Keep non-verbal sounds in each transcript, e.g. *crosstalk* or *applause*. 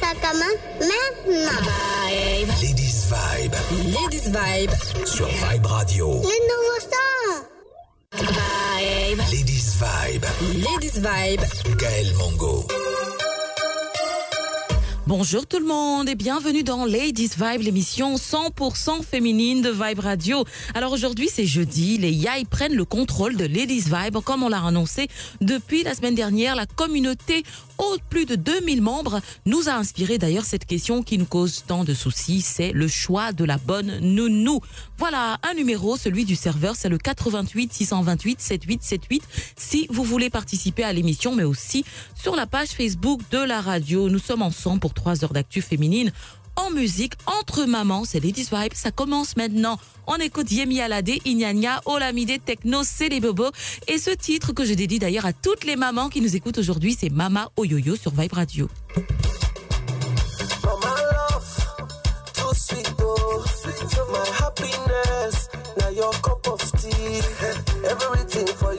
ta maintenant. Ladies Vibe. Ladies Vibe. Sur Vibe Radio. Le nouveau Vibe. Ladies Vibe. Ladies Vibe. Gaël Mongo. Bonjour tout le monde et bienvenue dans Ladies Vibe, l'émission 100% féminine de Vibe Radio. Alors aujourd'hui c'est jeudi, les Yai prennent le contrôle de Ladies Vibe comme on l'a annoncé depuis la semaine dernière. La communauté Oh, plus de 2000 membres, nous a inspiré d'ailleurs cette question qui nous cause tant de soucis, c'est le choix de la bonne nounou. Voilà un numéro, celui du serveur, c'est le 88 628 7878 si vous voulez participer à l'émission mais aussi sur la page Facebook de la radio. Nous sommes ensemble pour 3 heures d'actu féminine en musique entre mamans. C'est Ladies Vibe, ça commence maintenant. On écoute Yemi Alade, Inyanya, Olamide, Techno, c'est les bobos. Et ce titre que je dédie d'ailleurs à toutes les mamans qui nous écoutent aujourd'hui, c'est Mama Oyoyo sur Vibe Radio. Everything for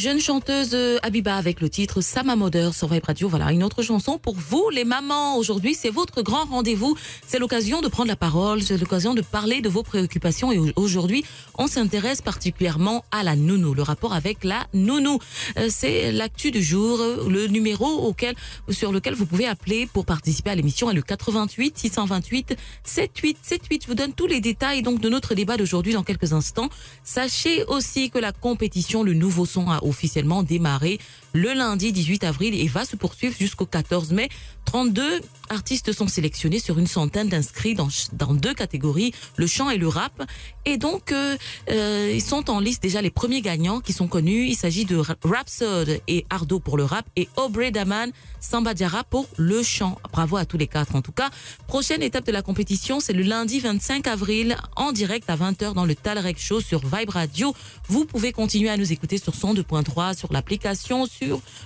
jeune chanteuse euh, Abiba avec le titre Sama Moder sur Radio. Voilà, une autre chanson pour vous, les mamans. Aujourd'hui, c'est votre grand rendez-vous. C'est l'occasion de prendre la parole, c'est l'occasion de parler de vos préoccupations. Et aujourd'hui, on s'intéresse particulièrement à la nounou, le rapport avec la nounou. Euh, c'est l'actu du jour. Euh, le numéro auquel, sur lequel vous pouvez appeler pour participer à l'émission est le 88 628 78 78. Je vous donne tous les détails donc de notre débat d'aujourd'hui dans quelques instants. Sachez aussi que la compétition, le nouveau son à haut officiellement démarré le lundi 18 avril et va se poursuivre jusqu'au 14 mai. 32 artistes sont sélectionnés sur une centaine d'inscrits dans, deux catégories, le chant et le rap. Et donc, euh, euh, ils sont en liste déjà les premiers gagnants qui sont connus. Il s'agit de Rapsod et Ardo pour le rap et Aubrey Daman, Samba pour le chant. Bravo à tous les quatre en tout cas. Prochaine étape de la compétition, c'est le lundi 25 avril en direct à 20h dans le Talrec Show sur Vibe Radio. Vous pouvez continuer à nous écouter sur son 2.3, sur l'application,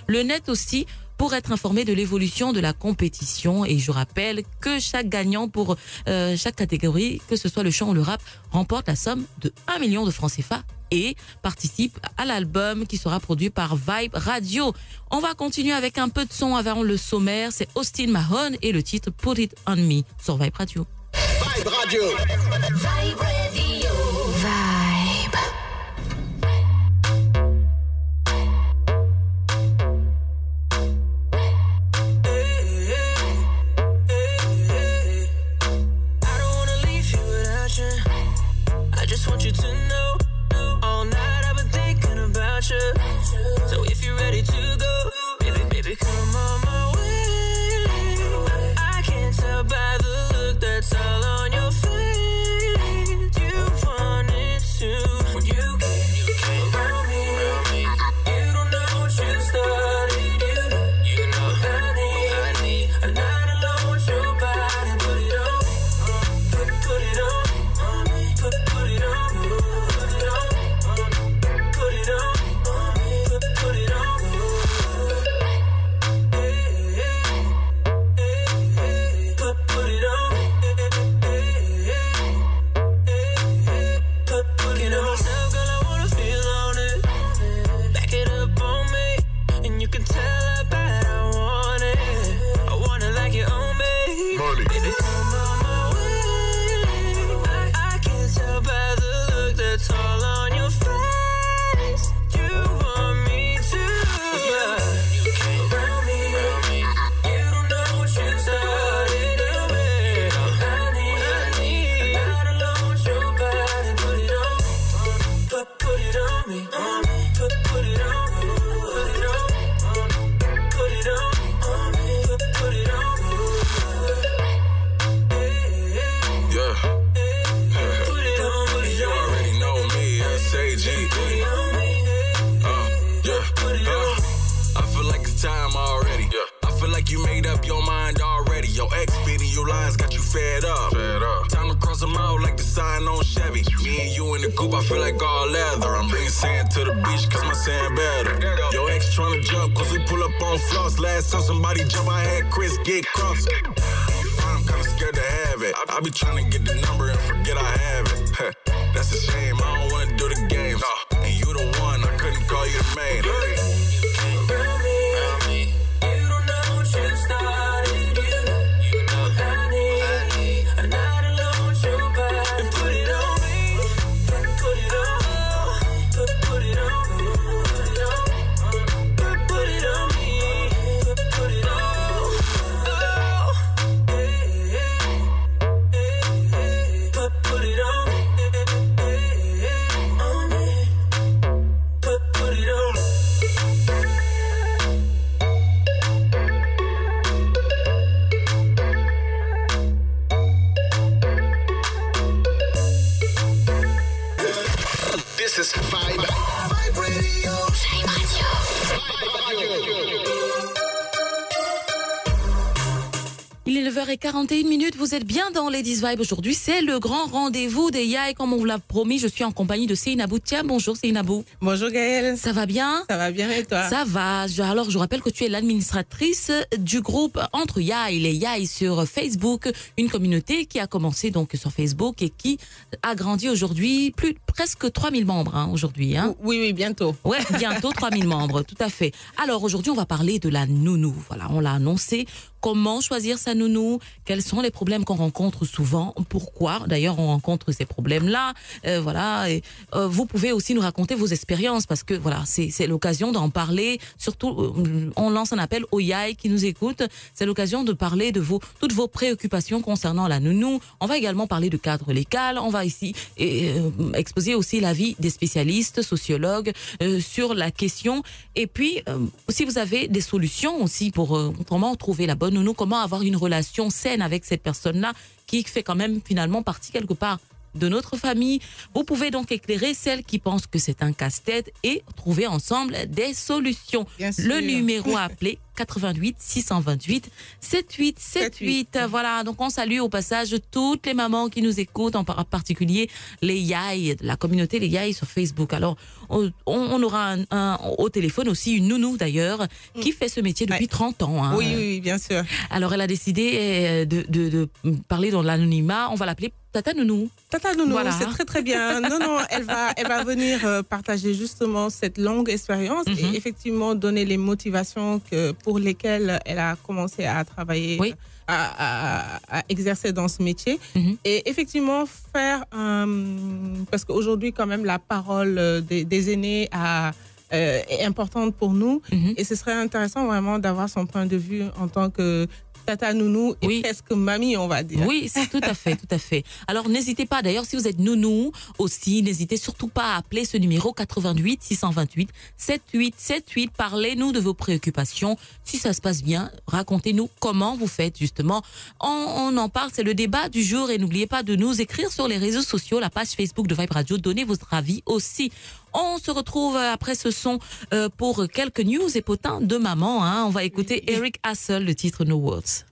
le net aussi pour être informé de l'évolution de la compétition. Et je rappelle que chaque gagnant pour euh, chaque catégorie, que ce soit le chant ou le rap, remporte la somme de 1 million de francs CFA et participe à l'album qui sera produit par Vibe Radio. On va continuer avec un peu de son avant le sommaire. C'est Austin Mahone et le titre Put It On Me sur Vibe Radio. Vibe Radio. your lies got you fed up. Fed up. Time to cross them out like the sign on Chevy. Me and you in the coop, I feel like all leather. I'm bringing sand to the beach cause my sand better. Your ex trying to jump cause we pull up on floss. Last time somebody jump, I had Chris get crossed. I'm kinda scared to have it. I be trying to get the number and forget I have it. That's a shame, I don't wanna do the games. And you the one, I couldn't call you the main. 9h41 vous êtes bien dans les 10 Vibes. Aujourd'hui, c'est le grand rendez-vous des Yai comme on vous l'a promis, je suis en compagnie de Seinabou. Tiens, bonjour Seinabou. Bonjour Gaëlle. Ça va bien Ça va bien et toi Ça va. Alors, je rappelle que tu es l'administratrice du groupe Entre Yaï et les YA sur Facebook, une communauté qui a commencé donc sur Facebook et qui a grandi aujourd'hui, plus presque 3000 membres hein, aujourd'hui. Hein. Oui, oui, bientôt. Ouais, bientôt 3000 membres, tout à fait. Alors aujourd'hui, on va parler de la nounou. Voilà, on l'a annoncé comment choisir sa nounou, quels sont les problèmes qu'on rencontre souvent, pourquoi d'ailleurs on rencontre ces problèmes-là. Euh, voilà, euh, vous pouvez aussi nous raconter vos expériences parce que voilà, c'est l'occasion d'en parler. Surtout, euh, on lance un appel aux Yai qui nous écoutent. C'est l'occasion de parler de vos, toutes vos préoccupations concernant la nounou. On va également parler de cadre légal. On va ici exposer aussi l'avis des spécialistes, sociologues sur la question. Et puis, si vous avez des solutions aussi pour comment trouver la bonne nous comment avoir une relation saine avec cette personne-là qui fait quand même finalement partie quelque part de notre famille. Vous pouvez donc éclairer celles qui pensent que c'est un casse-tête et trouver ensemble des solutions. le numéro à *laughs* appeler 88 628 7878. Voilà, donc on salue au passage toutes les mamans qui nous écoutent, en particulier les Yai, la communauté les Yai sur Facebook. Alors, on, aura au téléphone aussi une nounou d'ailleurs mm. qui fait ce métier depuis 30 ans. Hein. Oui, oui, bien sûr. Alors, elle a décidé euh, de parler dans l'anonymat. On va l'appeler Tata Nounou. Tata Nounou, c'est très très bien. Non, non, elle va, elle va venir euh, partager justement cette longue expérience et mhm. effectivement donner les motivations que, pour lesquelles elle a commencé à travailler, à, exercer dans ce métier. Mhm. Et effectivement, faire, un... Euh, parce qu'aujourd'hui quand même, la parole euh, des, aînés est importante pour nous. Mhm. Et ce serait intéressant vraiment d'avoir son point de vue en tant que tata nounou et ce presque mamie, on va dire. Oui, c'est tout à fait, tout à fait. Alors n'hésitez pas, d'ailleurs, si vous êtes nounou aussi, n'hésitez surtout pas à appeler ce numéro 88 628 7878. Parlez-nous de vos préoccupations. Si ça se passe bien, racontez-nous comment vous faites justement. On, on en parle, c'est le débat du jour et n'oubliez pas de nous écrire sur les réseaux sociaux, la page Facebook de Vibe Radio. Donnez votre avis aussi. On se retrouve euh, après ce son euh, pour quelques news et potins de maman. Hein. On va écouter Eric Hassel, le titre No Words.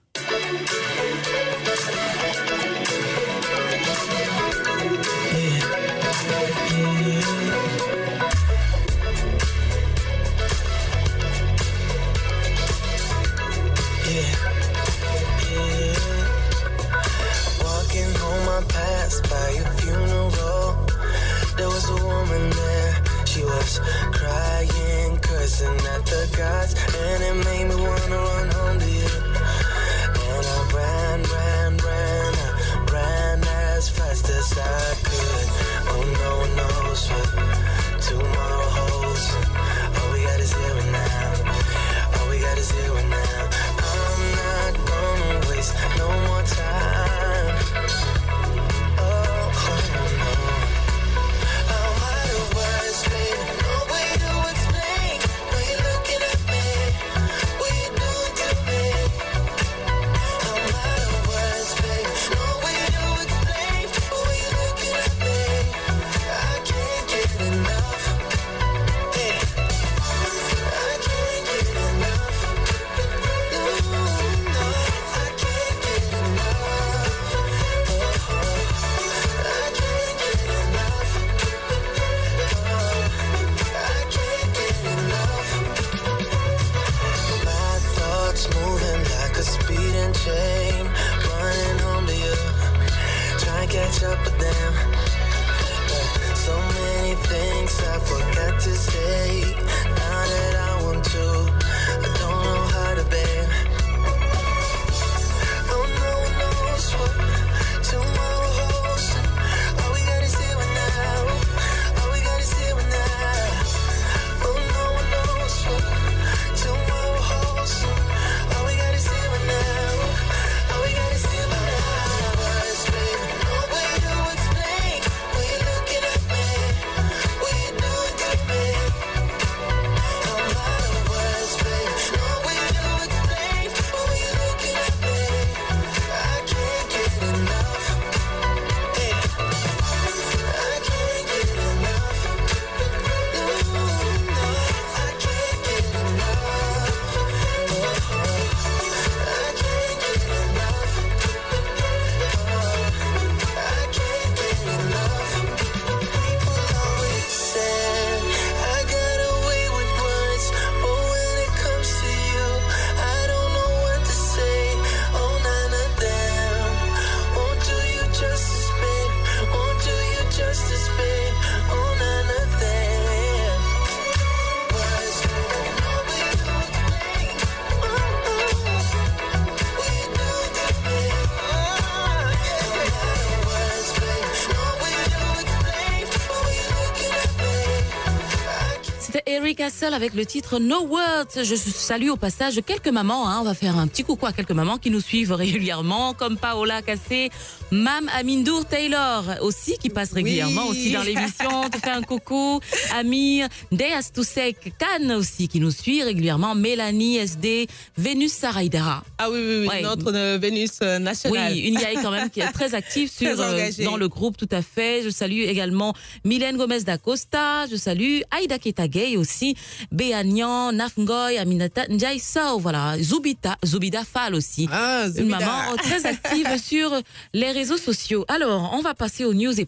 seule avec le titre No Words. Je salue au passage quelques mamans. Hein. On va faire un petit coucou à quelques mamans qui nous suivent *laughs* régulièrement, comme Paola Cassé, Mam Amindour Taylor aussi, qui passe régulièrement aussi dans l'émission. te fait un coucou. *laughs* Amir, Deas Toussek, Khan aussi qui nous suit régulièrement. Mélanie, SD, Vénus Saraïdara. Ah oui, oui, oui notre euh, Vénus euh, nationale. Oui, une yaï quand même qui est très active *laughs* sur, euh, dans le groupe, tout à fait. Je salue également Mylène Gomez d'Acosta. Je salue Aïda Ketagay aussi. Béanian, Nafngoy, Aminata Ndiaye Voilà. Zubita, Zubida Fall aussi. Ah, une maman très active *laughs* sur les réseaux sociaux. Alors, on va passer aux news et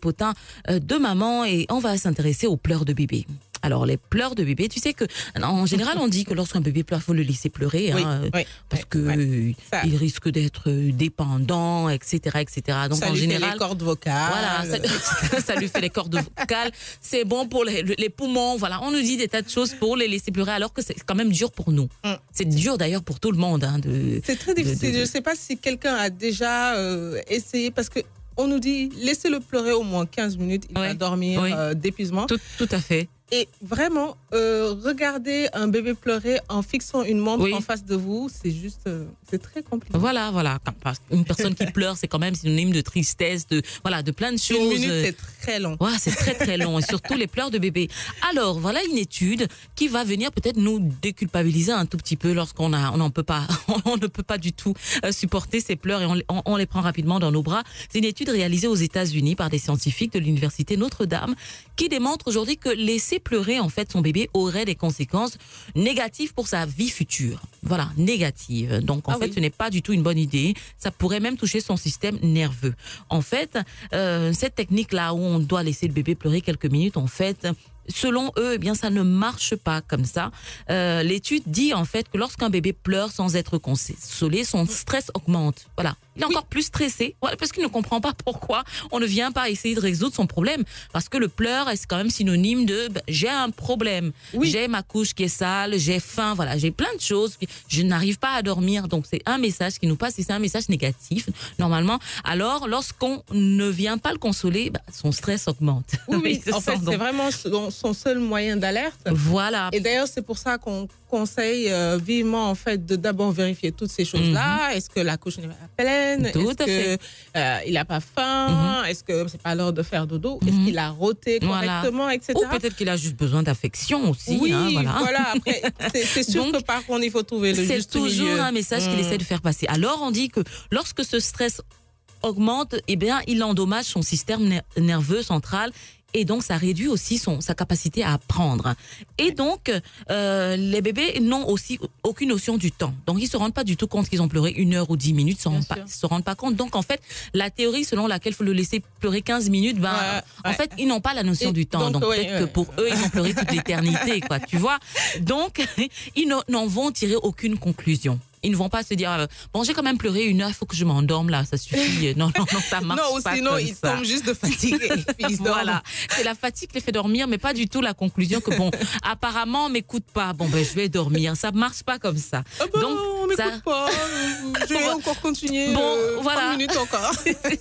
euh, de maman et on va s'intéresser aux pleurs de bébé. Alors les pleurs de bébé, tu sais que en général on dit que lorsqu'un bébé pleure, il faut le laisser pleurer hein, euh, parce que il risque d'être euh, dépendant, etc., etc. Donc ça en lui général, fait les cordes vocales. Voilà, *laughs* ça, lui fait les cordes vocales. C'est bon pour les, poumons. Voilà, on nous dit des tas de choses pour les laisser pleurer, alors que c'est quand même dur pour nous. Mm. C'est dur d'ailleurs pour tout le monde. Hein, c'est très difficile. Je ne sais pas si quelqu'un a déjà essayé parce que on nous dit laissez-le pleurer au moins 15 minutes, il va dormir euh, d'épuisement. tout, à fait. Et vraiment, euh, regarder un bébé pleurer en fixant une montre en face de vous, c'est juste, euh, c'est très compliqué. Voilà, voilà. Une personne qui pleure, c'est quand même synonyme de tristesse, de voilà, de plein de choses. Une minute, c'est très long. c'est très très long, et *laughs* surtout les pleurs de bébé. Alors, voilà une étude qui va venir peut-être nous déculpabiliser un tout petit peu lorsqu'on a, on n'en peut pas, *laughs* on ne peut pas du tout euh, supporter ces pleurs et on, on les prend rapidement dans nos bras. C'est une étude réalisée aux États-Unis par des scientifiques de l'université Notre-Dame qui démontre aujourd'hui que laisser pleurer en fait son bébé aurait des conséquences négatives pour sa vie future. Voilà, négatives. Donc en ah fait, ce n'est pas du tout une bonne idée. Ça pourrait même toucher son système nerveux. En fait, euh, cette technique-là où on doit laisser le bébé pleurer quelques minutes, en fait, selon eux, eh bien, ça ne marche pas comme ça. Euh, l'étude dit en fait que lorsqu'un bébé pleure sans être consolé, son stress augmente. Voilà. Il est encore plus stressé parce qu'il ne comprend pas pourquoi on ne vient pas essayer de résoudre son problème. Parce que le pleur est quand même synonyme de ben, j'ai un problème, j'ai ma couche qui est sale, j'ai faim, voilà, j'ai plein de choses, je n'arrive pas à dormir. Donc c'est un message qui nous passe et c'est un message négatif normalement. Alors lorsqu'on ne vient pas le consoler, ben, son stress augmente. Oui, oui *laughs* en fait, c'est vraiment son seul moyen d'alerte. Voilà. Et d'ailleurs, c'est pour ça qu'on conseille euh, vivement en fait de d'abord vérifier toutes ces choses-là. Mhm. Est-ce que la couche n'est pas pleine Est-ce qu'il euh, n'a pas faim mhm. Est-ce que c'est pas l'heure de faire dodo Est-ce mhm. qu'il a roté correctement, etc. Ou peut-être qu'il a juste besoin d'affection aussi. Oui, hein, voilà. voilà. Après, c'est *laughs* sûr que par contre, il faut trouver le juste C'est toujours un message qu'il hmm. essaie de faire passer. Alors, on dit que lorsque ce stress augmente, eh bien, il endommage son système nerveux central et donc ça réduit aussi son, sa capacité à apprendre. Et donc, euh, les bébés n'ont aussi aucune notion du temps. Donc, ils se rendent pas du tout compte qu'ils ont pleuré une heure ou dix minutes, ils ne se rendent pas compte. Donc, en fait, la théorie selon laquelle il faut le laisser pleurer 15 minutes, ben, en fait, ils n'ont pas la notion du temps. Donc, peut-être que pour eux, ils ont pleuré toute l'éternité, quoi, tu vois. Donc, *laughs* ils n'en vont tirer aucune conclusion. Ils ne vont pas se dire euh, bon, j'ai quand même pleuré une heure, il faut que je m'endorme là, ça suffit. *laughs* Non, non, non, ça marche pas. Non, sinon comme ils tombent juste de fatigue. Et *laughs* voilà, c'est la fatigue qui les fait dormir, mais pas du tout la conclusion que bon, *laughs* apparemment on m'écoute pas. Bon ben je vais dormir, ça marche pas comme ça. Ah bah, Donc m'écoute pas. Je vais encore continuer. Bon, euh, voilà. minutes encore.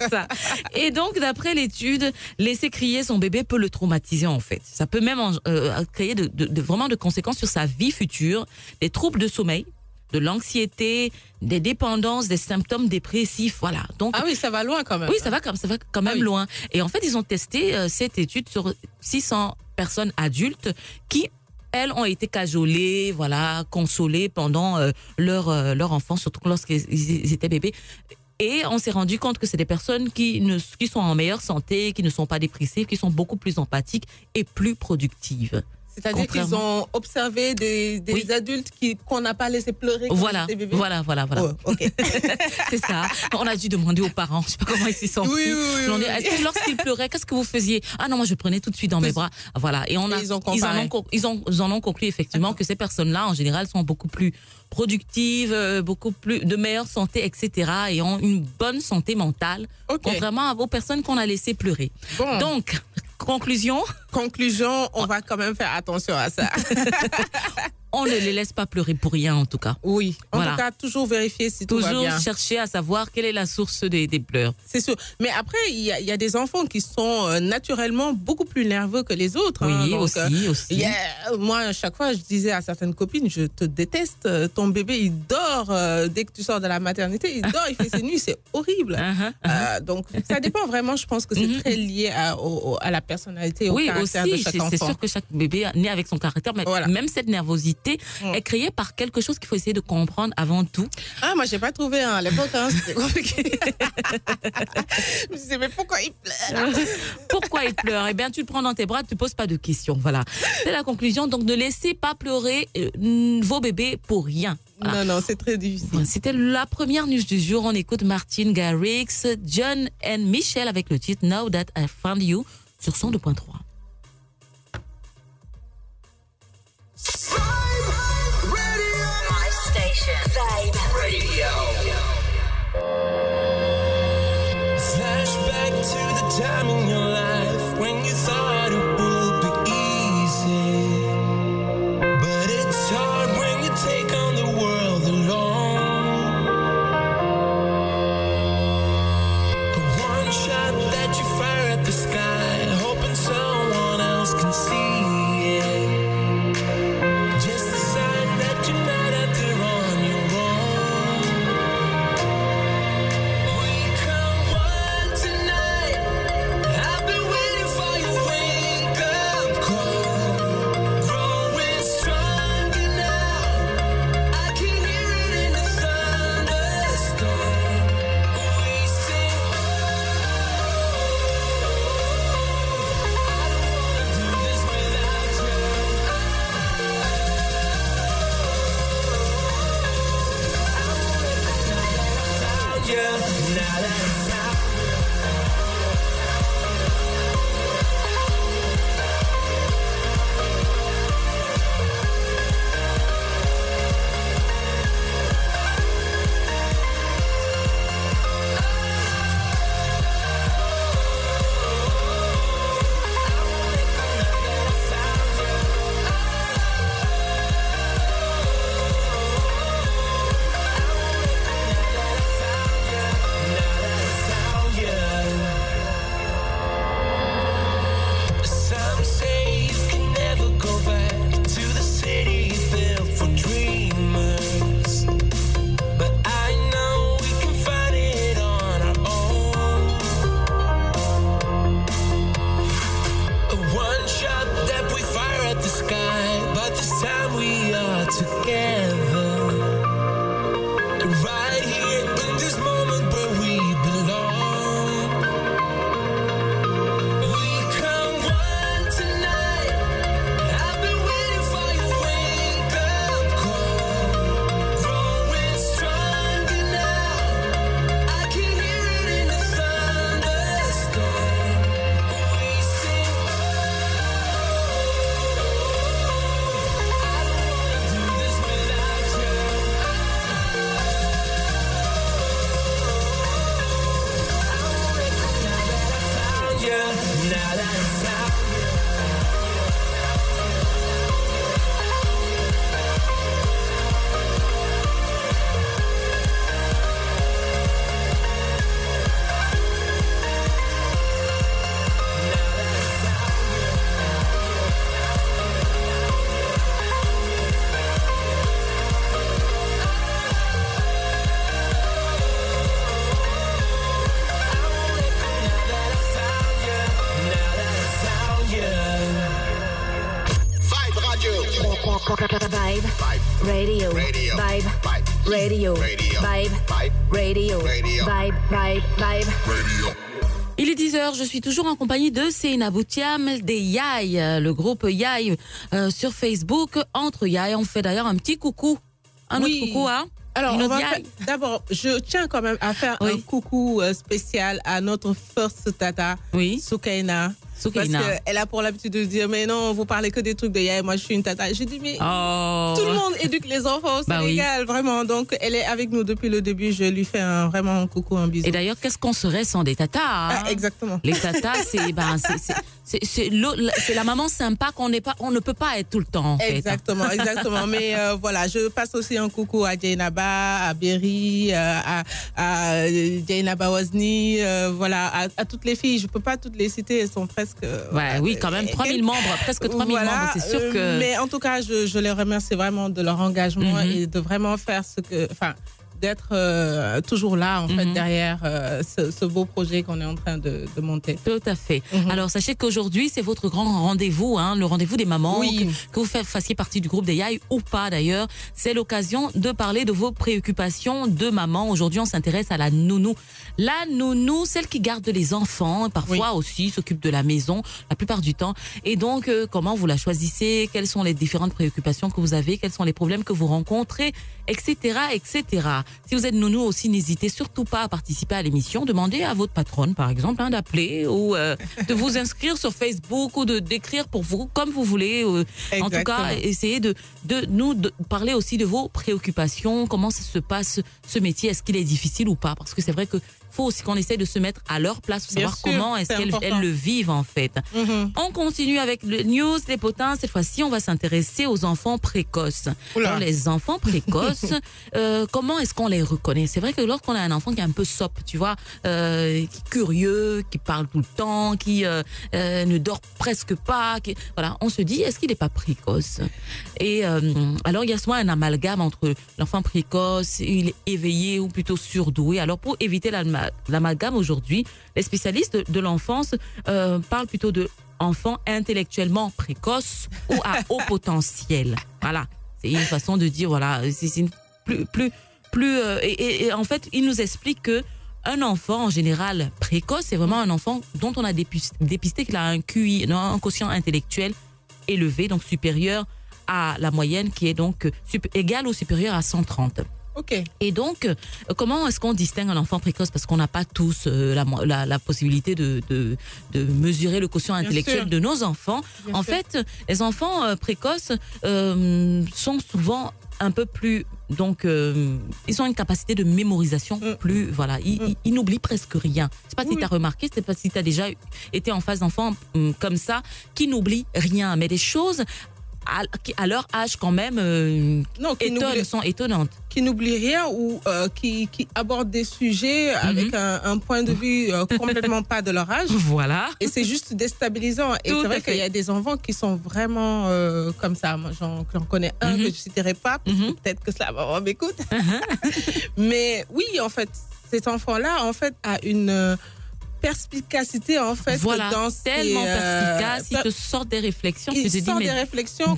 ça. Et donc, d'après l'étude, laisser crier son bébé peut le traumatiser en fait. Ça peut même euh, créer vraiment de conséquences sur sa vie future, des troubles de sommeil, de l'anxiété, des dépendances, des symptômes dépressifs, voilà. Donc ah oui, ça va loin quand même. Oui, ça va ça va quand ah même loin. Et en fait, ils ont testé euh, cette étude sur 600 personnes adultes qui elles ont été cajolées, voilà, consolées pendant euh, euh, leur enfance, surtout lorsqu'ils étaient bébés. Et on s'est rendu compte que c'est des personnes qui, ne, qui sont en meilleure santé, qui ne sont pas dépressives, qui sont beaucoup plus empathiques et plus productives. C'est-à-dire qu'ils ont observé des, des adultes qu'on n'a pas laissé pleurer. Voilà, bébés. voilà, voilà, voilà. Oh, *laughs* c'est ça. On a dû demander aux parents, je sais pas comment ils s'y sont oui, pris. Oui, lorsqu'ils pleuraient, qu'est-ce que vous faisiez Ah non, moi je prenais tout de suite dans mes bras. Voilà. Et on a, ils, ont ils, en ont, conclu effectivement que ces personnes-là, en général, sont beaucoup plus productives, euh, beaucoup plus de meilleure santé, etc. Et ont une bonne santé mentale, contrairement à vos personnes qu'on a laissées pleurer. Donc, Conclusion Conclusion, on ah. va quand même faire attention à ça. *laughs* on ne les laisse pas pleurer pour rien, en tout cas. Oui. En tout cas, toujours vérifier si toujours tout va bien. Toujours chercher à savoir quelle est la source des, pleurs. C'est sûr. Mais après, il y, a des enfants qui sont euh, naturellement beaucoup plus nerveux que les autres. Hein. Oui, aussi, euh, aussi. moi, à chaque fois, je disais à certaines copines, je te déteste. Euh, ton bébé, il dort dès que tu sors de la maternité. Il dort, il fait ses *laughs* nuits. C'est horrible. Uh-huh, uh-huh. donc, ça dépend vraiment. Je pense que c'est mm-hmm. très lié à, la personnalité, au oui, caractère de chaque enfant. Oui, C'est sûr que chaque bébé né avec son caractère, mais même cette nervosité Mm. est créée par quelque chose qu'il faut essayer de comprendre avant tout. Ah, moi, j'ai pas trouvé hein, à l'époque, hein, c'était compliqué. *laughs* je me disais, mais pourquoi il pleure *laughs* Pourquoi il pleure Eh bien, tu le prends dans tes bras, tu poses pas de questions. Voilà. C'est la conclusion. Donc, ne laissez pas pleurer euh, vos bébés pour rien. Non, non, c'est très difficile. C'était la première news du jour. On écoute Martin Garrix, John et Michel avec le titre Now That I Found You sur 102.3. Flashback to the time in your toujours en compagnie de Seina Boutiam des Yai, euh, le groupe Yai euh, sur Facebook. Entre Yai, on fait d'ailleurs un petit coucou. Un autre coucou, hein alors, d'abord, je tiens quand même à faire un coucou euh, spécial à notre first tata, oui. Soukaina, parce qu'elle a pour l'habitude de dire Mais non, vous parlez que des trucs de Yaya, moi je suis une tata. J'ai dit Mais oh. tout le monde éduque les enfants au bah Sénégal, vraiment. Donc elle est avec nous depuis le début. Je lui fais un, vraiment un coucou, un bisou. Et d'ailleurs, qu'est-ce qu'on serait sans des tatas hein? ah, Exactement. Les tatas, c'est *laughs* ben, la maman sympa qu'on on ne peut pas être tout le temps. exactement, exactement. Mais euh, voilà, je passe aussi un coucou à Jainaba, à Berry, euh, à, à Jainaba euh, voilà, à, toutes les filles. Je ne peux pas toutes les citer, elles sont très euh, bah ouais, oui, quand même, 3000 membres, presque 3000 membres, c'est sûr euh, que. Mais en tout cas, je, les remercie vraiment de leur engagement mhm. et de vraiment faire ce que d'être euh, toujours là, en fait, mhm. derrière euh, ce, ce, beau projet qu'on est en train de, de, monter. Tout à fait. Mhm. Alors, sachez qu'aujourd'hui, c'est votre grand rendez-vous, hein, le rendez-vous des mamans, que, vous fassiez partie du groupe des Yai ou pas d'ailleurs. C'est l'occasion de parler de vos préoccupations de maman. Aujourd'hui, on s'intéresse à la nounou. La nounou, celle qui garde les enfants, parfois aussi s'occupe de la maison, la plupart du temps. Et donc, euh, comment vous la choisissez Quelles sont les différentes préoccupations que vous avez Quels sont les problèmes que vous rencontrez Etc. etc. Si vous êtes nounou aussi, n'hésitez surtout pas à participer à l'émission. Demandez à votre patronne, par exemple, hein, d'appeler ou euh, de vous *laughs* inscrire sur Facebook ou de d'écrire pour vous comme vous voulez. Euh, en tout cas, essayez de, de nous parler aussi de vos préoccupations, comment ça se passe ce métier, est-ce qu'il est difficile ou pas Parce que c'est vrai que faut aussi qu'on essaye de se mettre à leur place, pour savoir comment est-ce qu'elles le vivent en fait. Mhm. On continue avec le news, les potins. Cette fois-ci, on va s'intéresser aux enfants précoces. Alors, les enfants précoces, *laughs* euh, comment est-ce qu'on les reconnaît C'est vrai que lorsqu'on a un enfant qui est un peu sop, tu vois, euh, qui est curieux, qui parle tout le temps, qui euh, ne dort presque pas, voilà, on se dit est-ce qu'il n'est pas précoce Et alors il y a souvent un amalgame entre l'enfant précoce, il est éveillé ou plutôt surdoué. Alors pour éviter l'amalgame l'amalgame aujourd'hui. Les spécialistes de, l'enfance euh, parlent plutôt de enfants intellectuellement précoces ou à haut *laughs* potentiel. Voilà, c'est une façon de dire voilà, c'est une plus plus plus euh, et, en fait, ils nous expliquent que un enfant en général précoce, c'est vraiment un enfant dont on a dépisté, dépisté qu'il a un QI, un quotient intellectuel élevé, donc supérieur à la moyenne qui est donc euh, égale ou supérieure à 130. Et donc, euh, comment est-ce qu'on distingue un enfant précoce Parce qu'on n'a pas tous euh, la, possibilité de, de, mesurer le quotient intellectuel de nos enfants. en fait, les enfants euh, précoces sont souvent un peu plus donc ils ont une capacité de mémorisation mm. plus voilà mm. ils, n'oublient presque rien c'est pas si tu as remarqué c'est pas si tu as déjà été en phase d'enfant mm, comme ça qui n'oublie rien mais des choses à, leur âge quand même euh, qui sont étonnantes. Qui n'oublient rien ou euh, qui, abordent des sujets mhm. avec un, point de vue euh, *laughs* complètement pas de leur âge. Voilà. Et c'est juste déstabilisant. Et c'est vrai qu'il y a des enfants qui sont vraiment comme ça. Moi, j'en connais un mhm. que je ne citerai pas, mhm. peut-être que cela m'écoute. *laughs* *laughs* Mais oui, en fait, cet enfant-là, en fait, a une perspicacité en fait voilà, dans tellement euh, perspicace te sort des réflexions il te sort des réflexions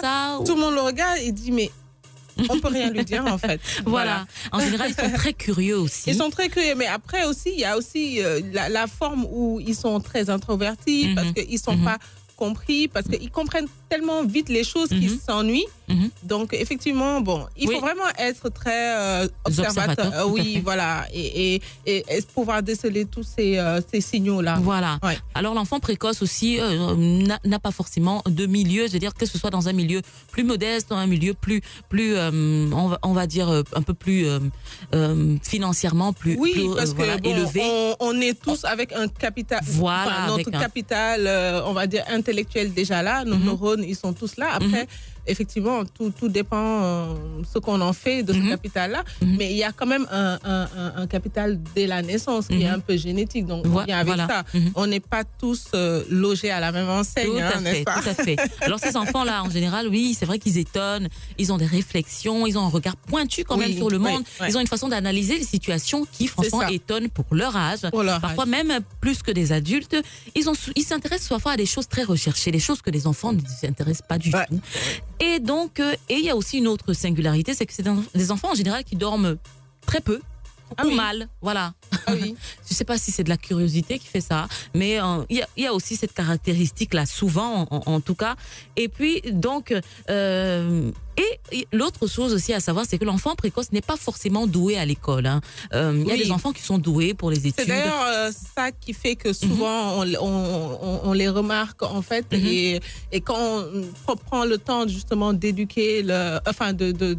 ça, tout le monde le regarde et dit mais on peut rien lui dire en *laughs* fait. Voilà. En général, ils sont très curieux aussi. Ils sont très curieux, mais après aussi, il y a aussi euh, la, forme où ils sont très introvertis mm-hmm. parce parce qu'ils sont mm-hmm. pas compris parce qu'ils comprennent tellement vite les choses qu'ils mhm. s'ennuient. Mhm. Donc, effectivement, bon, il faut vraiment être très euh, observateur. Euh, oui, voilà. Et, et, pouvoir déceler tous ces, euh, ces signaux-là. Voilà. Alors, l'enfant précoce aussi n'a pas forcément de milieu, je veux dire, que ce soit dans un milieu plus modeste, dans un milieu plus, plus on, va, dire, un peu plus financièrement, plus, oui, parce élevé. On, est tous avec un capital. Voilà. notre capital, on va dire, un intellectuels déjà là, nos mhm. neurones, ils sont tous là. Après, mhm effectivement, tout, tout dépend de euh, ce qu'on en fait de ce mhm. capital-là. Mhm. Mais il y a quand même un, un, capital dès la naissance qui est mhm. un peu génétique. Donc, on avec voilà. ça. On n'est pas tous euh, logés à la même enseigne, hein, n'est-ce Tout à fait. Alors, ces enfants-là, en général, oui, c'est vrai qu'ils étonnent. Ils ont des réflexions, ils ont un regard pointu quand même sur le monde. Ils ont une façon d'analyser les situations qui, franchement, étonnent pour leur âge. Parfois même plus que des adultes. Ils s'intéressent ils parfois à des choses très recherchées, des choses que les enfants ne s'intéressent pas du tout. Et donc, euh, et il y a aussi une autre singularité, c'est que c'est des enfants en général qui dorment très peu ah mal, voilà. Ah *laughs* je ne sais pas si c'est de la curiosité qui fait ça, mais euh, il y, a aussi cette caractéristique-là, souvent en, tout cas. Et puis, donc, euh, et l'autre chose aussi à savoir, c'est que l'enfant précoce n'est pas forcément doué à l'école. Hein. Euh, il y a des enfants qui sont doués pour les études. C'est d'ailleurs ça qui fait que souvent, mhm. on, les remarque, en fait, mhm. et, quand on prend le temps justement d'éduquer, enfin, de, de,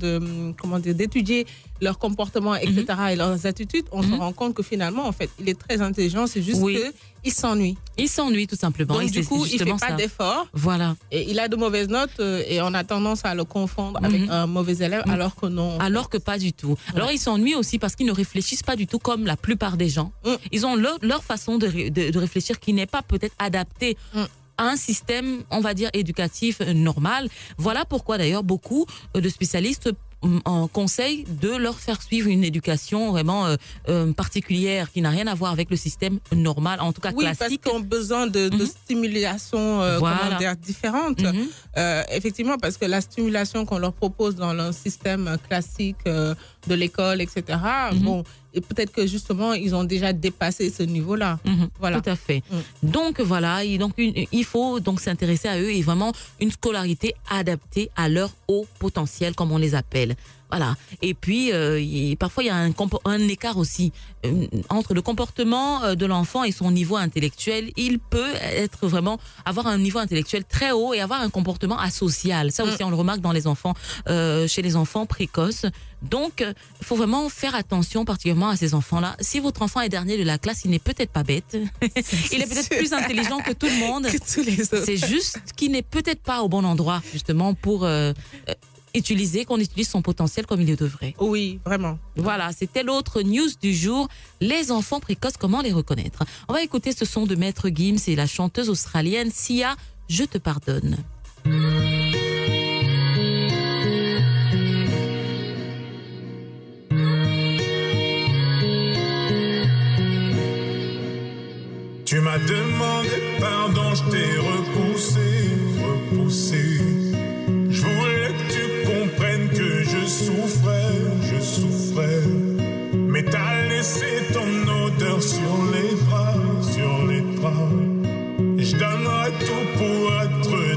d'étudier leur comportement, etc., mhm. et leurs attitudes, on se mhm. rend compte que finalement, en fait, il est très intelligent, c'est juste qu'il s'ennuie. Il s'ennuie tout simplement. Donc, du coup, il ne fait pas d'efforts. Voilà. Et il a de mauvaises notes euh, et on a tendance à le confondre avec mhm. un mauvais élève, alors que non. Alors que pas du tout. Alors, il s'ennuie aussi parce qu'ils ne réfléchissent pas du tout comme la plupart des gens. Mm. Ils ont leur, façon de, de, réfléchir qui n'est pas peut-être adaptée mm. un système, on va dire, éducatif euh, normal. Voilà pourquoi d'ailleurs beaucoup euh, de spécialistes en conseil de leur faire suivre une éducation vraiment euh, euh, particulière qui n'a rien à voir avec le système normal, en tout cas classique. Oui, parce qu'ils ont besoin de, mhm. stimulation euh, mhm. effectivement, parce que la stimulation qu'on leur propose dans le système classique de l'école, etc. Mhm. Bon, et peut-être que justement, ils ont déjà dépassé ce niveau-là. Mhm. Voilà. Tout à fait. Mm. Donc voilà, donc il faut donc s'intéresser à eux et vraiment une scolarité adaptée à leur haut potentiel, comme on les appelle. Voilà. Et puis, euh, parfois, il y a un, un écart aussi euh, entre le comportement euh, de l'enfant et son niveau intellectuel. Il peut être vraiment avoir un niveau intellectuel très haut et avoir un comportement asocial. Ça aussi, mm. on le remarque dans les enfants, chez les enfants précoces. Donc, il faut vraiment faire attention particulièrement à ces enfants-là. Si votre enfant est dernier de la classe, il n'est peut-être pas bête. *laughs* il est peut-être plus intelligent que tout le monde. *laughs* C'est juste qu'il n'est peut-être pas au bon endroit, justement, pour utiliser, qu'on utilise son potentiel comme il le devrait. Oui, vraiment. Voilà, c'était l'autre news du jour. Les enfants précoces, comment les reconnaître On va écouter ce son de Maître Gims et la chanteuse australienne Sia, Je te pardonne. Tu m'as demandé pardon, je t'ai repoussé, repoussé. souffrais, je souffrais, mais t'as laissé ton odeur sur les bras, sur les bras. Je donnerai tout pour être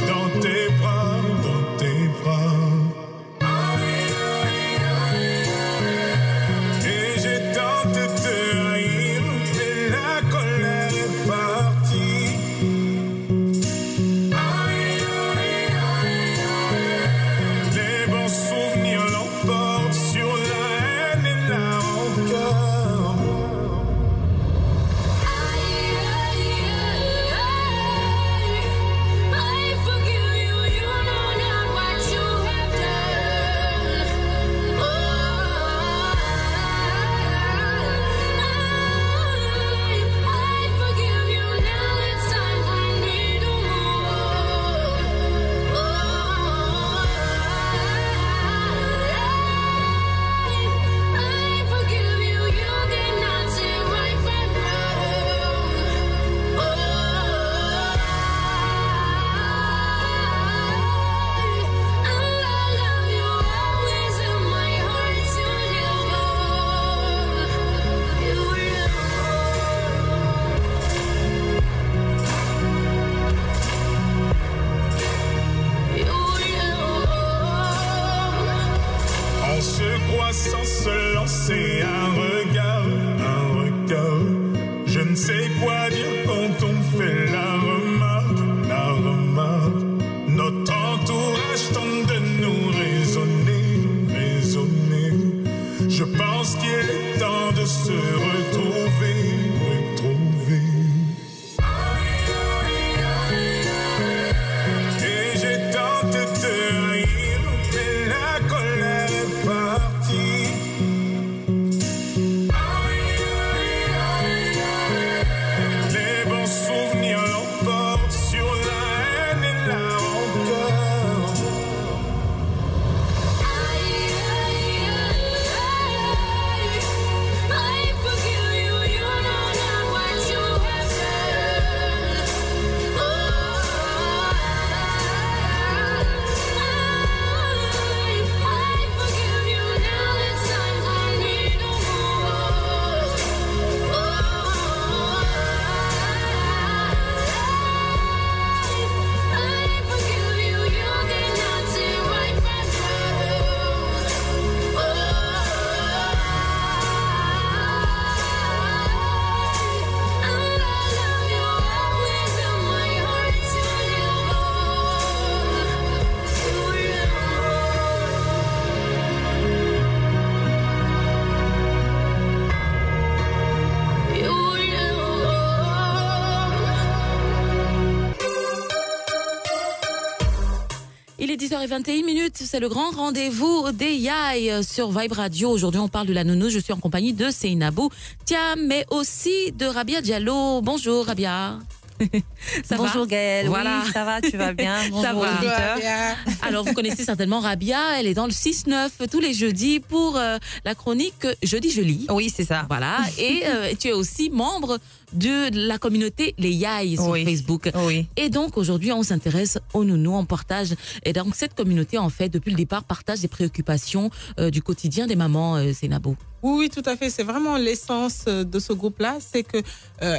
21 minutes, c'est le grand rendez-vous des Yai sur Vibe Radio. Aujourd'hui, on parle de la nounou. Je suis en compagnie de Seinabou Tiam, mais aussi de Rabia Diallo. Bonjour Rabia. *laughs* Bonjour Gaëlle, voilà. ça va, tu vas bien *laughs* Bonjour ça Alors vous connaissez certainement Rabia, elle est dans le 6-9 tous les jeudis pour euh, la chronique Jeudi lis. Oui, c'est ça. Voilà, et euh, tu es aussi membre de la communauté, les Yai sur Facebook. Et donc aujourd'hui, on s'intéresse aux nounous, on partage. Et donc cette communauté, en fait, depuis le départ, partage des préoccupations euh, du quotidien des mamans, c'est euh, nabo Oui, tout à fait. C'est vraiment l'essence euh, de ce groupe-là. C'est que,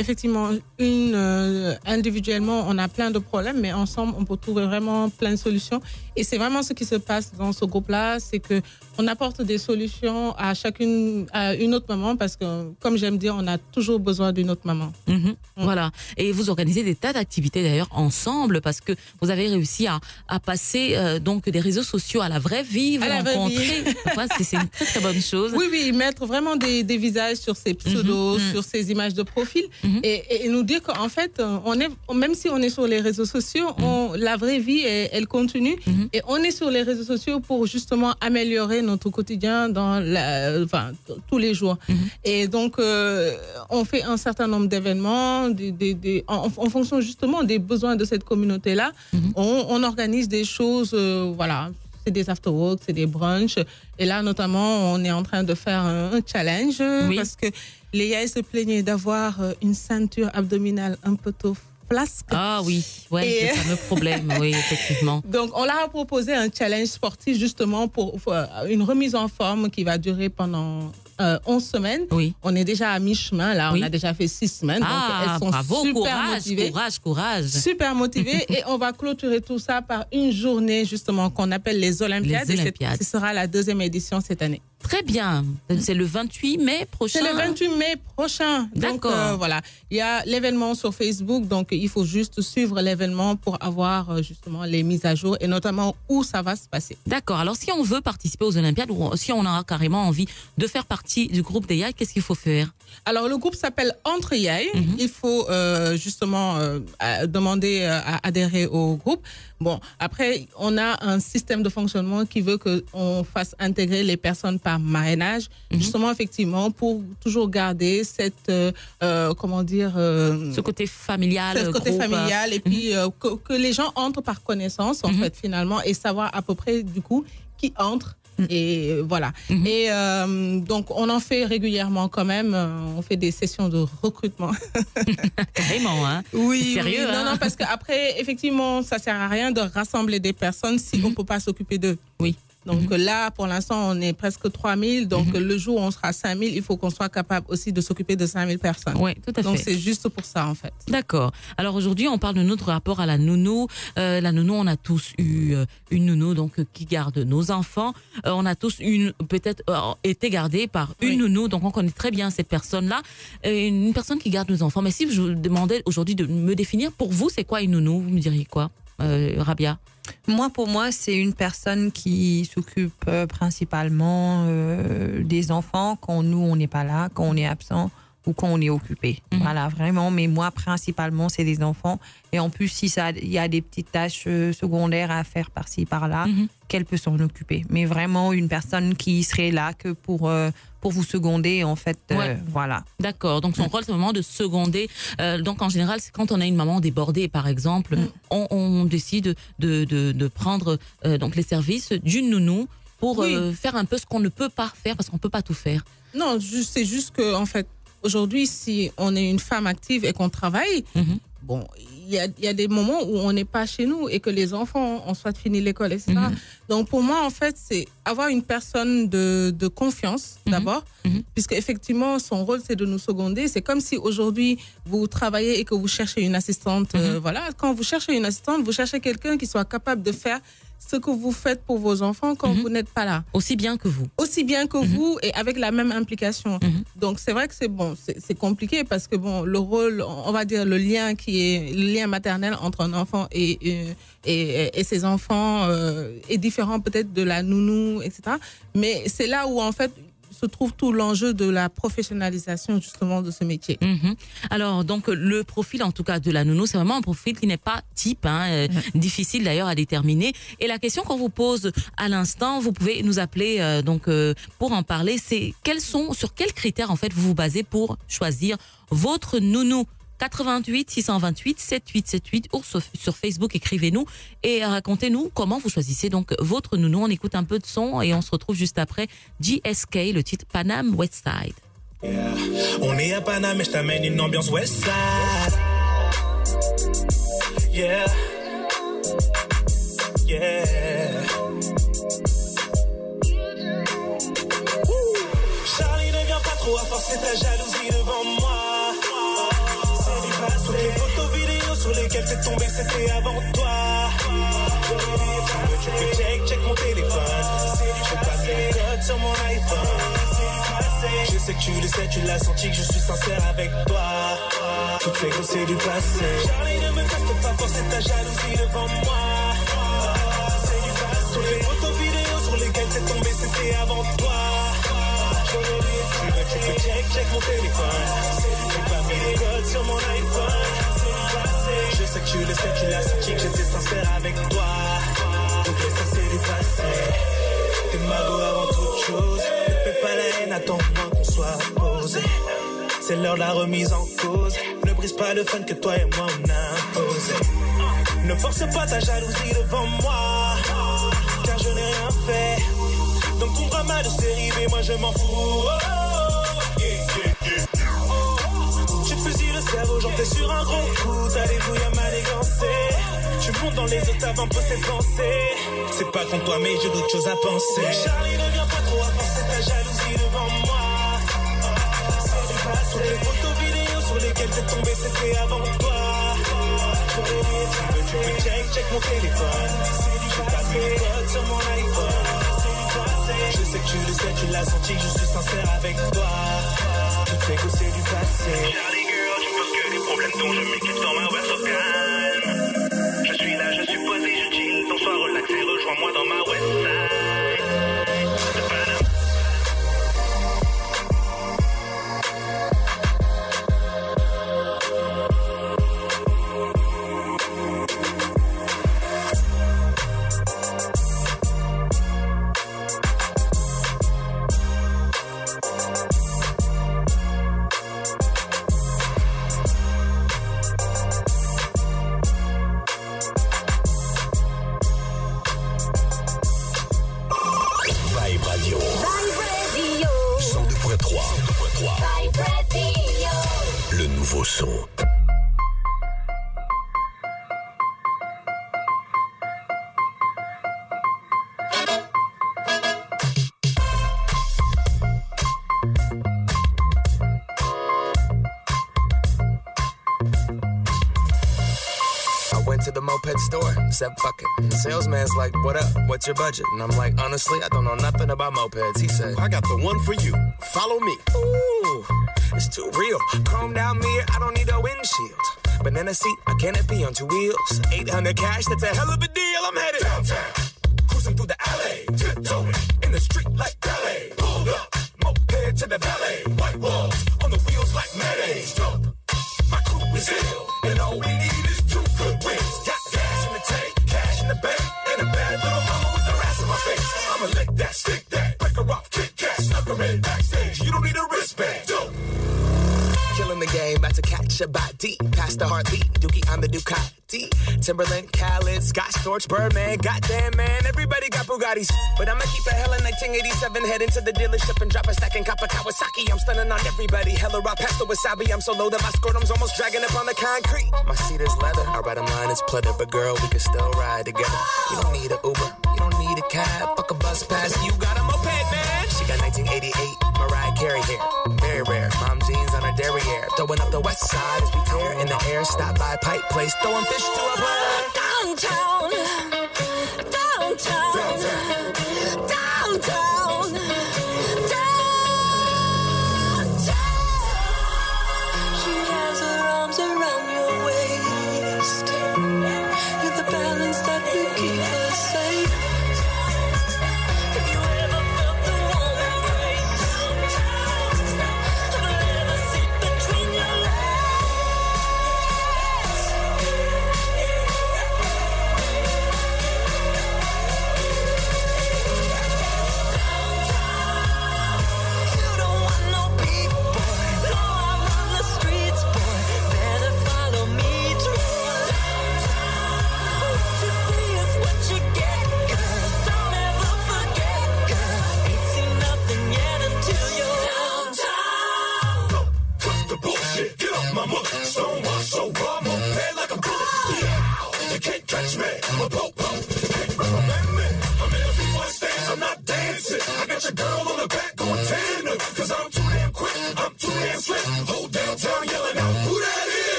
effectivement, individuellement, on a plein de problèmes, mais ensemble, on peut trouver vraiment plein de solutions. Et c'est vraiment ce qui se passe dans ce groupe-là. C'est que on apporte des solutions à chacune, à une autre maman, parce que, comme j'aime dire, on a toujours besoin d'une autre maman. Mhm. Mm. Voilà. Et vous organisez des tas d'activités d'ailleurs ensemble parce que vous avez réussi à, à passer euh, donc des réseaux sociaux à la vraie vie, à *laughs* c'est une très, très bonne chose. Oui, oui, mettre vraiment des, des visages sur ces mhm. pseudos, mm. sur ces images de profil mhm. et, et, nous dire qu'en fait, euh, on est, même si on est sur les réseaux sociaux, on, la vraie vie, elle, continue et on est sur les réseaux sociaux pour justement améliorer notre quotidien dans la, enfin, tous les jours. Et donc, euh, on fait un certain nombre d'événements, en, fonction justement des besoins de cette communauté-là, mhm. on, organise des choses, euh, voilà, c'est des after-work, c'est des brunchs. Et là, notamment, on est en train de faire un, challenge parce que Léa se plaignait d'avoir euh, une ceinture abdominale un peu trop Flasque. Ah oui, ouais, c'est le problème, oui, effectivement. *laughs* Donc, on leur a proposé un challenge sportif justement pour, euh, une remise en forme qui va durer pendant 11 euh, semaines. Oui. On est déjà à mi-chemin, là. On a déjà fait 6 semaines. Ah, donc elles sont super courage, motivées, courage, courage. Super motivées. *laughs* et on va clôturer tout ça par une journée, justement, qu'on appelle les Olympiades. Les Olympiades. Et ce sera la deuxième édition cette année. Très bien. Mm-hmm. C'est le 28 mai prochain. C'est le 28 mai prochain. D'accord. Euh, voilà. Il y a l'événement sur Facebook, donc il faut juste suivre l'événement pour avoir euh, justement les mises à jour et notamment où ça va se passer. D'accord. Alors si on veut participer aux Olympiades ou si on a carrément envie de faire partie du groupe des Yai, qu'est-ce qu'il faut faire Alors le groupe s'appelle Entre Yai. Mm-hmm. Il faut euh, justement demander à adhérer au groupe. Bon, après, on a un système de fonctionnement qui veut qu'on fasse intégrer les personnes par mariage mhm. justement, effectivement, pour toujours garder cette, euh, euh, comment dire... Euh, ce côté familial. Ce côté familial, et mhm. puis que, les gens entrent par connaissance, en mhm. fait, finalement, et savoir à peu près, du coup, qui entre Mm. Et voilà. Mm-hmm. Et euh, donc, on en fait régulièrement quand même. Euh, on fait des sessions de recrutement. *laughs* Carrément, hein Oui. Sérieux, Non, hein. non, parce qu'après, effectivement, ça sert à rien de rassembler des personnes si mm-hmm. on ne peut pas s'occuper d'eux. Oui. Donc mhm. là, pour l'instant, on est presque 3 000. Donc mhm. le jour où on sera 5 000, il faut qu'on soit capable aussi de s'occuper de 5 000 personnes. Oui, tout à fait. Donc c'est juste pour ça, en fait. D'accord. Alors aujourd'hui, on parle de notre rapport à la nounou. Euh, la nounou, on a tous eu euh, une nounou donc, euh, qui garde nos enfants. on a tous une peut-être été gardés par une nounou. Donc on connaît très bien cette personne-là. Une personne qui garde nos enfants. Mais si je vous demandais aujourd'hui de me définir, pour vous, c'est quoi une nounou Vous me diriez quoi, Rabia moi, pour moi, c'est une personne qui s'occupe euh, principalement euh, des enfants quand nous, on n'est pas là, quand on est absent ou quand on est occupé. Mhm. Voilà, vraiment. Mais moi, principalement, c'est des enfants. Et en plus, si ça, y a des petites tâches euh, secondaires à faire par-ci, par-là, mhm. qu'elle peut s'en occuper. Mais vraiment, une personne qui serait là que pour pour vous seconder en fait. Euh, voilà. D'accord. Donc son rôle c'est vraiment de seconder. Euh, donc en général, c'est quand on a une maman débordée par exemple, mm. on, décide de, prendre euh, donc les services d'une nounou pour faire un peu ce qu'on ne peut pas faire parce qu'on peut pas tout faire. Non, c'est juste que en fait aujourd'hui, si on est une femme active et qu'on travaille, mm-hmm bon, il y a, y a, des moments où on n'est pas chez nous et que les enfants ont soit fini l'école, etc. Mhm. Donc pour moi, en fait, c'est avoir une personne de, de confiance mhm. d'abord, mhm. puisque effectivement, son rôle, c'est de nous seconder. C'est comme si aujourd'hui, vous travaillez et que vous cherchez une assistante. Euh, voilà, quand vous cherchez une assistante, vous cherchez quelqu'un qui soit capable de faire ce que vous faites pour vos enfants quand mhm. vous n'êtes pas là. Aussi bien que vous. Aussi bien que mhm. vous et avec la même implication. Mhm. Donc c'est vrai que c'est bon, c'est compliqué parce que bon, le rôle, on va dire le lien qui est lien maternel entre un enfant et et, ses enfants euh, est différent peut-être de la nounou, etc. Mais c'est là où en fait se trouve tout l'enjeu de la professionnalisation justement de ce métier. Mhm. Alors donc le profil en tout cas de la nounou, c'est vraiment un profil qui n'est pas type, hein, euh, mhm. difficile d'ailleurs à déterminer. Et la question qu'on vous pose à l'instant, vous pouvez nous appeler euh, donc euh, pour en parler, c'est quels sont sur quels critères en fait vous vous basez pour choisir votre nounou 88 628 7878 ou sur Facebook, écrivez-nous et racontez-nous comment vous choisissez donc votre nounou. On écoute un peu de son et on se retrouve juste après GSK, le titre Panam Westside. Yeah. On est à panam et je t'amène une ambiance Westside. Yeah. Yeah. Charlie ne vient pas trop à forcer ta jalousie devant moi. qu'elle t'est tombée, c'était avant toi. Tu peux check, check mon téléphone. Je passe les codes sur mon iPhone. Je sais que tu le sais, tu l'as senti, que je suis sincère avec toi. Toutes les grosses, c'est du passé. Charlie, ne me teste pas, forcer ta jalousie devant moi. Toutes les photos vidéos sur lesquelles t'es tombé, c'était avant toi. Tu tu peux check, check mon téléphone. J'ai pas mis les codes sur mon iPhone. Je sais que tu le sais, tu l'as senti, que j'étais sincère avec toi. Donc ça c'est du passé. T'es ma avant toute chose. Ne fais pas la haine, attends-moi qu'on soit posé. C'est l'heure de la remise en cause. Ne brise pas le fun que toi et moi on a imposé. Ne force pas ta jalousie devant moi. Car je n'ai rien fait. Donc ton drama de série, mais moi je m'en fous. j'en fais sur un grand coup. T'as les couilles à manigancer. Tu montes dans les octaves un peu ses pensées. C'est pas contre toi, mais j'ai d'autres choses à penser. Charlie, ne viens pas trop avancer ta jalousie devant moi. Sur les photos vidéos sur lesquelles t'es tombé, c'était avant toi. Tu check, check mon téléphone. J'ai tapé mes codes sur mon iPhone. Je sais que tu le sais, tu l'as senti, je suis sincère avec toi. Tu sais que c'est du passé. Donc je m'équipe dans ma web Je suis là, je suis posé, je chill, ton soir relaxé, rejoins-moi dans ma Side. said, fuck it. The salesman's like, what up? What's your budget? And I'm like, honestly, I don't know nothing about mopeds. He said, I got the one for you. Follow me. Ooh, it's too real. Chrome down mirror, I don't need a windshield. Banana seat, a canopy on two wheels. 800 cash, that's a hell of a deal. I'm headed downtown, cruising through the alley, tiptoeing. George Birdman. Goddamn, man, everybody got Bugattis. But I'ma keep a hella 1987, head into the dealership and drop a stack and cop a Kawasaki. I'm stunning on everybody. Hella rock pasta the wasabi. I'm so low that my scrotum's almost dragging up on the concrete. My seat is leather. I ride a line, it's pleather. But girl, we can still ride together. You don't need a Uber. You don't need a cab. Fuck a bus pass. You got a moped, man. She got 1988 Mariah Carey hair. Very rare. Mom jeans on her derriere. Throwing up the west side as we tear in the air. Stop by Pipe Place. Throwing fish to a bird downtown, downtown. downtown.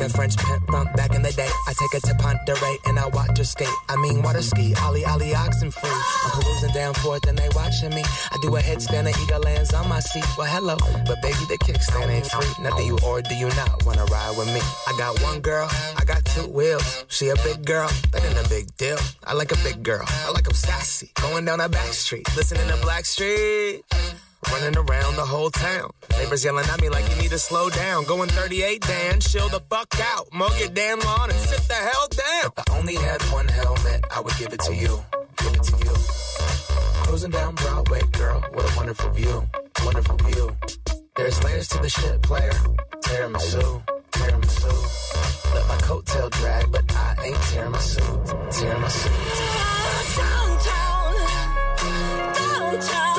like a French pimp from back in the day. I take her to Ponderay and I watch her skate. I mean, water ski, Ollie Ollie oxen free. I'm perusing down forth and they watching me. I do a headstand and eagle lands on my seat. Well, hello, but baby, the kickstand ain't free. Now, do you or do you not wanna ride with me? I got one girl, I got two wheels. She a big girl, that ain't a big deal. I like a big girl, I like them sassy. Going down a back street, listening to Black Street running around the whole town. Neighbors yelling at me like you need to slow down. Going 38, Dan, chill the fuck out. Mow your damn lawn and sit the hell down. If I only had one helmet, I would give it to you. Give it to you. Cruising down Broadway, girl, what a wonderful view. Wonderful view. There's layers to the shit, player. Tiramisu, tiramisu. Let my coattail drag, but I ain't my suit. Downtown, downtown.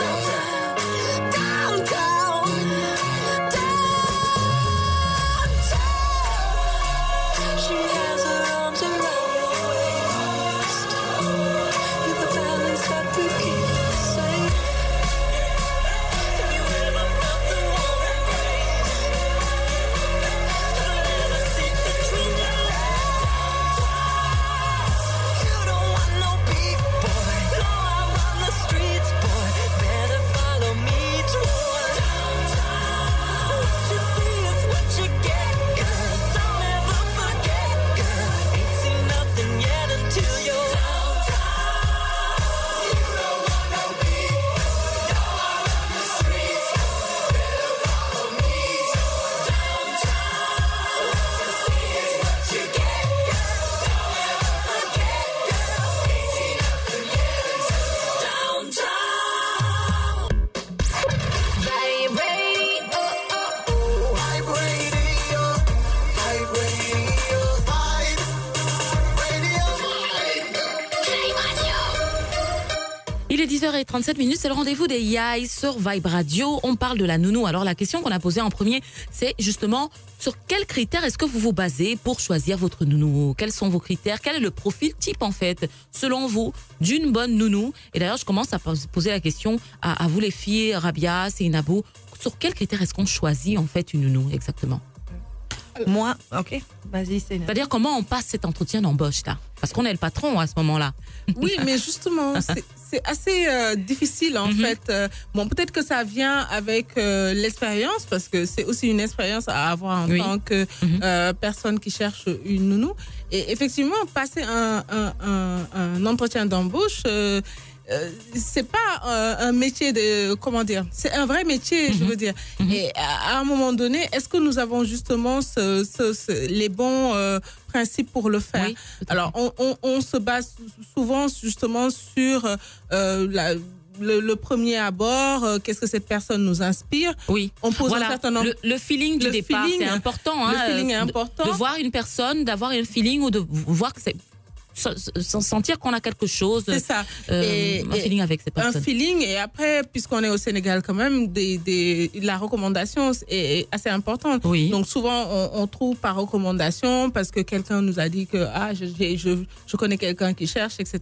et 37 minutes, c'est le rendez-vous des Yai sur Vibe Radio. On parle de la nounou. Alors la question qu'on a posée en premier, c'est justement sur quels critères est-ce que vous vous basez pour choisir votre nounou Quels sont vos critères Quel est le profil type en fait, selon vous, d'une bonne nounou Et d'ailleurs, je commence à poser la question à, vous les filles, Rabia, Seinabo. sur quels critères est-ce qu'on choisit en fait une nounou exactement moi, ok, vas-y, c'est. C'est-à-dire comment on passe cet entretien d'embauche là Parce qu'on est le patron à ce moment-là. Oui, mais justement, *laughs* c'est assez euh, difficile en mhm. fait. Euh, bon, peut-être que ça vient avec euh, l'expérience parce que c'est aussi une expérience à avoir en tant que mhm. personne qui cherche une nounou. Et effectivement, passer un, un, un, un entretien d'embauche euh, c'est pas euh, un, métier de comment dire, c'est un vrai métier, je veux dire. Mhm. Mhm. Et à, un moment donné, est-ce que nous avons justement les bons euh, principes pour le faire Alors, on, se base souvent justement sur le, premier abord, qu'est-ce que cette personne nous inspire. Oui. On pose un certain nombre. Le, feeling du le départ, c'est important. Hein, le feeling est important. De, voir une personne, d'avoir un feeling ou de voir que c'est sentir qu'on a quelque chose. C'est ça. Euh, un feeling avec ces personnes. Un feeling. Et après, puisqu'on est au Sénégal quand même, des, des, la recommandation est assez importante. Donc souvent, on, trouve par recommandation parce que quelqu'un nous a dit que ah, je, je, connais quelqu'un qui cherche, etc.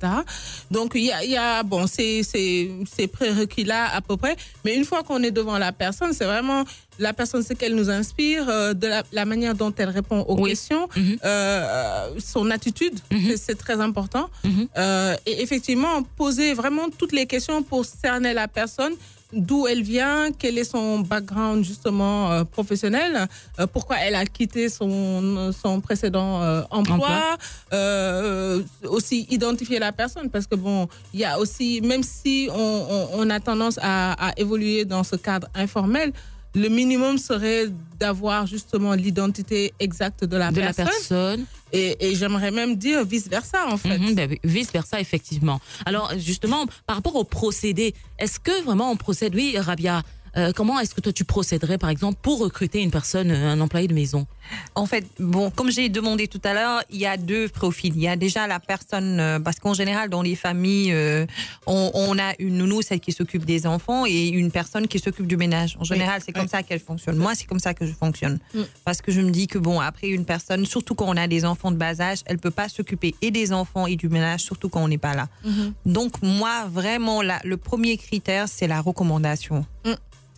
Donc il y a, bon, ces prérequis-là à peu près. Mais une fois qu'on est devant la personne, c'est vraiment la personne, ce qu'elle nous inspire, euh, de la, manière dont elle répond aux questions, mhm. euh, son attitude, mhm. c'est très important. Mhm. Euh, et effectivement, poser vraiment toutes les questions pour cerner la personne, d'où elle vient, quel est son background justement professionnel, pourquoi elle a quitté son, son précédent emploi, aussi identifier la personne parce que bon, il y a aussi, même si on, a tendance à, évoluer dans ce cadre informel, le minimum serait d'avoir justement l'identité exacte de la personne. Et, j'aimerais même dire vice-versa, en fait. Mhm, ben vice-versa, effectivement. Alors, justement, par rapport au procédé, est-ce que vraiment on procède, oui, Rabia, euh, comment est-ce que toi tu procéderais par exemple pour recruter une personne, euh, un employé de maison En fait, bon, comme j'ai demandé tout à l'heure, il y a deux profils. Il y a déjà la personne, euh, parce qu'en général dans les familles, on, a une nounou, celle qui s'occupe des enfants, et une personne qui s'occupe du ménage. En général, c'est comme ça qu'elle fonctionne. Moi, c'est comme ça que je fonctionne. Mm. Parce que je me dis que bon, après une personne, surtout quand on a des enfants de bas âge, elle ne peut pas s'occuper et des enfants et du ménage, surtout quand on n'est pas là. Mm-hmm. Donc moi, vraiment, le premier critère, c'est la recommandation. Mm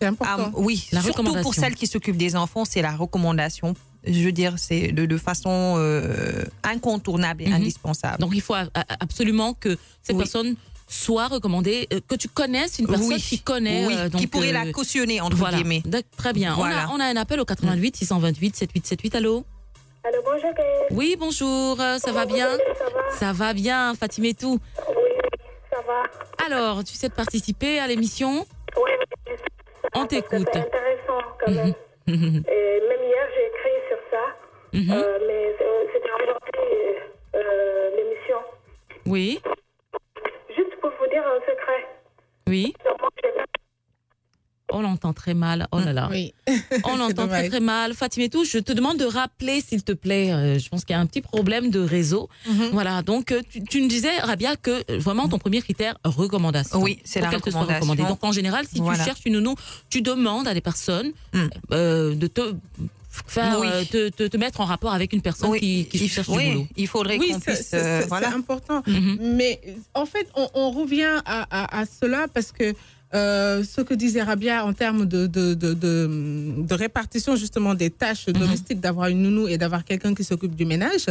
important. Ah, oui, surtout pour celles qui s'occupent des enfants, c'est la recommandation je veux dire, c'est de, façon euh, incontournable et mhm. indispensable. Donc il faut absolument que cette personne soit recommandée, euh, que tu connaisses une personne qui connaît, euh, qui pourrait la cautionner entre guillemets. très bien. On, a, un appel au 88 628 7878. Allô. Allô, bonjour. Oui, bonjour. Ça va bien ça va. bien. bien, Fatimé tout. Oui, ça va. Alors, tu sais participer à l'émission Oui, on t'écoute. C'était intéressant quand mhm. même. Mhm. Et même hier, j'ai écrit sur ça, mhm. euh, mais euh, c'était orienté euh, l'émission. Oui. Juste pour vous dire un secret. Oui on l'entend très mal. Oh là là. *laughs* On l'entend très très mal. Fatima tout, je te demande de rappeler s'il te plaît. Euh, je pense qu'il y a un petit problème de réseau. Mhm. Voilà. Donc euh, tu, tu, me disais Rabia que euh, vraiment ton premier critère recommandation. Oui, c'est la recommandation. Donc en général, si tu cherches une nounou, tu demandes à des personnes mm. de te faire te, mettre en rapport avec une personne qui, cherche du boulot. Il faudrait oui, puisse. c'est important. Mhm. Mais en fait, on, revient à, cela parce que euh, ce que disait Rabia en termes de, répartition justement des tâches mhm. domestiques, d'avoir une nounou et d'avoir quelqu'un qui s'occupe du ménage,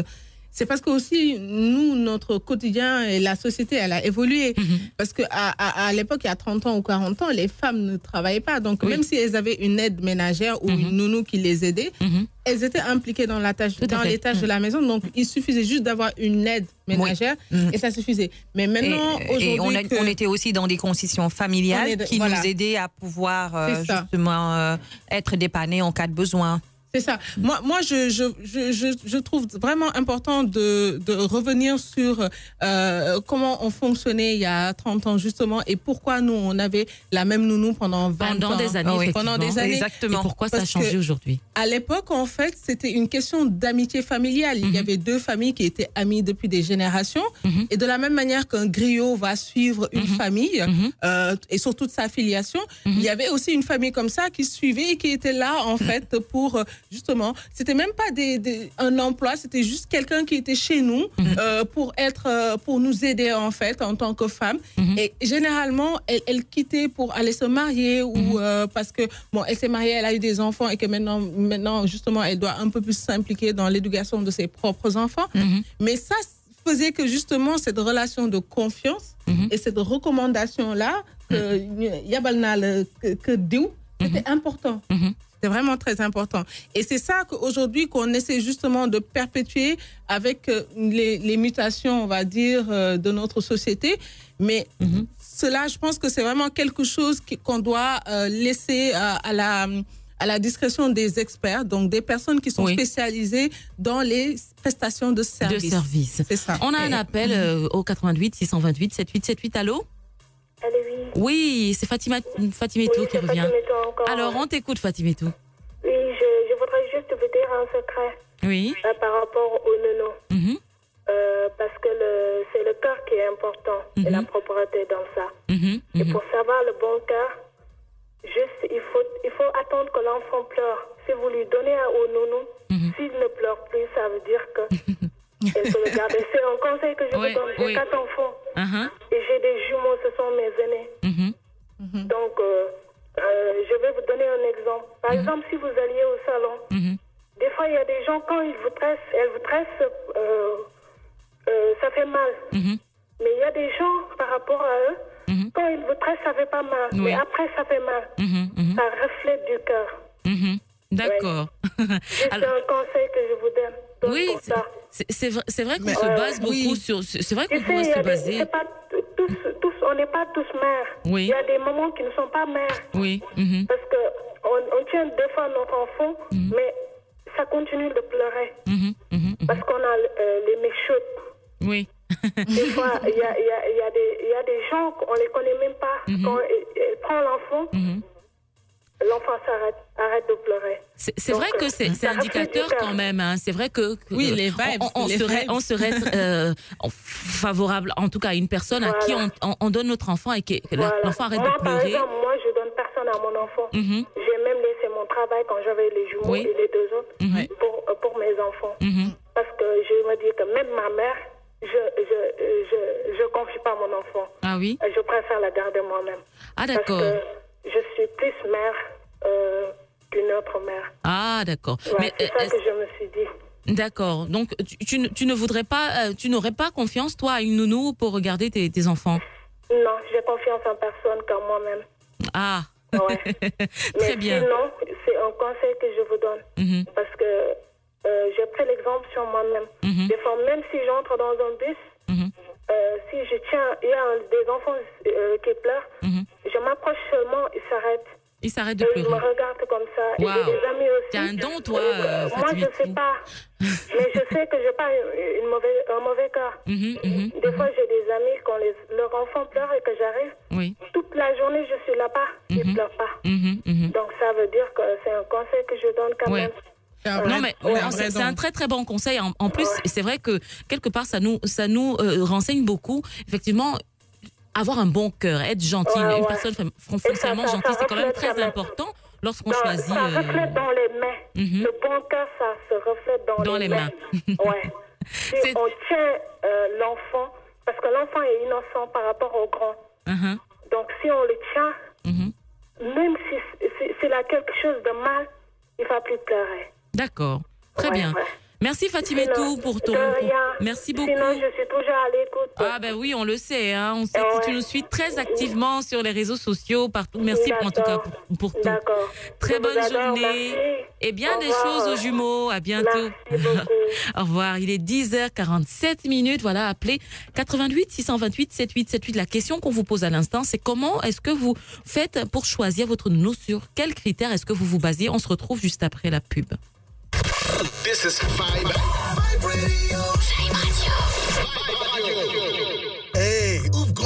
c'est parce que aussi nous, notre quotidien et la société, elle a évolué. Mhm. Parce que à, l'époque, il y a 30 ans ou 40 ans, les femmes ne travaillaient pas. Donc même si elles avaient une aide ménagère ou mhm. une nounou qui les aidait, mhm. elles étaient impliquées dans la tâche, dans les tâches de la maison. Donc il suffisait juste d'avoir une aide ménagère et ça suffisait. Mais maintenant, aujourd'hui, on, on était aussi dans des concessions familiales qui nous aidaient à pouvoir euh, justement euh, être dépannées en cas de besoin. C'est ça. Moi, moi je, je, je, je, trouve vraiment important de, de revenir sur euh, comment on fonctionnait il y a 30 ans, justement, et pourquoi nous, on avait la même nounou pendant 20 pendant Des années, ah oui, pendant des années. Exactement. Et pourquoi ça a changé aujourd'hui À l'époque, en fait, c'était une question d'amitié familiale. Il y mhm. avait deux familles qui étaient amies depuis des générations. Mhm. Et de la même manière qu'un griot va suivre une mhm. famille euh, et sur toute sa filiation, il y avait aussi une famille comme ça qui suivait et qui était là, en fait, pour euh, justement, c'était même pas des, un emploi, c'était juste quelqu'un qui était chez nous mhm. euh, pour être, euh, pour nous aider en fait en tant que femme. Mhm. Et généralement, elle, quittait pour aller se marier ou mhm. euh, parce que bon, elle s'est mariée, elle a eu des enfants et que maintenant, maintenant justement, elle doit un peu plus s'impliquer dans l'éducation de ses propres enfants. Mais ça faisait que justement cette relation de confiance et cette recommandation là, que Yabalna que, que c'était important. C'est vraiment très important. Et c'est ça qu'aujourd'hui qu'on essaie justement de perpétuer avec euh, les, mutations, on va dire, euh, de notre société. Mais mhm. cela, je pense que c'est vraiment quelque chose qu'on doit euh, laisser à la à la discrétion des experts, donc des personnes qui sont spécialisées dans les prestations de services. services. C'est ça. On a un appel au 88 628 7878. Allô oui. c'est Fatima, et tout qui revient. Alors, on t'écoute, tout. Oui, je, voudrais juste vous dire un secret. Oui. Euh, par rapport au nono. Mhm. Euh, parce que c'est le cœur qui est important et mhm. la propreté dans ça. Mhm, et pour savoir le bon cœur, juste, il faut, attendre que l'enfant pleure. Si vous lui donnez un, au nono, s'il ne pleure plus, ça veut dire que *laughs* C'est un conseil que je vous donne. J'ai quatre enfants. Uh-huh. Et j'ai des jumeaux, ce sont mes aînés. Mm-hmm. Mm-hmm. Donc, euh, euh, je vais vous donner un exemple. Par mm-hmm. exemple, si vous alliez au salon, des fois, il y a des gens, quand ils vous tressent, elles vous tressent, euh, ça fait mal. Mais il y a des gens, par rapport à eux, quand ils vous tressent, ça fait pas mal. Mais après, ça fait mal. Ça reflète du cœur. D'accord. *laughs* C'est un conseil que je vous donne. oui, c'est vrai, qu'on se euh, base beaucoup sur. C'est vrai qu'on pourrait se baser. pas on n'est pas tous mères. Il y a des mamans qui ne sont pas mères. Oui. Mhm. Parce qu'on on, tient deux fois notre enfant, mhm. mais ça continue de pleurer. Mhm, Parce qu'on a euh, les méchots. Oui. des fois, il y a, des gens, qu'on ne les connaît même pas. Quand elle, euh, prend l'enfant, l'enfant s'arrête arrête de pleurer. C'est vrai que c'est euh, indicateur quand même. Hein. C'est vrai que oui, les on, serait, On *laughs* euh, serait favorable, en tout cas, à une personne à qui on, donne notre enfant et que l'enfant arrête de pleurer. Par exemple, moi, je donne personne à mon enfant. Mhm. J'ai même laissé mon travail quand j'avais les jumeaux et les deux autres mhm. euh, pour, mes enfants. Mhm. Parce que je me dis que même ma mère, je je, je, je confie pas mon enfant. Ah oui. Je préfère la garder moi-même. Ah d'accord je suis plus mère euh, qu'une autre mère. Ah, d'accord. c'est euh, ça que je me suis dit. D'accord. Donc, tu, voudrais pas, euh, tu n'aurais pas confiance, toi, à une nounou pour regarder tes, enfants Non, j'ai confiance en personne qu'en moi-même. Ah. Ouais. *laughs* Très Mais bien. Sinon, c'est un conseil que je vous donne. Mhm. Parce que euh, j'ai pris l'exemple sur moi-même. Mhm. Des fois, même si j'entre dans un bus, Mhm. Euh, si je tiens, il y a des enfants euh, qui pleurent, mhm. je m'approche seulement, ils s'arrêtent. Ils s'arrêtent de pleurer. Ils me regardent comme ça. Et amis aussi. T'as un don, toi, euh, Moi, je ne sais pas. *laughs* mais je sais que je n'ai pas un mauvais cas. Mhm, des fois, j'ai des amis, quand leur enfant pleure et que j'arrive, oui. toute la journée, je suis là-bas. Ils ne pleurent pas. Donc, ça veut dire que c'est un conseil que je donne quand même non mais c'est un très très bon conseil. En, plus, c'est vrai que quelque part ça nous ça nous euh, renseigne beaucoup. Effectivement, avoir un bon cœur, être gentil, une personne foncièrement gentille, c'est quand même très important lorsqu'on choisit. Ça euh, reflète dans les mains. Mhm. Le bon cœur, ça se reflète dans, les, mains. ouais. *laughs* Si on tient euh, l'enfant, parce que l'enfant est innocent par rapport au grand. Uh-huh. Donc si on le tient, mhm. même s'il si, c'est a quelque chose de mal, il va plus pleurer. D'accord. Très bien. Merci Fatima tout pour ton. Merci beaucoup. je suis toujours à l'écoute. Ah ben oui, on le sait. Hein. On sait que tu nous suis très euh, activement sur les réseaux sociaux, partout. Merci en tout cas pour, tout. Très bonne journée. Et bien des choses aux jumeaux. À bientôt. *laughs* Au revoir. Il est 10h47 minutes. Voilà, appelez 88 628 7878. La question qu'on vous pose à l'instant, c'est comment est-ce que vous faites pour choisir votre nounou Sur quels critères est-ce que vous vous basez On se retrouve juste après la pub. This is Vibe. Vibe Radio. Vibe Radio. Vibe Radio.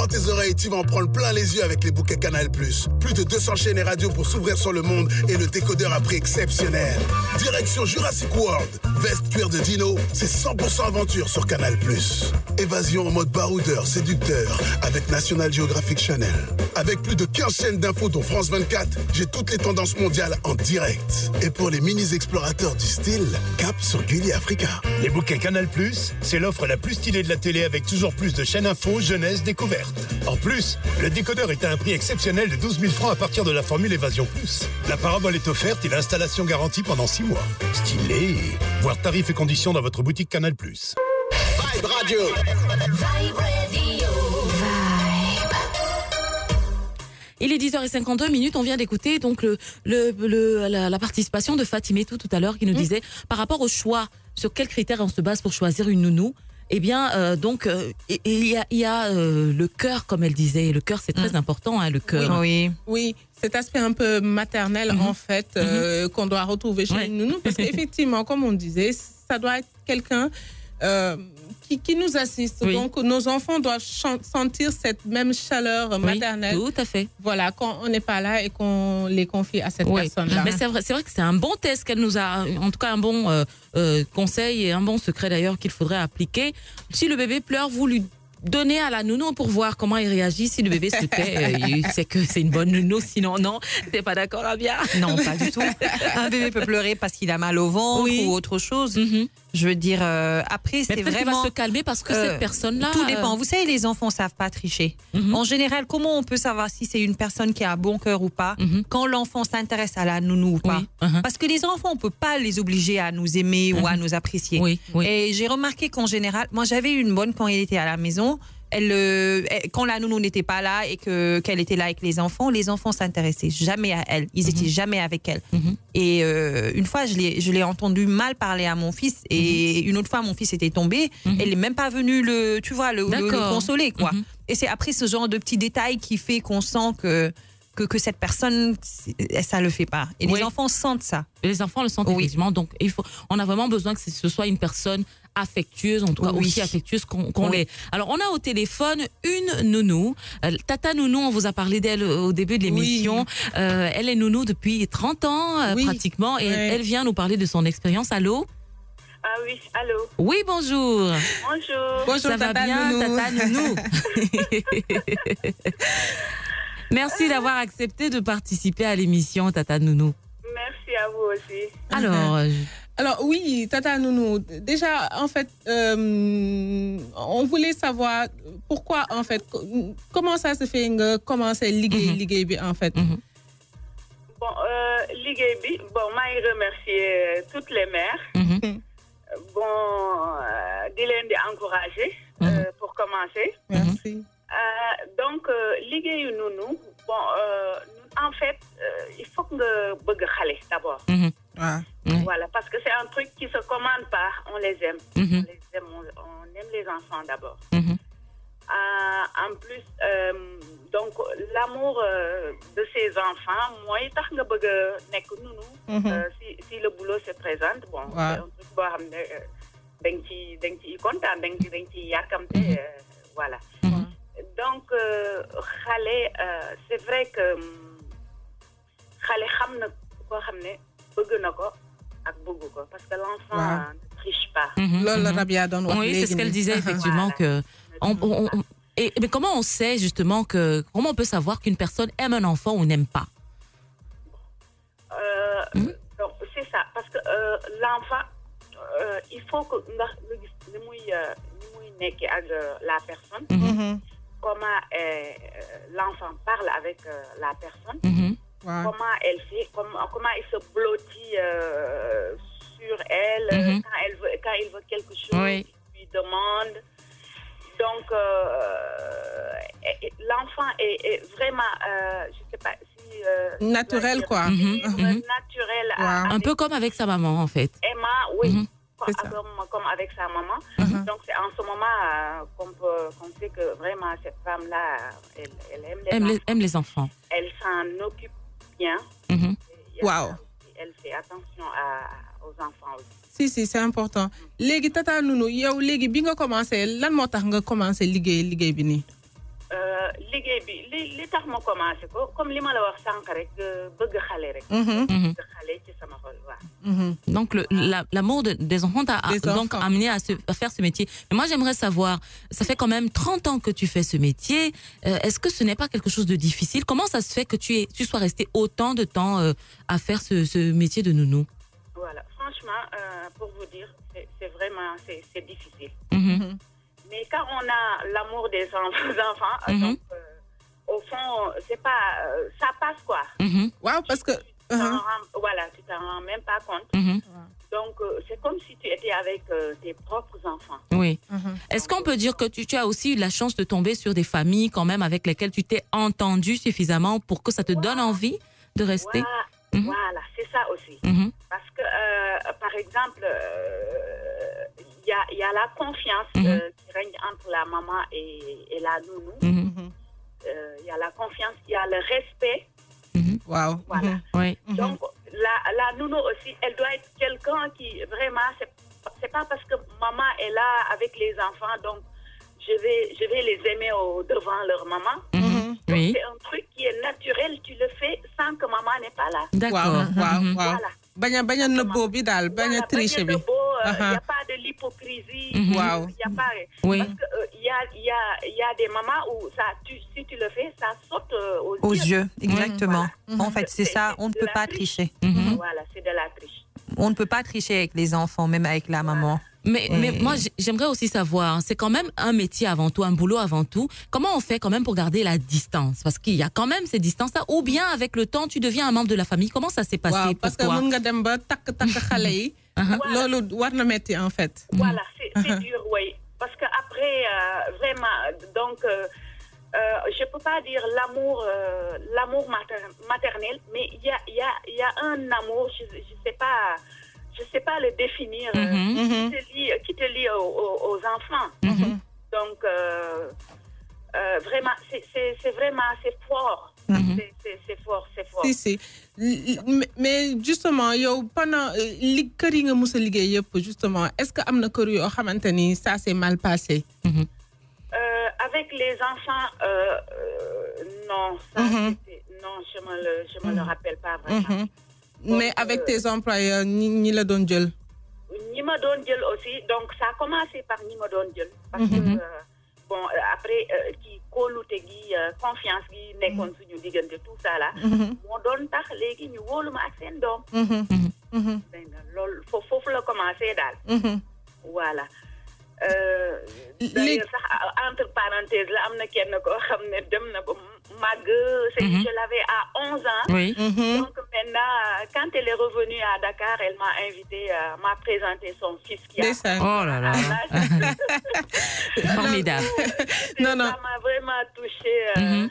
tes oreilles, tu vas en prendre plein les yeux avec les bouquets Canal+. Plus de 200 chaînes et radios pour s'ouvrir sur le monde et le décodeur à prix exceptionnel. Direction Jurassic World. Veste cuir de dino, c'est 100% aventure sur Canal+. Évasion en mode baroudeur, séducteur, avec National Geographic Channel. Avec plus de 15 chaînes d'infos dont France 24, j'ai toutes les tendances mondiales en direct. Et pour les mini-explorateurs du style, cap sur Gulli Africa. Les bouquets Canal+, c'est l'offre la plus stylée de la télé avec toujours plus de chaînes infos, jeunesse, découverte. En plus, le décodeur est à un prix exceptionnel de 12 000 francs à partir de la formule Évasion Plus. La parabole est offerte et l'installation garantie pendant 6 mois. Stylé Voir tarifs et conditions dans votre boutique Canal+. Plus. Radio Il est 10h52 minutes. On vient d'écouter donc la, participation de Fatimé tout, à l'heure qui nous mm. disait par rapport au choix, sur quels critères on se base pour choisir une nounou eh bien, euh, donc, euh, il y a, euh, le cœur, comme elle disait. Le cœur, c'est très mm. important, hein, le cœur. Oui. oui. cet aspect un peu maternel, mm-hmm. en fait, mm-hmm. qu'on doit retrouver chez nous. Parce *laughs* qu'effectivement, comme on disait, ça doit être quelqu'un qui, nous assistent. Donc, nos enfants doivent sentir cette même chaleur maternelle. Oui, tout à fait. Voilà, quand on n'est pas là et qu'on les confie à cette personne-là. Mais c'est vrai, vrai, que c'est un bon test qu'elle nous a, en tout cas un bon euh, euh, conseil et un bon secret d'ailleurs qu'il faudrait appliquer. Si le bébé pleure, vous lui donnez à la nounou pour voir comment il réagit. Si le bébé se tait, euh, *laughs* il sait que c'est une bonne nounou. Sinon, non, t'es pas d'accord, Rabia Non, pas du tout. Un bébé peut pleurer parce qu'il a mal au ventre ou autre chose. Oui. Mhm. Je veux dire, euh, après, c'est vraiment. Va se calmer parce que cette euh, personne-là. Tout dépend. Euh, Vous savez, les enfants savent pas tricher. Mhm. En général, comment on peut savoir si c'est une personne qui a un bon cœur ou pas mhm. quand l'enfant s'intéresse à la nounou ou pas uh-huh. Parce que les enfants, on ne peut pas les obliger à nous aimer ou mhm. à nous apprécier. Et j'ai remarqué qu'en général, moi, j'avais une bonne quand elle était à la maison. Euh, elle, quand la nounou n'était pas là et que qu'elle était là avec les enfants, les enfants s'intéressaient jamais à elle. Ils n'étaient mhm. jamais avec elle. Mhm. Et euh, une fois, je l'ai, je entendu mal parler à mon fils. Et mhm. une autre fois, mon fils était tombé. Elle n'est même pas venue le, tu vois, le consoler, quoi. Et c'est après ce genre de petits détails qui fait qu'on sent que que, cette personne, ça le fait pas. Et les enfants sentent ça. Les enfants le sentent oui. Donc, il faut, on a vraiment besoin que ce soit une personne affectueuse, en tout cas aussi affectueuse qu'on l'est. Alors, on a au téléphone une nounou. Euh, Tata Nounou, on vous a parlé d'elle au début de l'émission. Euh, elle est nounou depuis 30 ans euh, pratiquement et elle, vient nous parler de son expérience. Allô? Ah oui, allô. Oui, bonjour. Bonjour. Bonjour, ça va bien, Tata Nounou. *laughs* *laughs* Merci d'avoir accepté de participer à l'émission, Tata Nounou. Merci à vous aussi. Alors. Euh, Alors oui, Tata Nounou, déjà en fait, euh, on voulait savoir pourquoi en fait, comment ça se fait comment c'est Liguebi, mhm. en fait. Mhm. Bon, euh, bon, moi je remercie euh, toutes les mères. Mhm. Bon, Dylan est encouragé pour commencer. Merci. Euh, donc euh, les noonu bon euh, en fait il faut que nous bëgg xale d'abord. Mhm. Ah. voilà parce que c'est un truc qui se commande pas on les aime. Mhm. on les aime on aime les enfants d'abord. Mhm. en plus donc l'amour de ces enfants moi, tax nga bëgg a nekk nunu si si le boulot se présente bon c'est un truc boo xam voilà donc xale euh, euh, c'est vrai que euh, Khalé, xam na koo xam ak parce que l'enfant ne triche pas. Mhm, loolu mhm. oui c'est ce qu'elle disait effectivement que on, et, mais comment on sait justement que comment on peut savoir qu'une personne aime un enfant ou n'aime pas euh, mhm. Donc c'est ça parce que l'enfant il faut que la personne comment euh, l'enfant parle avec euh, la personne, mm-hmm. comment elle fait, comment, il se blottit euh, sur elle, mm-hmm. quand il veut quelque chose, il lui demande. Donc, l'enfant est, vraiment, je ne sais pas si. naturel, quoi. Mm-hmm. Naturel. Un peu comme avec sa maman, en fait. Emma, oui comme, avec sa maman. Mm-hmm. Donc, c'est en ce moment euh, qu'on sait que vraiment cette femme-là, elle, aime, les, enfants. Elle s'en occupe bien. Mm-hmm. Elle fait attention aux enfants aussi. si si c'est important Légui tata Nounou, yow commencé lan commencé euh, les bi comme euh, les mhm. mhm. mhm. donc la l'amour des enfants t'a donc amené à, faire ce métier mais moi j'aimerais savoir ça fait quand même 30 ans que tu fais ce métier euh, est-ce que ce n'est pas quelque chose de difficile comment ça se fait que tu sois resté autant de temps à faire ce métier de nounou. voilà franchement pour vous dire c'est vraiment difficile. Mais quand on a l'amour des *laughs* enfants, mhm. euh, au fond, c'est pas, euh, ça passe quoi. Mhm. parce que. Uh-huh. voilà, tu t'en rends même pas compte. Mhm. Donc, euh, c'est comme si tu étais avec tes propres enfants. Oui. Uh-huh. Est-ce qu'on peut dire que tu, as aussi eu la chance de tomber sur des familles, quand même, avec lesquelles tu t'es entendu suffisamment pour que ça te donne envie de rester Voilà, c'est ça aussi. Parce que, par exemple, y, a, y a, la confiance mhm. euh, qui règne entre la maman et, la nounou. Il mhm. mhm. euh, y a la confiance, il y a le respect. Voilà. Donc, la, la, nounou aussi, elle doit être quelqu'un qui, vraiment, c'est pas parce que maman est là avec les enfants, donc je vais, je vais les aimer au, devant leur maman. C'est un truc qui est naturel, tu le fais sans que maman n'est pas là. D'accord. Voilà baña baña nebo bi dal baña tricher bi. il n'y euh, a pas de l'hypocrisie. Mm -hmm. wow. Il y a pas. Oui. Parce que il euh, y, y, y, a, des mamans où ça, tu, si tu le fais, ça saute euh, aux, aux, yeux. Mhm. Exactement. Mhm. En fait, c'est ça. On ne peut pas tricher. Mhm. Voilà, c'est de la triche. On ne peut pas tricher avec les enfants, même avec la maman. Mais, moi, j'aimerais aussi savoir, hein, c'est quand même un métier avant tout, un boulot avant tout. Comment on fait quand même pour garder la distance Parce qu'il y a quand même ces distances-là. Ou bien, avec le temps, tu deviens un membre de la famille. Comment ça s'est passé Parce Pourquoi que fait. Mm-hmm. Voilà, c'est uh-huh. dur, oui. Parce qu'après, euh, vraiment, donc, euh, euh, je ne peux pas dire l'amour l'amour maternel, mais il y a, y a, un amour, je ne sais pas je ne sais pas le définir, mm -hmm, qui, te lie, aux, enfants. Mhm. Mhm. Donc, euh, euh, vraiment, c'est vraiment, assez fort. Mhm. C'est fort, c'est fort. Si, si. Mais justement, yo, pendant euh, li kër nga justement, est-ce que am na ça s'est mal passé? Euh, avec les enfants, non, ça, non, je ne me, me, le rappelle pas vraiment mais avec tes employeurs ni ni la aussi donc ça a commencé par ni ma parce que mhm. euh, bon euh, après donné euh, gui confiance continue, donné de tout ça là. mon mhm. donné tax ils ak mhm. voilà. entre parenthèses je l'avais à 11 ans. oui quand elle est revenue à Dakar, elle m'a invité, à euh, m'a présenté son fils qui a. Ça. Oh là là. Ah, *laughs* Formidable. Ça m'a vraiment touchée. Euh, mm-hmm.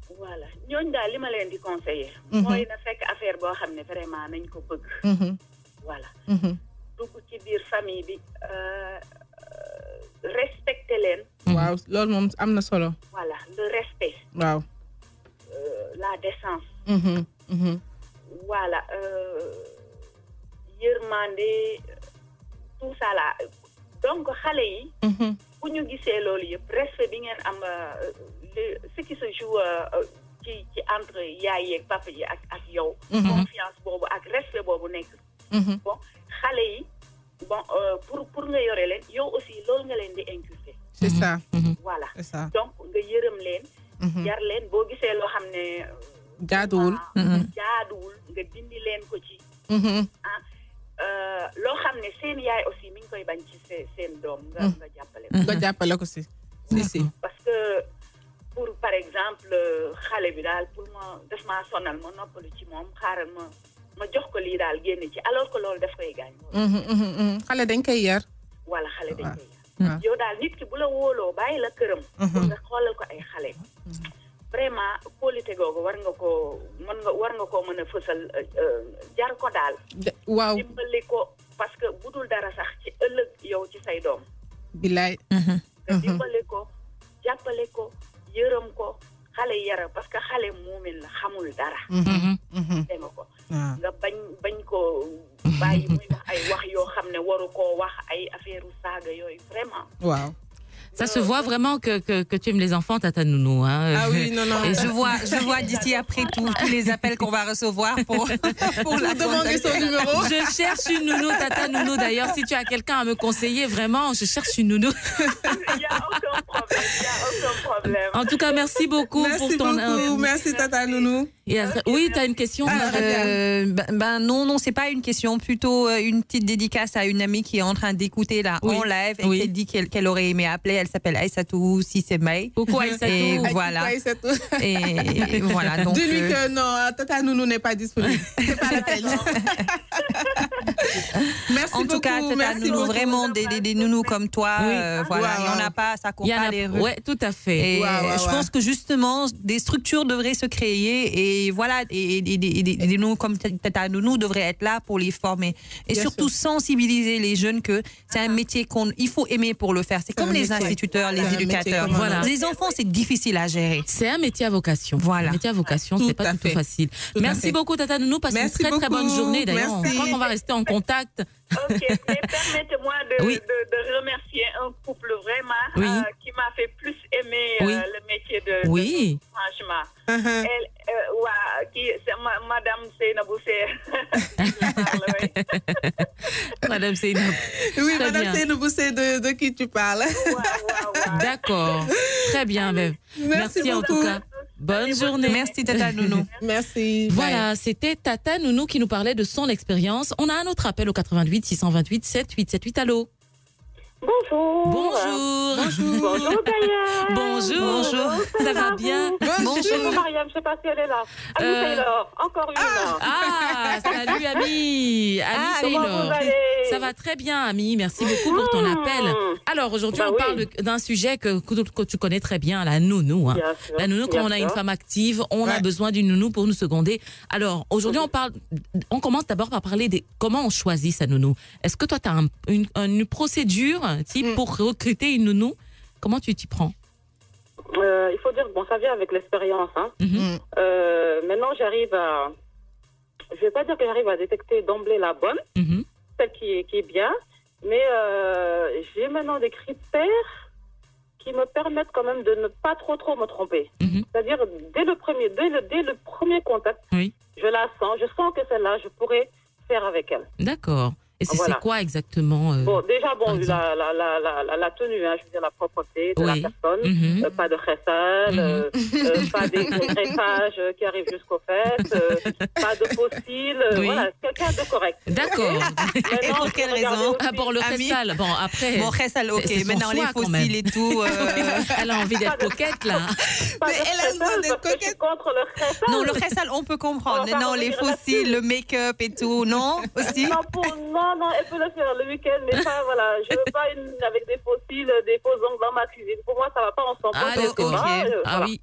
ñooñu daal li ma leen di conseiller mhm. mooy na fekk affaire boo xam ne vraiment nañ ko bëgg mhm. voilà mhm. dugg ci biir famille bi euh, respecter leen waaw loolu moom am na solo voilà le respect waaw euh, la décence voilà euh, yërmande tout ça là donc xale yi bu ñu gisee loolu yëpp respect bi ngeen am ce qui se joue ci ci entre yaay yeeg papa ji ak ak yow. Mhm. confiance boobu ak respect boobu nekk. Mhm. bon xale yi bon euh, pour pour nga yore leen yow aussi loolu nga leen di inculquer. c'est mhm. ça. donc nga yërëm leen. yar leen boo gisee loo xam ne. Euh, jaaduwul jaaduwul nga dindi leen ko ci. Ah, euh, loo xam ne seen yaay aussi mi ngi koy bañ ci seen doom. nga jàppale ko nga ko si si parce que. pour par exemple xale bi daal pour ma def maa sonal ma noppalu ci moom xaaral ma ma jox ko lii daal génn ci alors que loolu daf koy gaañ. xale dañ koy yar. wala xale dañ koy yar. yow daal nit ki bu la wóoloo bàyyi la këram. pour nga xoolal ko ay xale. vraiment qualité googu war nga koo mën nga war nga koo mën a fësal jar ko daal. waaw dimbali ko parce que bu dul dara sax ci ëllëg yow ci say doom. bilaay. nga dimbali ko jàppale ko. yërëm ko xale yara parce que xale muumin la xamul dara mm-hmm. Mm-hmm. dégg ah. nga bañ bañ ko bàyyi muy wax ay wax yoo xam ne waru koo wax ay affaire u saaga yooyu vraiment waaw Ça se voit vraiment que, que, tu aimes les enfants, Tata Nounou. Hein. Ah oui, non, non. Et je vois, je vois *laughs* d'ici après tous les appels qu'on va recevoir pour, *laughs* pour demander son numéro. Je cherche une nounou, Tata Nounou. D'ailleurs, si tu as quelqu'un à me conseiller, vraiment, je cherche une nounou. Il n'y a, aucun problème, il y a aucun problème. En tout cas, merci beaucoup merci pour ton. Beaucoup. Merci, Tata Nounou. Oui, tu as une question ah, euh, ben, ben, non, non, c'est pas une question, plutôt euh, une petite dédicace à une amie qui est en train d'écouter là en live et qui dit qu'elle aurait aimé appeler elle s'appelle Aïssatou May. Coucou Aïssatou. Et voilà. Et *laughs* voilà. Dis-lui euh, que non, Tata Nounou n'est pas disponible. C'est pas la peine. *laughs* Merci en tout cas, merci nounou, vraiment des, nounous comme toi. Euh, voilà, wow. il n'y en a pas, ça court pas les rues. Oui, tout à fait. je pense que justement, des structures devraient se créer et voilà, et, des, nounous comme Tata Nounou devraient être là pour les former et surtout sensibiliser les jeunes que c'est un métier qu'il faut aimer pour le faire. C'est comme les instituteurs, les éducateurs. Voilà. Les enfants, c'est difficile à gérer. C'est un métier à vocation. Voilà. Un métier à vocation, c'est pas tout facile. Merci beaucoup Tata Nounou, passe une très très bonne journée d'ailleurs. On va rester en contact. Ok, *laughs* permettez-moi de, remercier un couple vraiment euh, qui m'a fait plus aimer euh, le métier de, oui. franchement. Uh-huh. Elle, euh, qui, Madame Seynabou, c'est... *laughs* *laughs* Madame Seynabou. Oui, Madame Seynabou, de, qui tu parles. D'accord. Très bien, merci en tout cas. Bonne journée. Merci Tata Nounou. *laughs* Merci. Voilà, c'était Tata Nounou qui nous parlait de son expérience. On a un autre appel au 88 628 7878. Allô Bonjour. Bonjour. Bonjour. *laughs* Bonjour Bonjour. Ça va bien Bonjour. Bonjour Mariam, je sais pas si elle est là. Euh, Taylor, encore une. Ah, ah salut Ami. *laughs* Ah, ami. Ça va très bien Ami, merci beaucoup pour ton appel. Hmm. Alors aujourd'hui, bah on parle d'un sujet que, que, tu connais très bien, la nounou. Hein. la nounou, quand on a une femme active, on a besoin d'une nounou pour nous seconder. Alors aujourd'hui, mhm. on parle, on commence d'abord par parler des comment on choisit sa nounou. Est-ce que toi, tu as une, une procédure Mm. pour recruter une nounou, comment tu t'y prends euh, Il faut dire bon, ça vient avec l'expérience. Hein. Mhm. Mm. Euh, maintenant, j'arrive à. Je vais pas dire que j'arrive à détecter d'emblée la bonne, mhm. celle qui est, bien, mais euh, j'ai maintenant des critères qui me permettent quand même de ne pas trop trop me tromper. Mhm. C'est-à-dire dès le premier, dès le, dès le premier contact, je la sens, je sens que celle-là, je pourrais faire avec elle. D'accord. Et c'est quoi exactement euh, bon, Déjà, bon, la, la, tenue, hein, je veux dire la propreté de la personne, mm-hmm. euh, pas de khessal, mm-hmm. euh, *laughs* pas des greffages qui arrivent jusqu'aux fesses, pas de fossiles voilà, quelqu'un de correct. D'accord. *laughs* Et pour quelle raison ah, aussi, Ah, bon, le bon, après. Bon, khessal, ok, maintenant les fossiles et tout. *laughs* Elle a envie d'être coquette, là. Mais elle a besoin d'être coquette. contre le khessal. Non, le khessal, on peut comprendre. Non, les fossiles le make-up et tout, non Aussi Non, non, non, elle peut le faire le week-end, mais pas, voilà, je veux pas une avec des faux cils, des faux ongles dans ma cuisine. Pour moi, ça va pas ensemble. Ah, donc, ok. ah oui.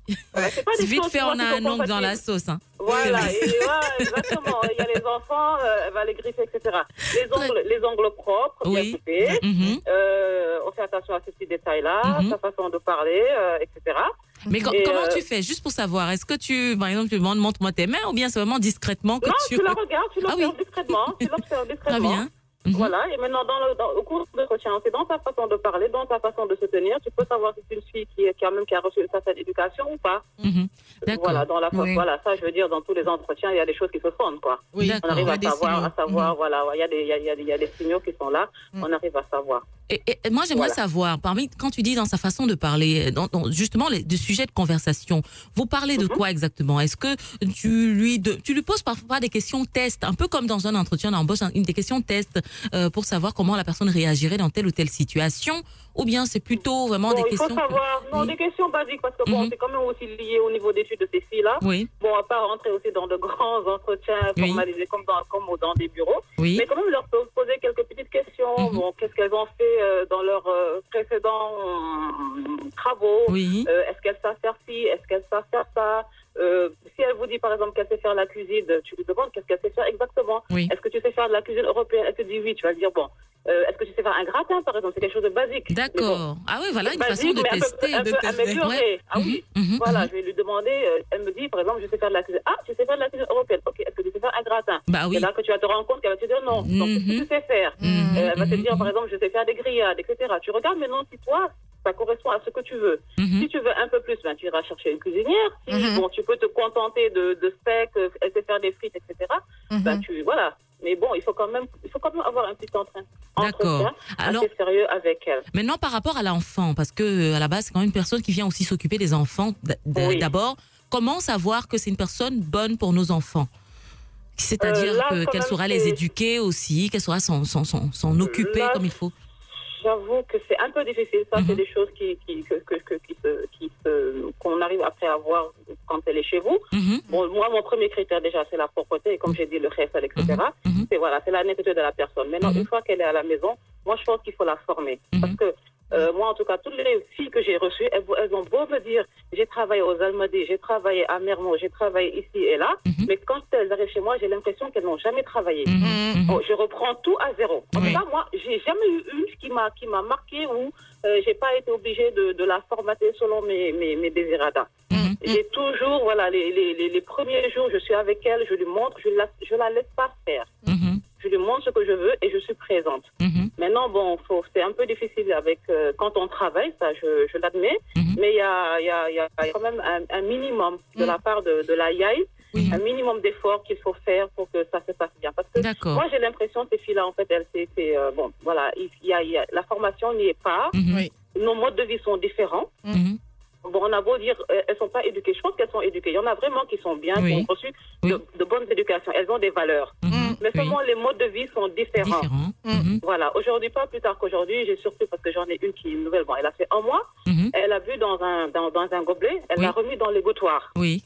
C'est pas vite fait, on a un ongle dans la sauce. Hein. Voilà, *laughs* et, ouais, exactement. Il y a les enfants, euh, elle va les griffer, etc. Les ongles, les ongles propres, bien coupés. Mm-hmm. Euh, on fait attention à ces petits détails-là, mm-hmm. sa façon de parler, euh, etc. Mais comment tu fais Juste pour savoir, est-ce que tu, par exemple, tu demandes montre-moi tes mains ou bien c'est vraiment discrètement que non, tu... tu la regardes, tu l'observes ah oui. discrètement. Tu l'observes *laughs* ah discrètement. Très bien. Mhm. Voilà, et maintenant, dans dans, au cours de l'entretien, c'est dans sa façon de parler, dans sa façon de se tenir, tu peux savoir si c'est une fille qui, a même qui a reçu une certaine éducation ou pas. Mhm. Voilà, dans la, voilà, ça, je veux dire, dans tous les entretiens, il y a des choses qui se font, quoi. Oui, on arrive à savoir, à savoir, voilà, il y, a des, signaux qui sont là, mhm. on arrive à savoir. Et, moi, j'aimerais savoir, parmi, quand tu dis dans sa façon de parler, euh, dans, justement, les, sujet sujets de conversation, vous parlez de quoi exactement Est-ce que tu lui, tu lui poses parfois des questions test, un peu comme dans un entretien d'embauche, hein, des questions test euh, pour savoir comment la personne réagirait dans telle ou telle situation Ou bien c'est plutôt vraiment bon, des il questions. Faut savoir, non, des questions basiques, parce que mhm. c'est quand même aussi lié au niveau d'études de ces filles-là. Oui. Bon, à part rentrer aussi dans de grands entretiens formalisés comme, dans, des bureaux. Mais quand même leur poser quelques petites questions. Mhm. Bon, qu'est-ce qu'elles ont fait euh, dans leurs euh, précédents travaux Est-ce qu'elles savent faire ci Est-ce qu'elles savent faire ça euh, si elle vous dit par exemple qu'elle sait faire la cuisine, tu lui demandes qu'est-ce qu'elle sait faire exactement. Est-ce que tu sais faire de la cuisine européenne Elle te dit oui, tu vas lui dire bon. Euh, Est-ce que tu sais faire un gratin, par exemple C'est quelque chose de basique. D'accord. ah oui, voilà une façon de tester. Un peu, un de Ah oui. Mhm, mhm, voilà, mhm. je vais lui demander. Euh, elle me dit, par exemple, je sais faire de la cuisine. Ah, tu sais faire de la cuisine européenne. Ok. Est-ce que tu sais faire un gratin bah, oui. là que tu vas te rendre compte qu'elle va te dire non. Donc, qu'est-ce que tu sais faire euh, Elle va te dire, par exemple, je sais faire des grillades, etc. Tu regardes maintenant si toi, ça correspond à ce que tu veux. Mhm. Si tu veux un peu plus, ben, tu iras chercher une cuisinière. Si, mhm. bon, tu peux te contenter de, de steak, euh, de faire des frites, etc. Mhm. Ben, voilà. Mais bon, il faut quand même, il faut quand même avoir un petit entrain. D'accord. Alors, sérieux avec elle. Maintenant, par rapport à l'enfant, parce que euh, à la base, c'est quand même une personne qui vient aussi s'occuper des enfants. D'abord, comment savoir que c'est une personne bonne pour nos enfants C'est-à-dire euh, qu'elle saura les éduquer aussi, qu'elle saura s'en occuper comme il faut. J'avoue que c'est un peu difficile. Ça, c'est mhm. des choses qui, qui, que, que, qui se, qui se, qu'on arrive après à voir quand elle est chez vous. Mhm. Bon, moi, mon premier critère déjà, c'est la propreté, et comme j'ai dit, le reste, etc. Mhm. C'est voilà, c'est la netteté de la personne. Maintenant, une fois qu'elle est à la maison, moi, je pense qu'il faut la former. Parce que euh, moi, en tout cas, toutes les filles que j'ai reçues, elles, ont beau me dire j'ai travaillé aux Almadies, j'ai travaillé à Mermont, j'ai travaillé ici et là, mhm. mais quand elles arrivent chez moi, j'ai l'impression qu'elles n'ont jamais travaillé. Mhm. Mhm. Oh, je reprends tout à zéro. En tout cas, moi, j'ai jamais eu une qui m'a qui m'a marqué ou euh, j'ai pas été obligée de, de, la formater selon mes mes, mes J'ai toujours, voilà, les, les, les, les, premiers jours, je suis avec elle, je lui montre, je la, je la laisse pas faire je lui montre ce que je veux et je suis présente. Mhm. Maintenant, bon, c'est un peu difficile avec euh, quand on travaille, ça, je, l'admets, mhm. mais il y a, y, a, y a, quand même un, minimum de mhm. la part de, de la YAI, un minimum d'efforts qu'il faut faire pour que ça se passe bien. Parce que moi, j'ai l'impression que ces filles-là, en fait, c'est, euh, bon, voilà, il y, a, y a, la formation n'y est pas, nos modes de vie sont différents. Bon, on a beau dire, euh, elles ne sont pas éduquées. Je pense qu'elles sont éduquées. Il y en a vraiment qui sont bien, qui ont reçu de, bonnes éducations. Elles ont des valeurs. Mais seulement les modes de vie sont différents. Mm-hmm. Mm-hmm. Voilà. Aujourd'hui, pas plus tard qu'aujourd'hui, j'ai surtout parce que j'en ai une qui nouvellement. nouvelle. elle a fait un mois. Mm-hmm. Elle a vu dans un, dans, un gobelet. Elle l'a remis dans les gouttoirs. Oui.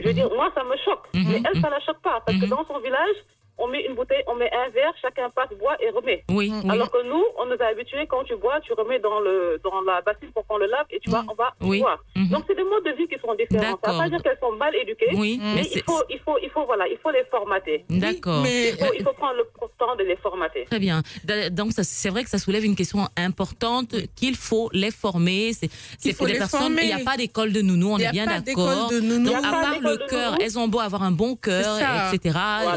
Je veux dire, moi, ça me choque. Mais elle, ça la choque pas parce que dans son village, on met une bouteille, on met un verre, chacun passe, boit et remet. Mm. Oui. Alors que nous, on nous a habitués, quand tu bois, tu remets dans, le, dans la bassine pour prendre le lave et tu vas, on mm. va boire. Mm-hmm. Donc, c'est des modes de vie qui sont différents. Ça ne veut pas dire qu'elles sont mal éduquées, oui. mais, il, faut, il, faut, il, faut, voilà, il faut les formater. D'accord. Mais... Il, faut, euh, prendre le temps de les formater. Très bien. Donc, c'est vrai que ça soulève une question importante qu'il faut les former. C'est pour les personnes, il n'y a pas d'école de nounou, on est bien d'accord. Donc, à part le cœur, elles ont beau avoir un bon cœur, etc.,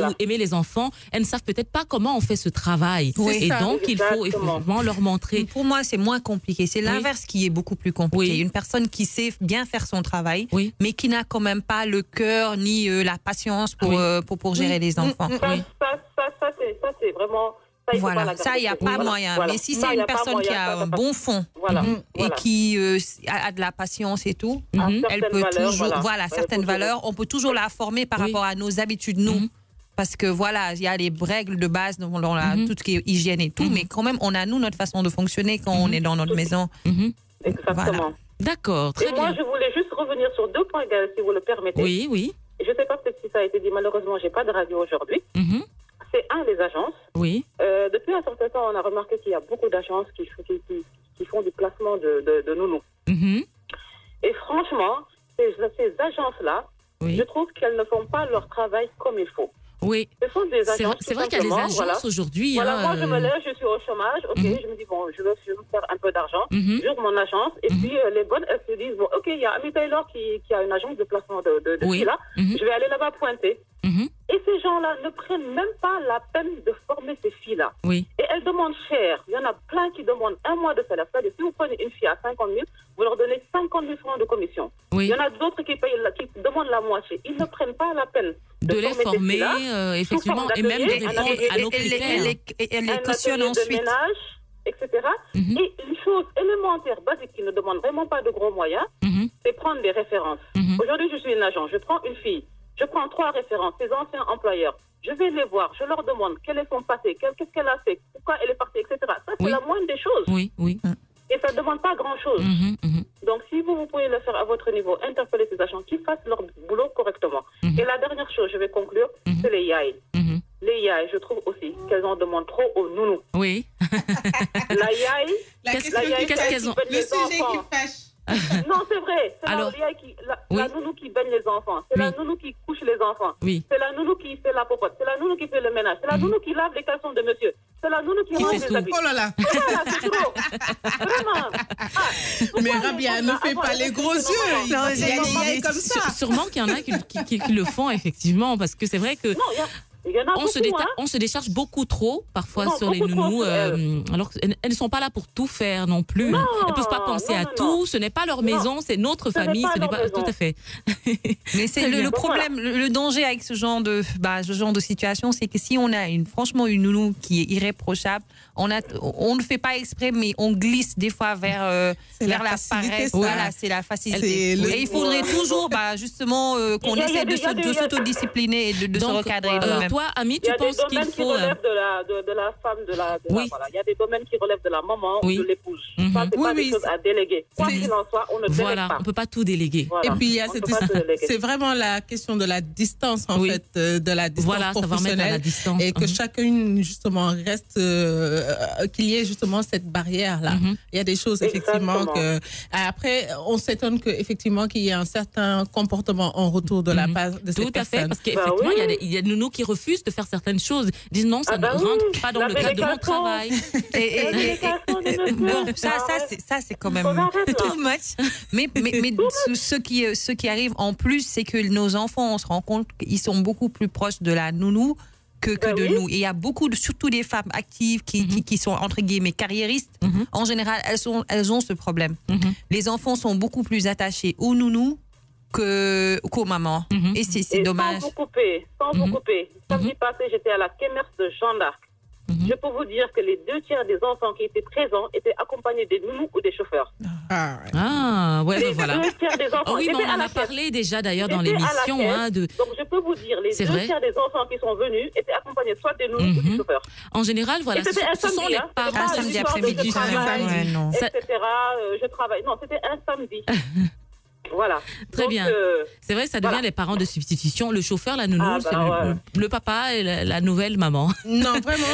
ou aimer les enfants elles ne savent peut-être pas comment on fait ce travail. et donc, il faut effectivement leur montrer. Pour moi, c'est moins compliqué. C'est l'inverse qui est beaucoup plus compliqué. Une personne qui sait bien faire son travail, mais qui n'a quand même pas le cœur ni euh, la patience euh, pour, pour, gérer les enfants. Mm, mm, mm. Ça, ça, ça, c'est vraiment... Ça, voilà, ça, il n'y a pas moyen. Mais si c'est une personne qui a un bon fond mm-hmm. et qui euh, a de la patience et tout, mm-hmm. ah, elle peut toujours, voilà, certaines valeurs, on peut toujours la former par rapport à nos habitudes, nous, mm-hmm parce que voilà, il y a les règles de base dans, mhm. tout ce qui est hygiène et tout, mhm. mais quand même, on a nous notre façon de fonctionner quand on mhm. est dans notre maison. Exactement. D'accord, très et Moi, je voulais juste revenir sur deux points, si vous le permettez. Oui, oui. Je ne sais pas si ça a été dit, malheureusement, j'ai pas de radio aujourd'hui. C'est un, des agences. Oui. Euh, depuis un certain temps, on a remarqué qu'il y a beaucoup d'agences qui, font du placement de, de, de nounous. Et franchement, ces, agences-là, je trouve qu'elles ne font pas leur travail comme il faut. Oui. C'est vrai qu'il y a des agences aujourd'hui. Voilà, hein, moi, je me euh, lève, je suis au chômage. OK, mhm. je me dis, bon, je veux, je faire un peu d'argent. Mm J'ouvre mon agence. Et mhm. puis, euh, les bonnes, elles se disent, bon, OK, il y a Amy Taylor qui, a une agence de placement de, de, oui. Mhm. Je vais aller là-bas pointer. Mm-hmm. Et ces gens-là ne prennent même pas la peine de former ces filles-là. Oui. Et elles demandent cher. Il y en a plein qui demandent un mois de salaire. cest si vous prenez une fille à 50 000, vous leur donnez 50 000 francs de commission. Il y en a d'autres qui, payent, demandent la moitié. Ils ne prennent pas la peine de, les former, euh, effectivement, et même de répondre et, à nos Et les ensuite. ménage, etc. Mm-hmm. Et une chose élémentaire, basique, qui ne demande vraiment pas de gros moyens, mm-hmm. c'est prendre des références. Aujourd'hui, je suis une agent. Je prends une fille. Je prends trois références, ses anciens employeurs. Je vais les voir, je leur demande qu'elles sont passées, qu'est-ce qu'elle a fait, pourquoi elle est partie, etc. Ça, c'est la moindre des choses. Oui, oui. Mm. Et ça ne demande pas grand-chose. Mm-hmm, mm-hmm. Donc, si vous, vous pouvez le faire à votre niveau, interpeller ces agents qui fassent leur boulot correctement. Mm-hmm. Et la dernière chose, je vais conclure, c'est les YAI. Les YAI, je trouve aussi qu'elles en demandent trop aux nounous. Oui. *laughs* la YAI, qu'est-ce qu'elles ont Le sujet qui fâche. *laughs* non, c'est vrai. C'est la, nounou qui baigne les enfants. C'est la nounou qui couche les enfants. C'est la nounou qui fait la popote. C'est la nounou qui fait le ménage. C'est la mm. nounou qui lave les caleçons de monsieur. C'est la nounou qui, mange range les habits. Oh là là, oh là, là c'est trop. *laughs* Vraiment. Ah, mais Rabia, ne fait pas les gros yeux. il y comme ça. Sûrement qu'il y en a qui, le font, effectivement, parce que c'est vrai que. Non, il y a Hein. on, se décharge beaucoup trop parfois sur les nounous, euh. Euh, Elles alors qu'elles ne sont pas là pour tout faire non plus. elles ne peuvent pas penser à tout, ce n'est pas leur maison, c'est notre famille, tout à fait. *laughs* Mais c'est le, problème, le danger avec ce genre de, bah, ce genre de situation, c'est que si on a une, franchement une nounou qui est irréprochable, on, a, on ne fait pas exprès, mais on glisse des fois vers, euh, vers la, la paresse. Voilà, c'est la facilité. Et il faudrait toujours, bah, justement, euh, qu'on essaie de, s'autodiscipliner et de, Donc, se recadrer. Euh, toi, Ami, tu penses qu'il faut. Il y a des domaines qui relèvent de la, de, la femme, de la. oui. voilà. Il y a des domaines qui relèvent de la maman, oui. de l'épouse. Mm -hmm. Ça, mhm. pas des choses à déléguer. Quoi qu'il en soit, on ne délègue voilà, on peut pas tout déléguer. Et puis, il C'est vraiment la question de la distance, en fait, de la distance professionnelle. Et que mhm. chacune, justement, reste euh, euh, qu'il y ait justement cette barrière-là. Mhm. Il y a des choses effectivement que euh, après on s'étonne que effectivement qu'il y ait un certain comportement en retour de la mhm. part de Tout à fait, parce qu'effectivement bah il, y, a des nounous qui refusent de faire certaines choses, ils disent non ça ah ne bah rentre pas dans le cadre de mon travail. ça, ça c'est ça c'est quand même *laughs* too much. Mais mais, mais ce qui ce qui arrive en plus c'est que nos enfants on se rend compte qu'ils sont beaucoup plus proches de la nounou que, bah de nous. Et il y a beaucoup, surtout des femmes actives qui, mhm. sont, entre guillemets, carriéristes. Mhm. En général, elles, sont, elles ont ce problème. Mhm. Les enfants sont beaucoup plus attachés aux nounous que qu'aux mamans. Et c'est dommage. Sans vous couper, sans couper. Samedi passé, j'étais à la de Jean d'Arc. Je peux vous dire que les deux tiers des enfants qui étaient présents étaient accompagnés des nounous ou des chauffeurs. Ah, ah, ah ouais, les ben voilà. Deux tiers des enfants oui, mais on en a parlé déjà d'ailleurs dans l'émission. Hein, de... Donc je peux vous dire, les deux tiers des enfants qui sont venus étaient accompagnés soit des nounous ou des mhm. chauffeurs. En général, voilà, ce, samedi, sont les hein. parents. Un samedi après-midi, non. etc. Euh, je travaille. Non, c'était un samedi. *laughs* Voilà. Très bien. Euh, c'est vrai, ça devient les parents de substitution. Le chauffeur, la nounou, ah, bah le, papa et la, nouvelle maman. *laughs* Non, vraiment,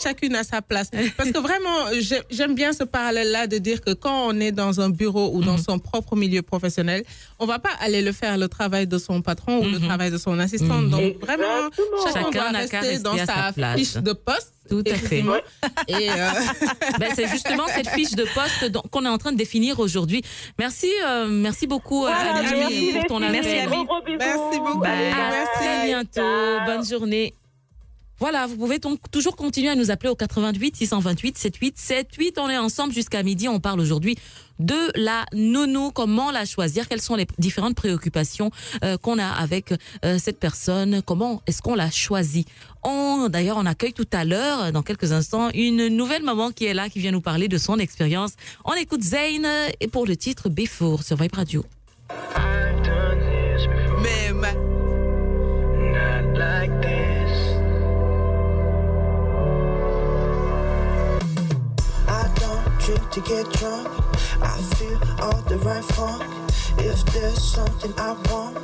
chacune à sa place. Parce que vraiment, j'aime bien ce parallèle-là de dire que quand on est dans un bureau ou dans mhm. son propre milieu professionnel, on va pas aller le faire le travail de son patron ou le mhm. travail de son assistante. Mhm. Donc vraiment, chacun doit rester dans sa, fiche de poste. Tout à fait. Et euh, *laughs* ben, c'est justement cette fiche de poste qu'on est en train de définir aujourd'hui. Merci, euh, merci beaucoup euh, à pour ton appel. Merci, Merci beaucoup. Ben, à très bientôt. Bonne journée. Voilà, vous pouvez donc toujours continuer à nous appeler au 88 628 78 78. On est ensemble jusqu'à midi. On parle aujourd'hui de la nono, comment la choisir, quelles sont les différentes préoccupations euh, qu'on a avec euh, cette personne, comment est-ce qu'on la choisit. On, d'ailleurs, on accueille tout à l'heure, dans quelques instants, une nouvelle maman qui est là, qui vient nous parler de son expérience. On écoute Zayn euh, et pour le titre Before » sur Vibe Radio. to get drunk. I feel all the right funk. If there's something I want,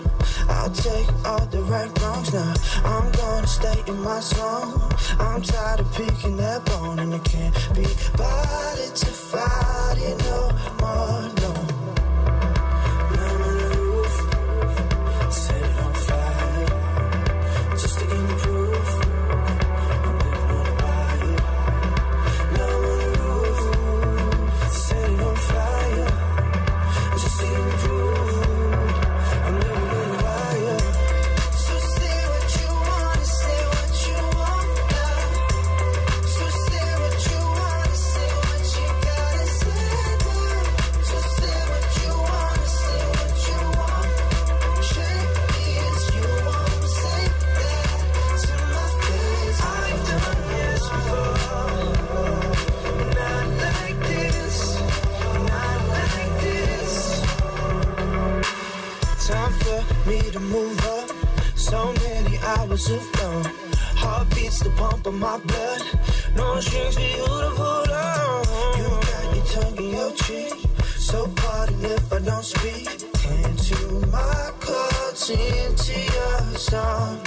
I'll take all the right wrongs. Now I'm gonna stay in my zone. I'm tired of picking that bone, and I can't be bothered to fight it no more. promise of love. Heartbeats the pump of my blood. No strings for you to pull on. You got your tongue in your cheek. So pardon if I don't speak. Into my cuts, into your song.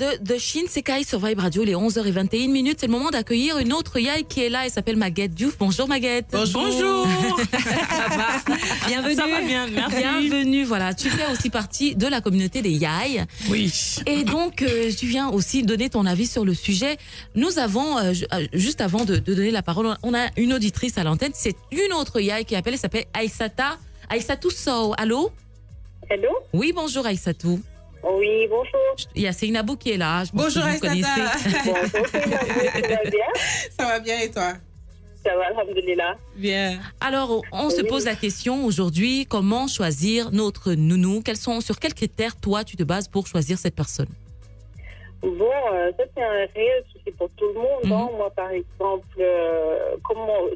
de The Shin Sekai Survive Radio, les 11h21 minutes. C'est le moment d'accueillir une autre Yai qui est là. Elle s'appelle Maguette Diouf. Bonjour Maguette. Bonjour. *laughs* Ça Bienvenue. Bienvenue. Voilà, tu fais aussi partie de la communauté des Yai. Oui. Et donc, euh, tu viens aussi donner ton avis sur le sujet. Nous avons, euh, euh, juste avant de, donner la parole, on a une auditrice à l'antenne. C'est une autre Yai qui appelle. Elle s'appelle Aïsata. Aïssatou Sow. Allô? Hello. Oui, bonjour Aïssatou. Oui, bonjour. Il y a Seynabou qui est là. bonjour, Céline *laughs* ça va bien Ça va bien et toi ça va, alhamdoulilah. Bien. Alors, on se pose la question aujourd'hui, comment choisir notre nounou Quels sont, Sur quels critères, toi, tu te bases pour choisir cette personne Bon, euh, ça, c'est un réel souci pour tout le monde. Hein. Mhm. Moi, par exemple, euh,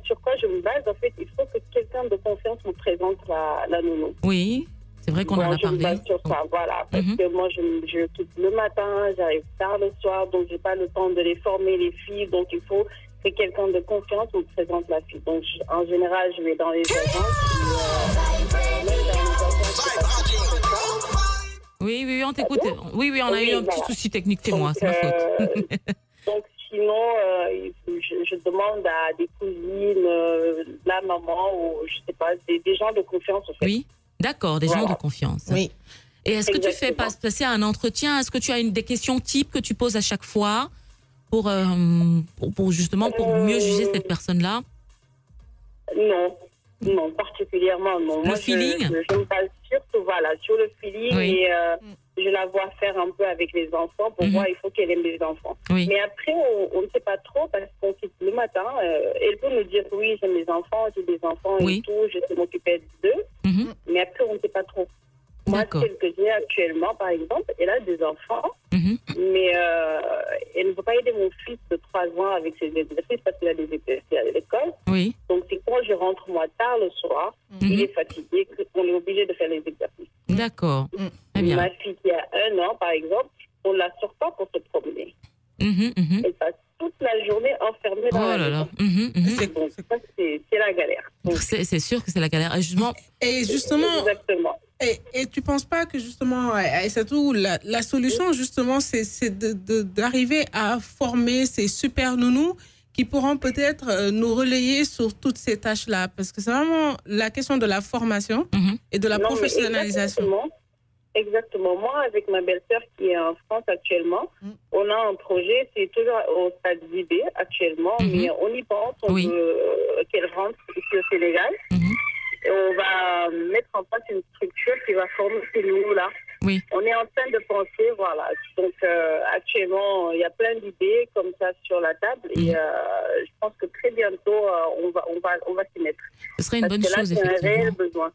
sur quoi je me base En fait, il faut que quelqu'un de confiance me présente la, la nounou. Oui. C'est vrai qu'on en a je parlé. sur ça, voilà, parce mm-hmm. que moi, je, le matin, j'arrive tard le soir, donc j'ai pas le temps de les former, les filles. Donc il faut que quelqu'un de confiance me présente la fille. Donc en général, je vais dans les agences. oui, oui, on t'écoute. Oui, oui, on a eu un petit souci technique, témoin, c'est ma faute. Euh, donc, sinon, euh, je, demande à des cousines, euh, la maman ou je sais pas, des, des gens de confiance en fait. Oui. D'accord, des gens de confiance. Oui. Et est-ce que tu fais passer un entretien Est-ce que tu as une, des questions types que tu poses à chaque fois pour, euh, pour, justement pour euh, mieux juger cette personne-là Non, non, particulièrement Mon feeling je, me base surtout voilà, sur le feeling et euh, mm je la vois faire un peu avec les enfants. Pour voir mhm. moi, il faut qu'elle aime les enfants. Mais après, on ne sait pas trop parce qu'on quitte le matin. Euh, elle peut nous dire oui, j'aime les enfants, j'ai des enfants et tout, je sais m'occuper d'eux. Mhm. Mais après, on ne sait pas trop. Moi, celle que j'ai actuellement, par exemple, elle a des enfants, mhm. mais euh, elle ne peut pas aider mon fils de 3 ans avec ses exercices parce qu'il a des exercices à l'école. Oui. Donc, c'est quand je rentre, moi, tard le soir, mhm. il est fatigué, qu'on est obligé de faire les exercices. D'accord. Mm. Ma fille qui a un an, par exemple, on la sort pas pour se promener. Mhm, elle passe toute la journée enfermée dans la maison. c'est la galère. C'est sûr que c'est la galère. Et justement. Et justement Exactement. Et, et, tu penses pas que justement, la, la solution justement, c'est d'arriver à former ces super nounous qui pourront peut-être euh, nous relayer sur toutes ces tâches-là Parce que c'est vraiment la question de la formation mhm. et de la professionnalisation. Exactement. Moi, avec ma belle-sœur qui est en France actuellement, mm. on a un projet, c'est toujours au stade d'idée actuellement, mm-hmm. mais on y pense, on veut euh, qu'elle rentre ici au Sénégal. Mm-hmm. Et on va mettre en place une structure qui va former ces nouveaux-là. On est en train de penser, voilà. Donc euh, actuellement, il y a plein d'idées comme ça sur la table et mhm. euh, je pense que très bientôt, euh, on va, on va, on va s'y mettre. Ce serait une bonne chose, effectivement. Mhm. Il y a un réel besoin.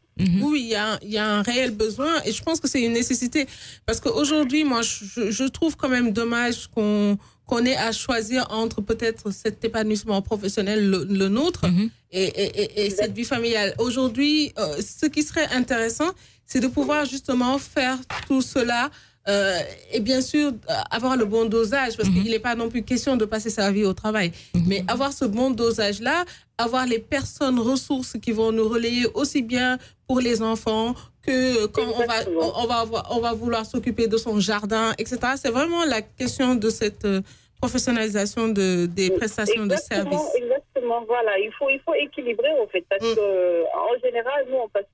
Oui, il y, a, y, a, un réel besoin et je pense que c'est une nécessité. Parce qu'aujourd'hui, moi, je, trouve quand même dommage qu'on qu'on ait à choisir entre peut-être cet épanouissement professionnel, le, nôtre, mhm. et, et, et, cette vie familiale. Aujourd'hui, ce qui serait intéressant, c'est de pouvoir justement faire tout cela euh, et bien sûr euh, avoir le bon dosage parce qu'il n'est mhm. pas non plus question de passer sa vie au travail mhm. mais avoir ce bon dosage là avoir les personnes ressources qui vont nous relayer aussi bien pour les enfants que quand on va on va on va vouloir s'occuper de son jardin etc c'est vraiment la question de cette euh, professionnalisation de, des mm, prestations de services. Exactement, voilà. Il faut, il faut équilibrer, en fait, parce mm. qu'en général, nous, on passe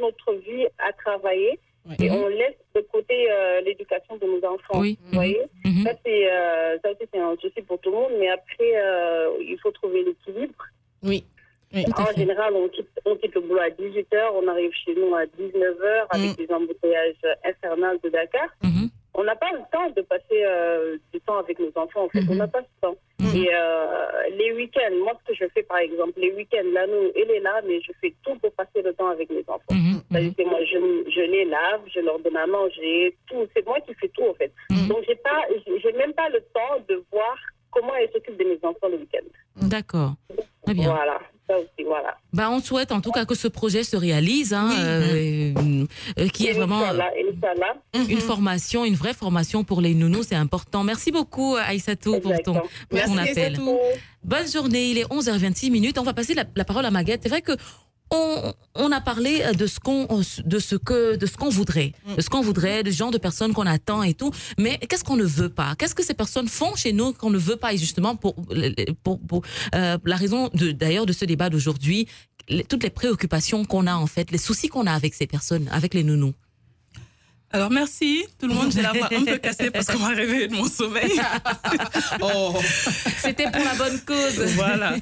notre vie à travailler et mhm. on laisse de côté euh, l'éducation de nos enfants. Oui. Vous voyez mhm. Mhm. ça euh, Ça, c'est un souci pour tout le monde, mais après, euh, il faut trouver l'équilibre. Oui. en général, on quitte, le boulot à 18h, on arrive chez nous à 19h avec des embouteillages infernales de Dakar on n'a pas le temps de passer euh, du temps avec nos enfants. En fait, on mhm. n'a pas le temps. Mhm. Et euh, les week-ends, moi, ce que je fais, par exemple, les week-ends, là, nous, elle est là, mais je fais tout pour passer le temps avec mes enfants. C'est mhm. Que moi, je, les lave, je leur donne à manger, tout. C'est moi qui fais tout, en fait. Donc, j'ai pas, j'ai même pas le temps de voir comment elle s'occupe de mes enfants le week-end. D'accord. Très bien. Voilà. Bah, on souhaite en tout cas que ce projet se réalise, hein, qui est euh, euh, euh, vraiment hein, une hein. mm-hmm. formation, une vraie formation pour les nounous, c'est important. Merci beaucoup Aïssatou pour ton, appel. Bonne journée, il est 11h26 minutes. On va passer la, la parole à Maguette. C'est vrai que on, a parlé euh, de ce qu'on euh, de ce que de ce qu'on voudrait, mm. de ce qu'on voudrait, du genre de personnes qu'on attend et tout. Mais qu'est-ce qu'on ne veut pas Qu'est-ce que ces personnes font chez nous qu'on ne veut pas Et justement pour pour, euh, la raison d'ailleurs de ce débat d'aujourd'hui, toutes les préoccupations qu'on a en fait, les soucis qu'on a avec ces personnes, avec les nounous. Alors merci tout le monde, j'ai la voix un peu cassée parce qu'on m'a réveillé de mon sommeil. *laughs* oh. C'était pour la bonne cause. Voilà.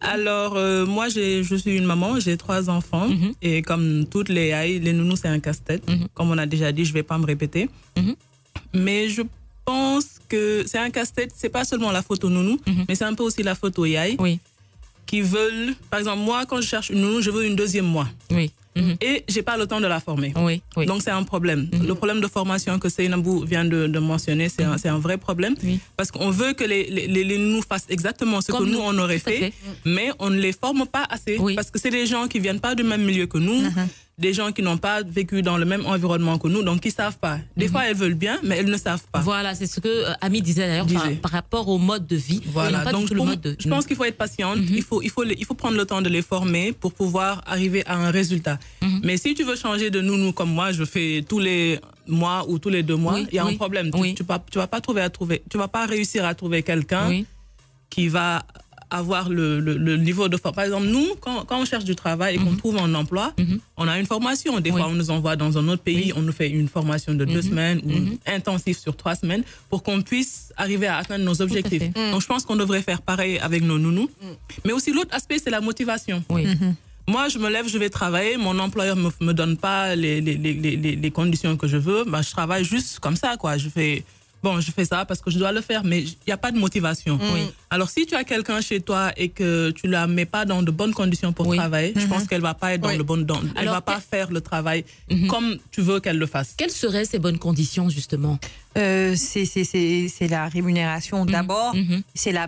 Alors euh, moi je suis une maman, j'ai trois enfants mhm. et comme toutes les aïe, ah, les nounous c'est un casse-tête. Mhm. Comme on a déjà dit, je vais pas me répéter. Mhm. Mais je pense que c'est un casse-tête, c'est pas seulement la photo aux nounous, mais c'est un peu aussi la photo aux Oui. Qui veulent, par exemple moi quand je cherche une nounou, je veux une deuxième moi. Oui. Et mhm. et j'ai pas le temps de la former. Donc c'est un problème. Mhm. Le problème de formation que Seynabou vient de, mentionner, mhm. c'est un, vrai problème parce qu'on veut que les, les, nous fassent exactement ce que nous, on aurait fait, mais on ne les forme pas assez parce que c'est des gens qui viennent pas du même milieu que nous. Uh-huh des gens qui n'ont pas vécu dans le même environnement que nous, donc qui savent pas. Des mhm. fois, elles veulent bien, mais elles ne savent pas. Voilà, c'est ce que euh, Ami disait d'ailleurs par, rapport au mode de vie. Voilà, donc je pense mhm. qu'il faut être patiente, il, faut, il, faut il faut prendre le temps de les former pour pouvoir arriver à un résultat. Mhm. Mais si tu veux changer de nounou comme moi, je fais tous les mois ou tous les deux mois, il y a un problème. Tu, tu, vas, tu vas pas trouver trouver, tu vas pas réussir à trouver quelqu'un qui va avoir le, le, niveau de Par exemple, nous, quand, quand, on cherche du travail et qu'on mhm. trouve un emploi, mhm. on a une formation. Des fois, on nous envoie dans un autre pays, on nous fait une formation de deux mhm. semaines ou intensive sur trois semaines pour qu'on puisse arriver à atteindre nos objectifs. Donc, je pense qu'on devrait faire pareil avec nos nounous. Mm. Mais aussi, l'autre aspect, c'est la motivation. Mm-hmm. Moi, je me lève, je vais travailler. Mon employeur me, me donne pas les, les, les, les, conditions que je veux. Bah, je travaille juste comme ça, quoi. Je fais, bon, je fais ça parce que je dois le faire, mais il n'y a pas de motivation. Mm. Oui. Alors, si tu as quelqu'un chez toi et que tu ne la mets pas dans de bonnes conditions pour travailler, je pense mm-hmm. qu'elle ne va pas être dans le bon Elle va pas faire le travail mm-hmm. comme tu veux qu'elle le fasse. Quelles seraient ces bonnes conditions, justement euh, c'est la rémunération mhm, d'abord, mhm. c'est la,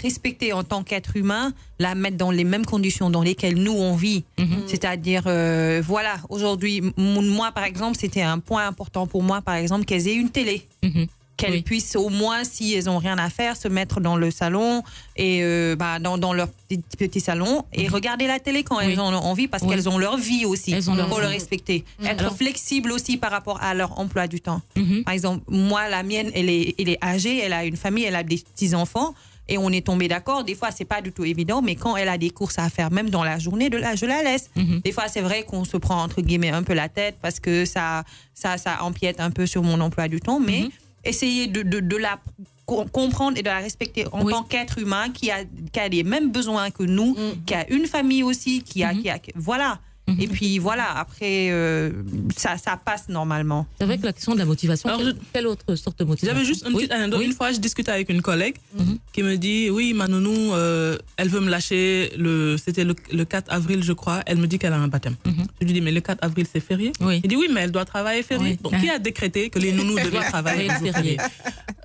respecter en tant qu'être humain, la mettre dans les mêmes conditions dans lesquelles nous on vit. Mhm. C'est-à-dire, euh, voilà, aujourd'hui, moi par exemple, c'était un point important pour moi, par exemple, qu'elles aient une télé qu'elles puissent au moins, si elles n'ont rien à faire, se mettre dans le salon et euh, bah, dans, leur petit, salon et mhm. regarder la télé quand elles en ont envie parce qu'elles ont leur vie aussi. il faut le respecter. Mhm. Être flexible aussi par rapport à leur emploi du temps. Mhm. Par exemple, moi, la mienne, elle est, elle est âgée, elle a une famille, elle a des petits-enfants et on est tombé d'accord. Des fois, c'est pas du tout évident, mais quand elle a des courses à faire, même dans la journée, de je la laisse. Des fois, c'est vrai qu'on se prend entre guillemets un peu la tête parce que ça, ça, ça empiète un peu sur mon emploi du temps, mais essayer de, la comprendre et de la respecter en tant qu'être humain qui a, les mêmes besoins que nous, mm-hmm. qui a une famille aussi, qui a, mm-hmm. qui a voilà. Mhm. Et puis voilà, après, euh, ça, ça passe normalement. C'est vrai que la question de la motivation, quelle, autre sorte de motivation J'avais juste une petite anecdote. Une fois, je discutais avec une collègue mhm. qui me dit Oui, ma nounou, euh, elle veut me lâcher. Le, C'était le, 4 avril, je crois. Elle me dit qu'elle a un baptême. Mhm. Je lui dis Mais le 4 avril, c'est férié oui. Elle dit Oui, mais elle doit travailler férié. Donc, qui ah. a décrété que les nounous *laughs* devaient travailler férié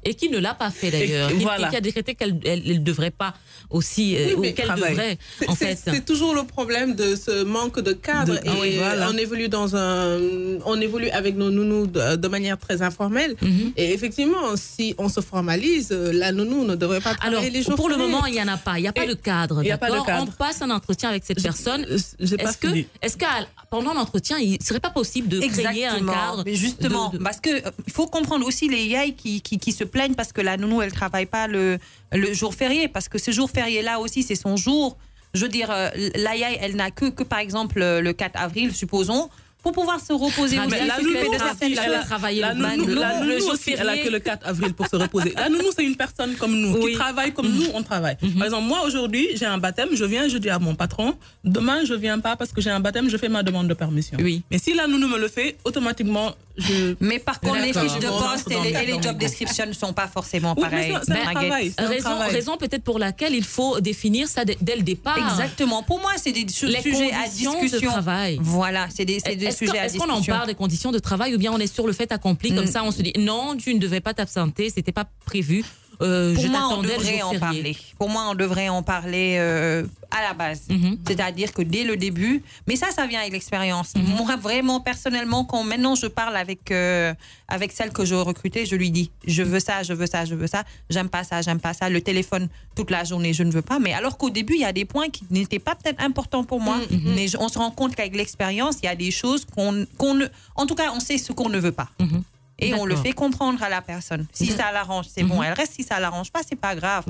Et qui ne l'a pas fait d'ailleurs. qui, a décrété qu'elle ne devrait pas aussi, euh, qu'elle devrait, en fait. C'est toujours le problème de ce manque de ah oui, euh, on évolue dans un, on évolue avec nos nounous de, manière très informelle. Mhm. Et effectivement, si on se formalise, euh, la nounou ne devrait pas travailler Alors, les jours. Pour le moment, il n'y en a pas. Il n'y a pas de cadre. D'accord. On passe un entretien avec cette personne. Euh, est-ce que, est-ce ah, que pendant l'entretien, il serait pas possible de créer un cadre justement, parce que il faut comprendre aussi les yai qui, qui, qui, se plaignent parce que la nounou elle travaille pas le le jour férié parce que ce jour férié là aussi c'est son jour je veux dire, euh, l'AIA, elle n'a que, que, par exemple, euh, le 4 avril, supposons, pour pouvoir se reposer ah, la nounou, de a le, elle a que le 4 avril pour se reposer. La nounou, c'est une personne comme nous, qui travaille comme nous, on travaille. Mhm. Par exemple, moi, aujourd'hui, j'ai un baptême, je viens, je dis à mon patron, demain, je viens pas parce que j'ai un baptême, je fais ma demande de permission. Oui. Mais si la nounou me le fait, automatiquement, je... Mais par contre, les fiches de poste et les, job descriptions ne sont pas forcément pareilles. raison, peut-être pour laquelle il faut définir ça dès le départ. Exactement. Pour moi, c'est des sujets à discussion. Voilà, c'est des est-ce qu'on en parle des conditions de travail ou bien on est sur le fait accompli comme hmm. ça on se dit non, tu ne devais pas t'absenter, c'était pas prévu. Euh, pour moi, on devrait en parler. Pour moi, on devrait en parler euh, à la base. Mhm. C'est-à-dire que dès le début, mais ça, ça vient avec l'expérience. Mhm. Moi, vraiment, personnellement, quand maintenant je parle avec, euh, avec celle que je recrutais, je lui dis je veux ça, je veux ça, je veux ça, j'aime pas ça, j'aime pas ça, le téléphone toute la journée, je ne veux pas. Mais alors qu'au début, il y a des points qui n'étaient pas peut-être importants pour moi, mhm. mais on se rend compte qu'avec l'expérience, il y a des choses qu'on. ne. en tout cas, on sait ce qu'on ne veut pas et on le fait comprendre à la personne. Si mhm. ça l'arrange, c'est bon, mhm. elle reste. Si ça l'arrange pas, c'est pas grave.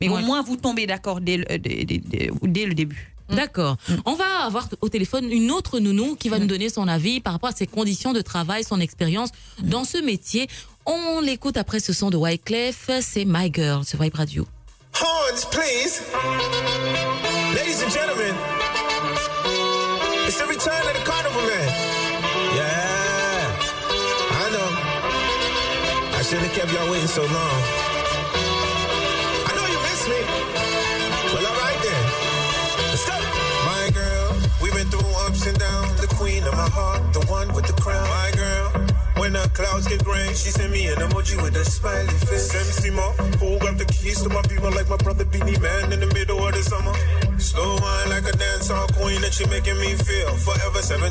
Mais au moins, vous tombez d'accord dès, euh, dès, le début. Mhm. D'accord. On va avoir au téléphone une autre nounou qui va nous donner son avis par rapport à ses conditions de travail, son expérience dans ce métier. On l'écoute après ce son de Wyclef. C'est My Girl sur Vibe Radio. Horns, please. Ladies and carnival man. should have kept y'all waiting so long. I know you miss me. Well, alright then. Let's go. My girl, we've been through ups and downs. The queen of my heart, the one with the crown. My girl. When the clouds get gray, she sent me an emoji with a smiley face. Sam Simo, who got the keys to my beamer like my brother Beanie Man in the middle of the summer. Slow wine like a dancehall queen that you're making me feel forever 17.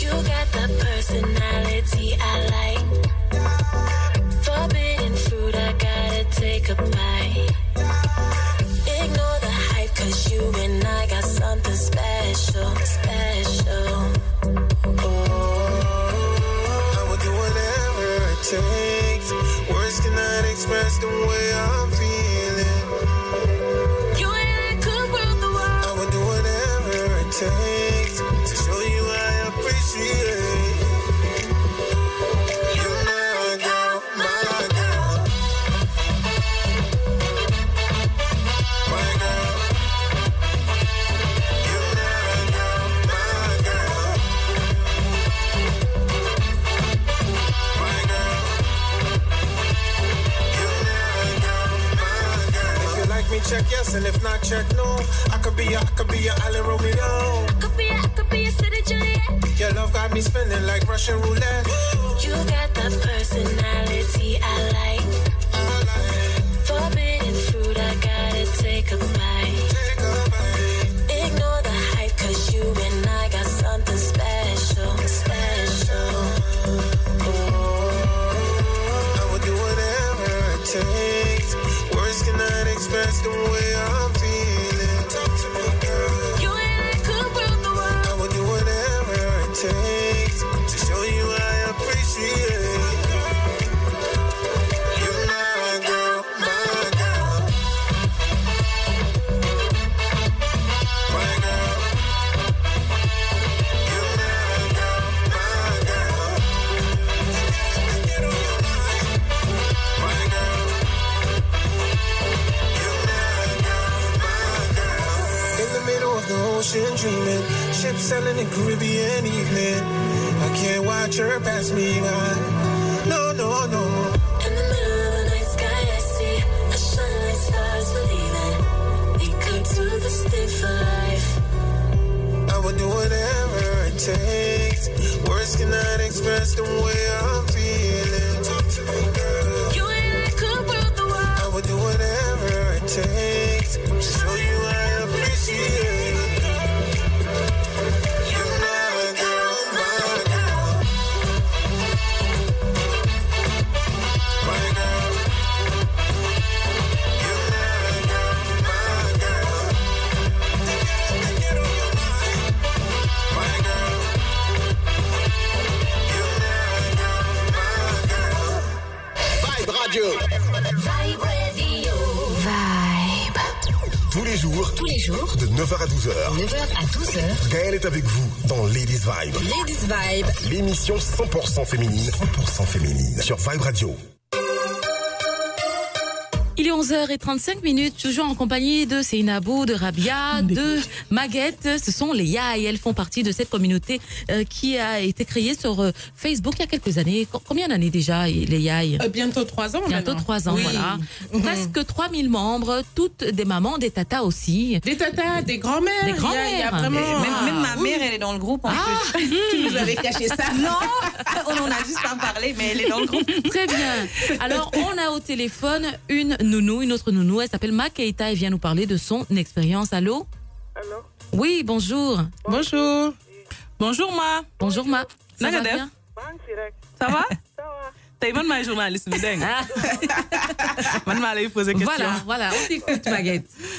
You got the personality I like. féminine, 100% féminine sur Vibe Radio. 35 minutes, toujours en compagnie de Seinabo, de Rabia, *laughs* de Maguette. Ce sont les Yai. elles font partie de cette communauté euh, qui a été créée sur euh, Facebook il y a quelques années. Combien d'années déjà, les Yai euh, Bientôt trois ans. Bientôt trois ans, voilà. *laughs* Presque 3000 membres, toutes des mamans, des tatas aussi. Des tatas, des grands-mères. Des grands-mères. même, ma ah. mère, elle est dans le groupe ah. Vous *laughs* tu caché ça. Non, on en a juste pas parlé, mais elle est dans le groupe. Très bien. Alors, on a au téléphone une nounou, une autre nounou. Elle s'appelle Keita et vient nous parler de son expérience. Allô Oui, bonjour. Bonjour. Bonjour, Ma. Bonjour, Ma. Ça va bien Ça va *laughs* Ça va. ma journaliste, ah. *laughs* question. Voilà, voilà, on t'écoute,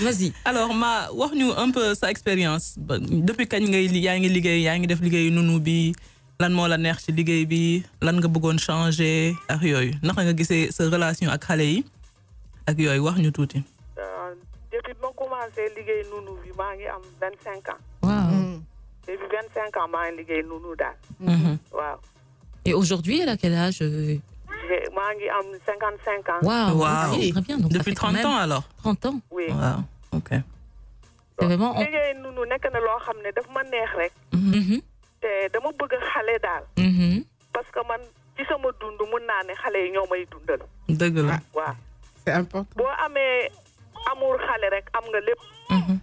Vas-y. Alors, ma, nous un peu sa expérience. Depuis quand lan la neex ci bi, lan nga changer, nga sa relation ak ak yooyu wax ñu tuuti. depuis euh, ma commencé liggéey nunu bi maa ngi am 25 ans. waaw mm. depuis 25 ans maa ngi liggéey nunu daal. Mm-hmm. waaw. et aujourd'hui elle a quel âge. Euh? maa ngi am 55 ans. waaw waaw ah, très bien donc depuis 30 ans alors. 30 ans oui waaw ok. c'est vraiment liggéey nunu nekk na loo xam ne daf ma neex rek. Mm-hmm. te dama bëgg xale daal. Mm-hmm. parce que man ci sama dund mun naa ne xale yi ñoo may dundal. dëgg la waaw c'est important. boo amee amour, xalé rek am nga lépp. Mhm.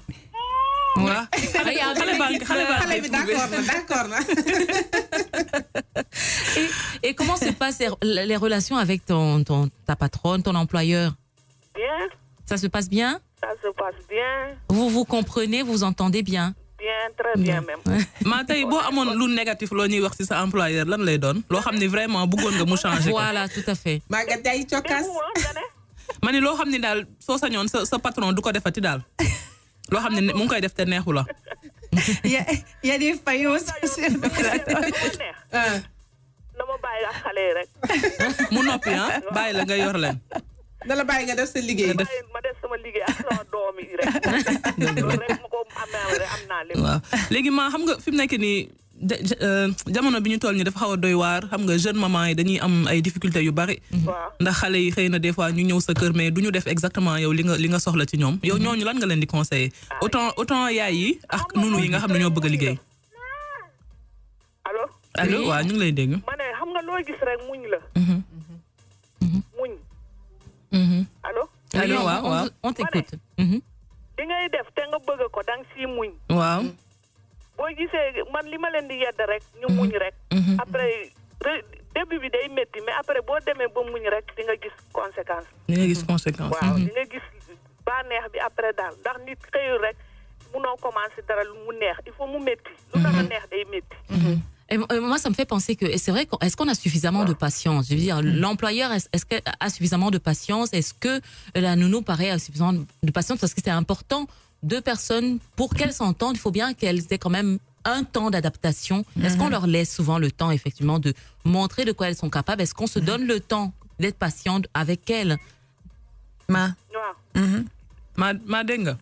waaw xale d'accord d'accord na. *laughs* et et comment se passent les relations avec ton ton ta patronne ton employeur. bien. ça se passe bien. ça se passe bien. vous vous comprenez vous entendez bien. bien très bien même. *laughs* maa tey boo amoon lu négatif loo ñuy wax ci sa employeur lan lay doon donne. xam ne vraiment bëggoon nga mu changer. voilà tout à fait. maa ngi lay cokkaas. *laughs* ma ni loo xam ni daal soo sañoon sa sa patron du ko defati daal loo xam ne mu ngi koy def te neexu la. *laughs* ya ya di fayoos. *laughs* dama bàyyi la ah. xale yi rek. mu noppi ah bàyyi la nga yor leen. dala bàyyi nga def sa liggéey. ma def sama liggéey ak sama doom yi rek. loolu naa léegi xam nga fi mu nii Euh, jamono bi ñu toll nii dafa xaw a doy waar xam nga jeune maman yi dañuy am ay difficultés yu bari. Mhm. ndax xale yi xëy na des fois ñu ñëw sa kër mais du ñu def exactement yow li nga li nga soxla ci ñoom yow mhm. ñooñu lan nga leen di conseiller ah. autant autant yaay yi ak ah, nunu yi nga xam ne ñoo bëgg a liggéey. allo allo waaw ñu ngi lay dégg. ma ne xam nga loo gis rek muñ la. Mhm. muñ. allo. allo waaw waaw on t'écoute. li ngay def te nga bëgg ko dang si muñ. waaw. boo gisee man li ma leen di yedd rek ñu mhm. muñ rek mhm. après début bi day métti mais après boo demee ba muñ rek di nga gis conséquence di nga gis conséquence waaw mhm. di nga gis bànneex bi après daal ndax nit xëyul rek munoo commencer dara lu mu neex il faut mu métti lu dara neex day métti Et euh, moi, ça me fait penser que c'est vrai. Est-ce qu'on a suffisamment de patience Je veux dire, l'employeur est-ce qu'elle a suffisamment de patience Est-ce que la nounou paraît a suffisamment de patience parce que c'est important deux personnes, pour qu'elles s'entendent, il faut bien qu'elles aient quand même un temps d'adaptation. Est-ce qu'on mhm. leur laisse souvent le temps, effectivement, de montrer de quoi elles sont capables Est-ce qu'on se mhm. donne le temps d'être patiente avec elles Ma. Mhm. Madenga.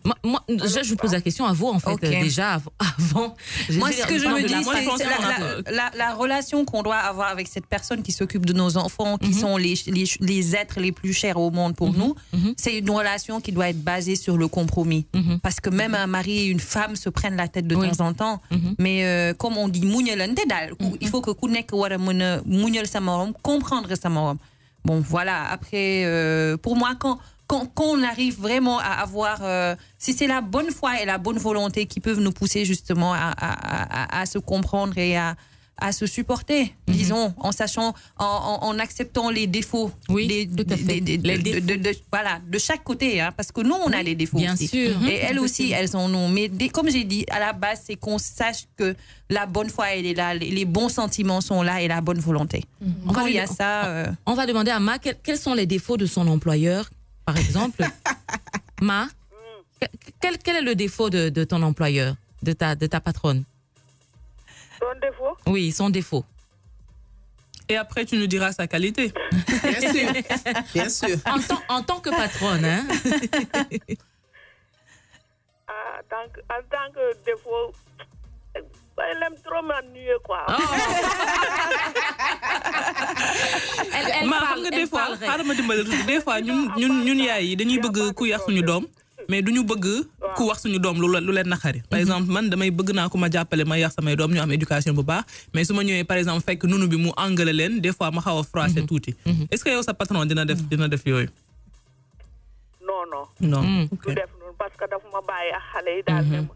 je vous pose la question à vous, en fait, euh, déjà, avant. Moi, ce que je me dis, c'est la, la, relation qu'on doit avoir avec cette personne qui s'occupe de nos enfants, qui mhm. sont les, êtres les plus chers au monde pour mhm. nous, mhm. c'est une relation qui doit être basée sur le compromis. Parce que même un mari et une femme se prennent la tête de temps en temps. Mais euh, comme on dit, il faut que comprendre sa Bon, voilà. Après, euh, pour moi, quand qu'on arrive vraiment à avoir, euh, si c'est la bonne foi et la bonne volonté qui peuvent nous pousser justement à, à, à, à se comprendre et à, à se supporter, mhm. disons, en sachant, en, en, acceptant les défauts. Oui, De, voilà, de chaque côté, hein, parce que nous, on a les défauts. Bien sûr. Et mhm. elles aussi, elles en ont. Mais comme j'ai dit, à la base, c'est qu'on sache que la bonne foi, elle est là, les, bons sentiments sont là et la bonne volonté. Mhm. Quand il y a ça. Euh, on va demander à Ma quels sont les défauts de son employeur par exemple. *laughs* Ma, quel, quel, est le défaut de, ton employeur, de ta, de ta patronne Son défaut Oui, son défaut. Et après, tu nous diras sa qualité. Bien sûr. Bien sûr. En, tant, en tant que patronne. Hein. Ah, en défaut, bah, elle aime trop m'ennuyer, quoi. Oh. *laughs* elle, elle ma des fois des fois ñun ñun ñun mais duñu bëgg ku wax suñu doom lu par mhm. exemple man damay bëgg naa ku ma jàppale doom ñu am éducation bu mais su ma par exemple fekk nunu bi mu angale leen des fois ma xaw a français. Mhm. Mhm. est-ce que yow sa patron dina def dina def yooyu non non non mm, parce que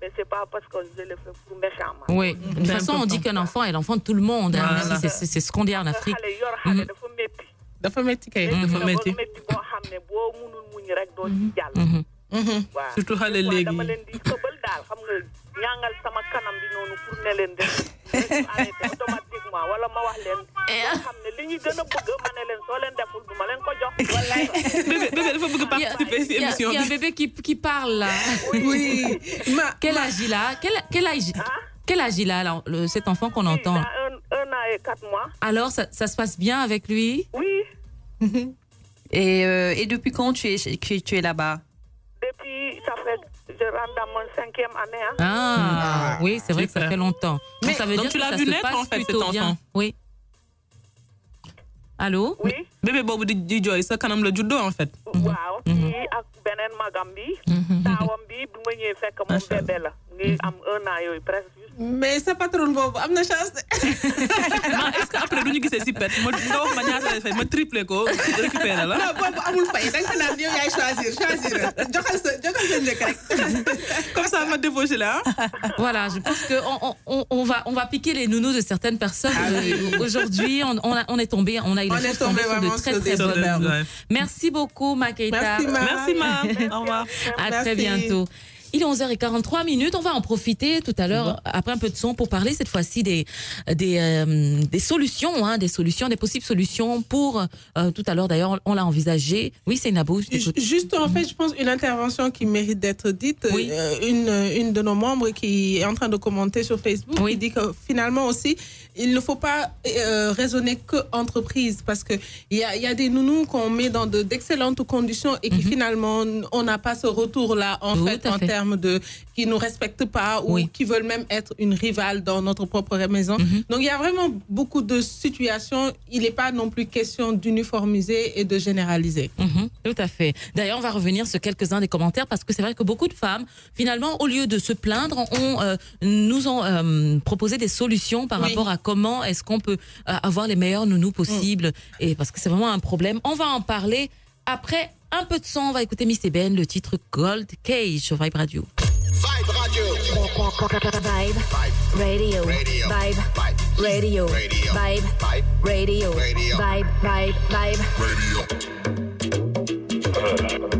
mais c'est pas parce que je le fait pour méchant. Oui, mm-hmm. de toute façon, on dit qu'un enfant est l'enfant de tout le monde. Hein. C'est ce qu'on dit en Afrique. Mm-hmm. dafa métti kay mm-hmm. dafa métti boo xam ne boo munul muñ rek surtout xale léegi di xam nga ñaangal sama kanam bi noonu pour ne leen def arrêté automatiquement wala ma wax leen eh. nga xam ne li ñu gën a bëgg ma ne leen soo leen deful duma ma leen ko jox wallaay bébé dafa bëgg participer si émission bi y a un bébé qui qui parle là oui ma *laughs* quel âge il a quel quel âge hein? quel âge il a alors le, cet enfant qu'on entend un, un an et quatre mois alors ça, ça se passe bien avec lui oui *laughs* et, euh, et depuis quand tu es tu es là-bas depuis ça je rentre dans mon cinquième année. Hein. Ah, oui, c'est vrai que ça fait longtemps. Mais donc, ça veut dire tu l'as vu naître en fait cet enfant. Bien. Oui. Allô? Oui. Bébé Bobo di ça quand kanam le judo en fait. Waouh. Mhm. Et mhm. ak Magambi, Magambi, bi. Mhm. taawam bi bu ma ñëwee bébé là. ngi am un an yooyu presque mais sa patronne bobu amna chance de. *laughs* est-ce que après duñu gissé ci si perte ma nga wax ma ñaata lay fay ma triplé ko récupérer la. non bobu amul fay danga ko naan yow yay choisir choisir joxal sa joxal sa lek rek *laughs* comme ça ma débauché là. Hein. *laughs* voilà je pense que on on on va on va piquer les nounous de certaines personnes. Ah euh, aujourd'hui on on, est tombé on a eu la chance de très très bonnes. Merci beaucoup Makeita. Merci ma merci ma au revoir. à très bientôt. Il est 11h43 minutes. On va en profiter tout à l'heure, mm-hmm. après un peu de son, pour parler cette fois-ci des, des, euh, solutions, hein, des solutions, des possibles solutions pour. Euh, tout à l'heure, d'ailleurs, on l'a envisagé. Oui, c'est Nabou. Juste, en fait, je pense une intervention qui mérite d'être dite. Oui. Euh, une, de nos membres qui est en train de commenter sur Facebook, oui. dit que finalement aussi, il ne faut pas euh, raisonner que entreprise parce que il y a, des nounous qu'on met dans d'excellentes conditions et qui mhm. finalement on n'a pas ce retour là en fait en termes de qui nous respectent pas ou qui veulent même être une rivale dans notre propre maison. Mhm. Donc il y a vraiment beaucoup de situations. Il n'est pas non plus question d'uniformiser et de généraliser. Mhm. Tout à fait. D'ailleurs on va revenir sur quelques-uns des commentaires parce que c'est vrai que beaucoup de femmes finalement au lieu de se plaindre ont, euh, nous ont euh, proposé des solutions par rapport à comment est-ce qu'on peut euh, avoir les meilleurs nounous possibles mm. et parce que c'est vraiment un problème. On va en parler après un peu de son. On va écouter Miss Eben, le titre Gold Cage sur Vibe Radio. Vibe Radio. Vibe Radio. Vibe Radio. Vibe Radio. Vibe Radio. Vibe Radio.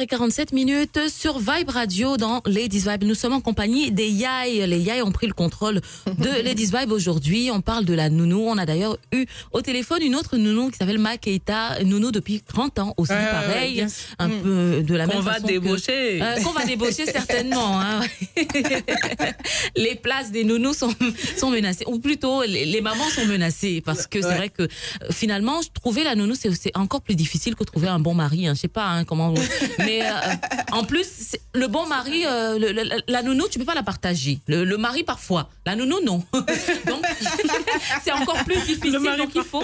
et 47 minutes sur Vibe Radio dans Ladies Vibe. Nous sommes en compagnie des Yai. Les Yai ont pris le contrôle de *laughs* Ladies Vibe aujourd'hui. On parle de la nounou. On a d'ailleurs eu au téléphone une autre nounou qui s'appelle Ma Keita. Nounou depuis 30 ans aussi, pareil. un peu mm. de la même façon. Euh, qu'on va débaucher. Qu'on va débaucher *laughs* certainement. Hein. *laughs* les places des nounous sont, sont menacées, ou plutôt les, mamans sont menacées, parce que c'est vrai que euh, finalement, trouver la nounou, c'est encore plus difficile que trouver un bon mari. Hein. Je sais pas hein, comment. Mais euh, en plus, le bon mari, euh, la nounou, tu peux pas la partager. Le, mari parfois, la nounou non. *laughs* *laughs* c'est encore plus difficile. qu'il donc faut.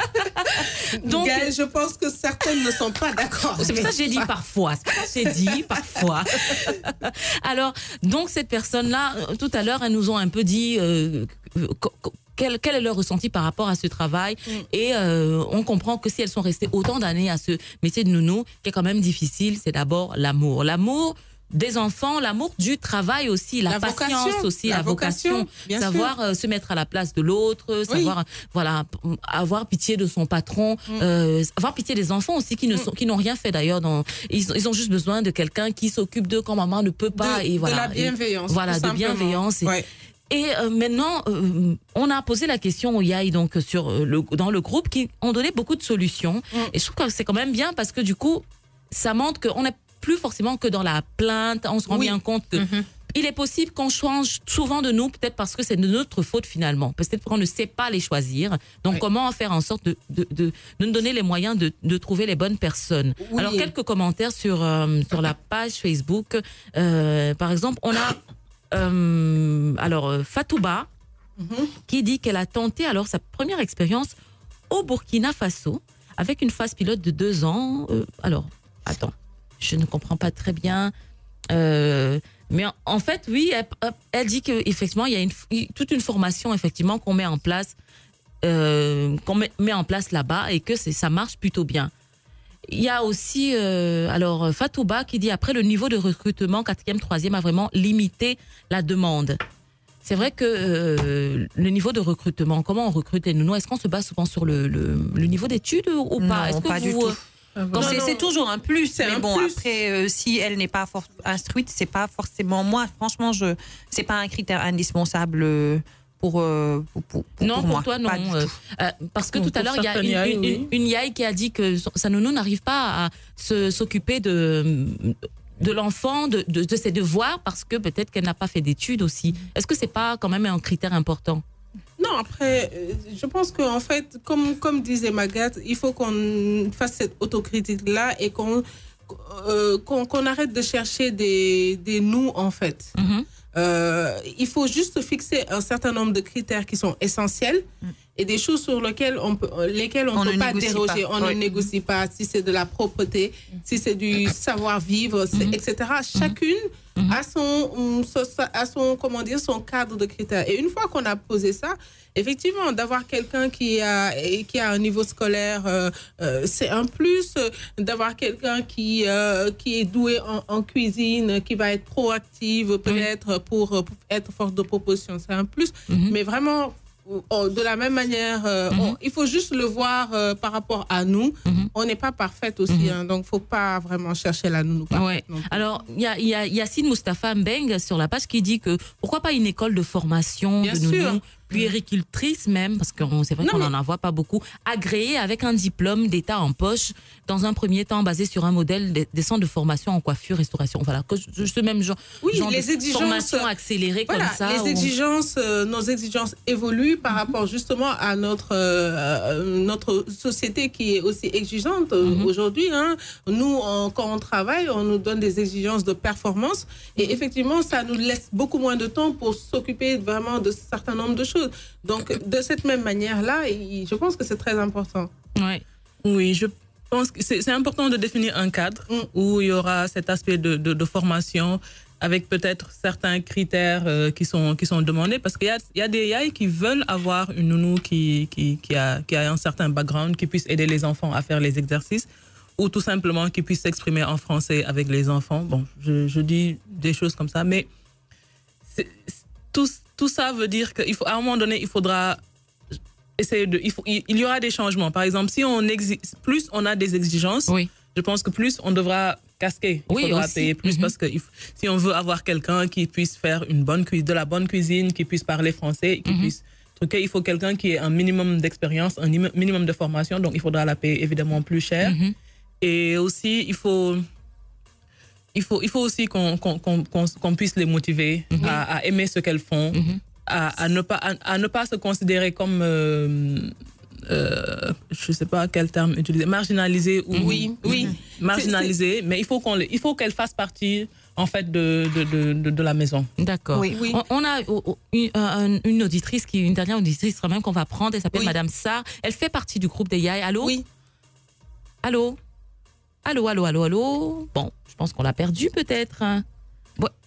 *laughs* je pense que certaines ne sont pas d'accord. C'est ça que j'ai dit parfois. C'est dit parfois. Alors, donc cette personne-là, euh, tout à l'heure, elles nous ont un peu dit euh, quel, est leur ressenti par rapport à ce travail. Mm. Et euh, on comprend que si elles sont restées autant d'années à ce métier de nounou, qui est quand même difficile, c'est d'abord l'amour. L'amour, des enfants, l'amour du travail aussi, la, patience aussi, la, vocation, savoir euh, se mettre à la place de l'autre, savoir voilà avoir pitié de son patron, mm. euh, avoir pitié des enfants aussi qui ne mm. sont, qui n'ont rien fait d'ailleurs. Ils, ils, ont juste besoin de quelqu'un qui s'occupe d'eux quand maman ne peut pas de, et voilà. la bienveillance. Et, voilà, de bienveillance. Et, maintenant, euh, on a posé la question au YAI donc sur le, dans le groupe qui ont donné beaucoup de solutions. Mm. Et je trouve que c'est quand même bien parce que du coup, ça montre qu'on n'est plus forcément que dans la plainte. On se rend bien compte que. Mhm. Il est possible qu'on change souvent de nous, peut-être parce que c'est de notre faute finalement, peut-être qu'on ne sait pas les choisir. Donc comment faire en sorte de, de, de, nous donner les moyens de, de trouver les bonnes personnes Alors quelques commentaires sur, euh, sur la page Facebook. Euh, par exemple, on a euh, alors Fatouba mhm. qui dit qu'elle a tenté alors sa première expérience au Burkina Faso avec une phase pilote de deux ans. alors attends je ne comprends pas très bien. Euh, mais en, fait, oui, elle, dit dit qu'effectivement, il y a une, toute une formation effectivement qu'on met en place, euh, qu'on met, en place là-bas et que ça marche plutôt bien. Il y a aussi, euh, alors, Fatouba qui dit après le niveau de recrutement, quatrième, troisième, a vraiment limité la demande. C'est vrai que le niveau de recrutement, comment on recrute les nounous Est-ce qu'on se base souvent sur le, niveau d'études ou pas que ah, c'est toujours un plus. Mais bon, après, euh, si elle n'est pas instruite, c'est pas forcément moi. Franchement, je c'est pas un critère indispensable. Euh, euh, pour, non, pour, toi, non. parce que tout à l'heure, il y a une, IAI qui a dit que sa nounou n'arrive pas à s'occuper de, l'enfant, de, ses devoirs, parce que peut-être qu'elle n'a pas fait d'études aussi. Est-ce que c'est pas quand même un critère important non, après, euh, je pense qu'en fait, comme, comme disait Magat, il faut qu'on fasse cette autocritique-là et qu'on euh, qu'on arrête de chercher des, des nous, en fait. Mhm. Euh, il faut juste fixer un certain nombre de critères qui sont essentiels et des choses sur lesquelles on peut, on, peut ne pas déroger. On ne négocie pas si c'est de la propreté, si c'est du savoir-vivre, mhm. etc. Chacune. Mm-hmm. à, son, mm, à son, comment dire, son cadre de critères. Et une fois qu'on a posé ça, effectivement, d'avoir quelqu'un qui a, qui a un niveau scolaire, euh, euh, c'est un plus. Euh, d'avoir quelqu'un qui, qui est doué en, cuisine, qui va être proactive peut-être pour, être force de proposition, c'est un plus. Mm-hmm. Mais vraiment, Oh, de la même manière, euh, mhm. il faut juste le voir euh, par rapport à nous. Mhm. On n'est pas parfaite aussi, donc mhm. il hein, donc faut pas vraiment chercher la nounou. Alors, il y a, y a Mustafa Mbeng sur la page qui dit que pourquoi pas une école de formation Bien de nounou, sûr puéricultrice même, parce que c'est vrai qu'on n'en voit pas beaucoup, agréée avec un diplôme d'État en poche, dans un premier temps basé sur un modèle des, centres de formation en coiffure, restauration. Voilà, que ce même genre, oui, les de exigences, formation accélérée comme ça. Les exigences, euh, nos exigences évoluent par mhm. rapport justement à notre, euh, notre société qui est aussi exigeante euh, mhm. aujourd'hui. Hein. Nous, quand on travaille, on nous donne des exigences de performance et mhm. effectivement, ça nous laisse beaucoup moins de temps pour s'occuper vraiment de certains nombre de choses. Donc, de cette même manière-là, je pense que c'est très important. Oui. Oui, je pense que c'est important de définir un cadre mm. où il y aura cet aspect de, formation avec peut-être certains critères euh, qui, sont, qui sont demandés, parce qu'il y a, y a, des yai qui veulent avoir une nounou qui, qui, qui, a, qui a un certain background, qui puisse aider les enfants à faire les exercices ou tout simplement qui puisse s'exprimer en français avec les enfants. Bon, je, je, dis des choses comme ça, mais tous, tout ça veut dire qu'à un moment donné, il faudra essayer de. Il, il y aura des changements. Par exemple, si on existe plus on a des exigences, oui. je pense que plus on devra casquer. Il oui, faudra payer plus mhm. parce que si on veut avoir quelqu'un qui puisse faire une bonne de la bonne cuisine, qui puisse parler français, qui mhm. puisse il faut quelqu'un qui ait un minimum d'expérience, un minimum de formation. Donc, il faudra la payer évidemment plus cher. Mhm. Et aussi, il faut il faut, il faut aussi qu'on puisse les motiver mhm. à, aimer ce qu'elles font, mhm. à, à, ne pas, à, ne pas se considérer comme... Euh, euh, je ne sais pas quel terme utiliser, marginalisée ou oui, oui. Mhm. marginalisées, mais il faut qu'on il faut qu'elles fassent partie en fait de, de, de, de la maison. D'accord. Oui. Oui. On, a oh, oh, euh, une, auditrice qui une dernière auditrice quand qu'on va prendre, elle s'appelle Madame sar elle fait partie du groupe des Yai. Allô. Oui. Allô. Allô, allô, allô, allô. Bon, pense qu'on l'a perdu peut-être. Hein.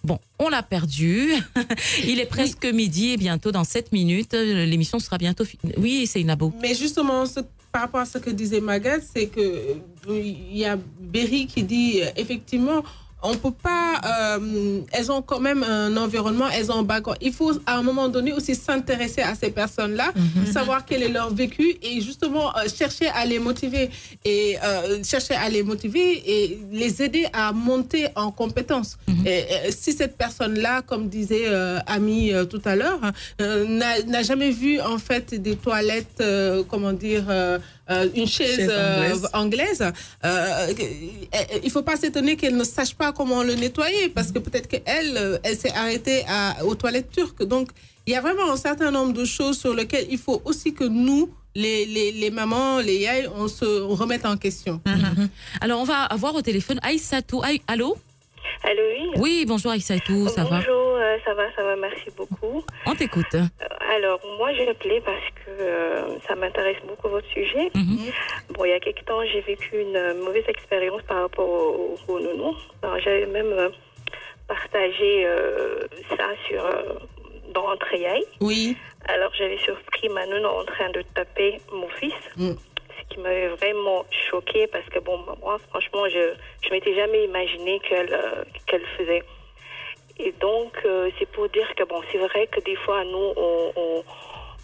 Bon, on l'a perdu. *laughs* Il est presque midi et bientôt dans 7 minutes, l'émission sera bientôt finie. Oui, c'est Inabo. Mais justement, par rapport à ce que disait Magat, c'est que euh, il y a Berry qui dit euh, effectivement, on peut pas. Euh, elles ont quand même un environnement, elles ont un background. Il faut à un moment donné aussi s'intéresser à ces personnes-là, mhm. Mhm. savoir quel est leur vécu et justement euh, chercher à les motiver et euh, chercher à les motiver et les aider à monter en compétence. Mhm. et, si cette personne-là, comme disait Ami tout à l'heure, n'a jamais vu en fait des toilettes, comment dire euh, une chaise, anglaise, euh, il euh, il faut pas s'étonner qu'elle ne sache pas comment le nettoyer parce que peut-être qu'elle, elle s'est arrêtée à, aux toilettes turques. Donc, il y a vraiment un certain nombre de choses sur lesquelles il faut aussi que nous, les, les, les, mamans, les yaïs, on se remette en question. *laughs* Alors, on va avoir au téléphone Aïssatou. Allô Allô, oui Oui, bonjour Issa et tout, ça va Bonjour, euh, ça va, ça va, merci beaucoup. On t'écoute. Euh, alors, moi, j'ai appelé parce que euh, ça m'intéresse beaucoup votre sujet. Mhm. Bon, il y a quelques temps, j'ai vécu une mauvaise expérience par rapport au, nounou. J'avais même partagé ça sur dans triail. Oui. Alors, j'avais surpris ma nounou en train de taper mon fils. Mm qui m'avait vraiment choquée parce que, bon, moi, franchement, je ne m'étais jamais imaginé qu'elle euh, qu'elle faisait. Et donc, euh, c'est pour dire que, bon, c'est vrai que des fois, nous, on,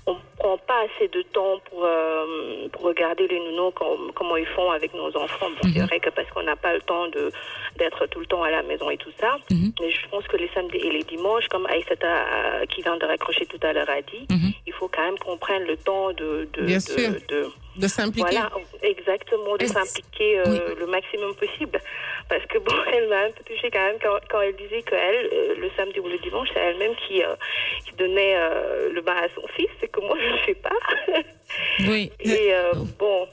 ne prend pas assez de temps pour, euh, pour regarder les nounous, comme, comment ils font avec nos enfants. C'est mhm. vrai que parce qu'on n'a pas le temps d'être tout le temps à la maison et tout ça. Mhm. Mais je pense que les samedis et les dimanches, comme Aïsata qui vient de raccrocher tout à l'heure a dit, mhm. il faut quand même qu'on prenne le temps de, de, de de s'impliquer. Voilà, exactement, de s'impliquer euh, le maximum possible. Parce que bon, *laughs* elle m'a un peu touchée quand même quand, elle disait qu'elle, euh, le samedi ou le dimanche, c'est elle-même qui, euh, donnait le bain à son fils, c'est que moi, *laughs* je ne sais pas. oui. Et bon.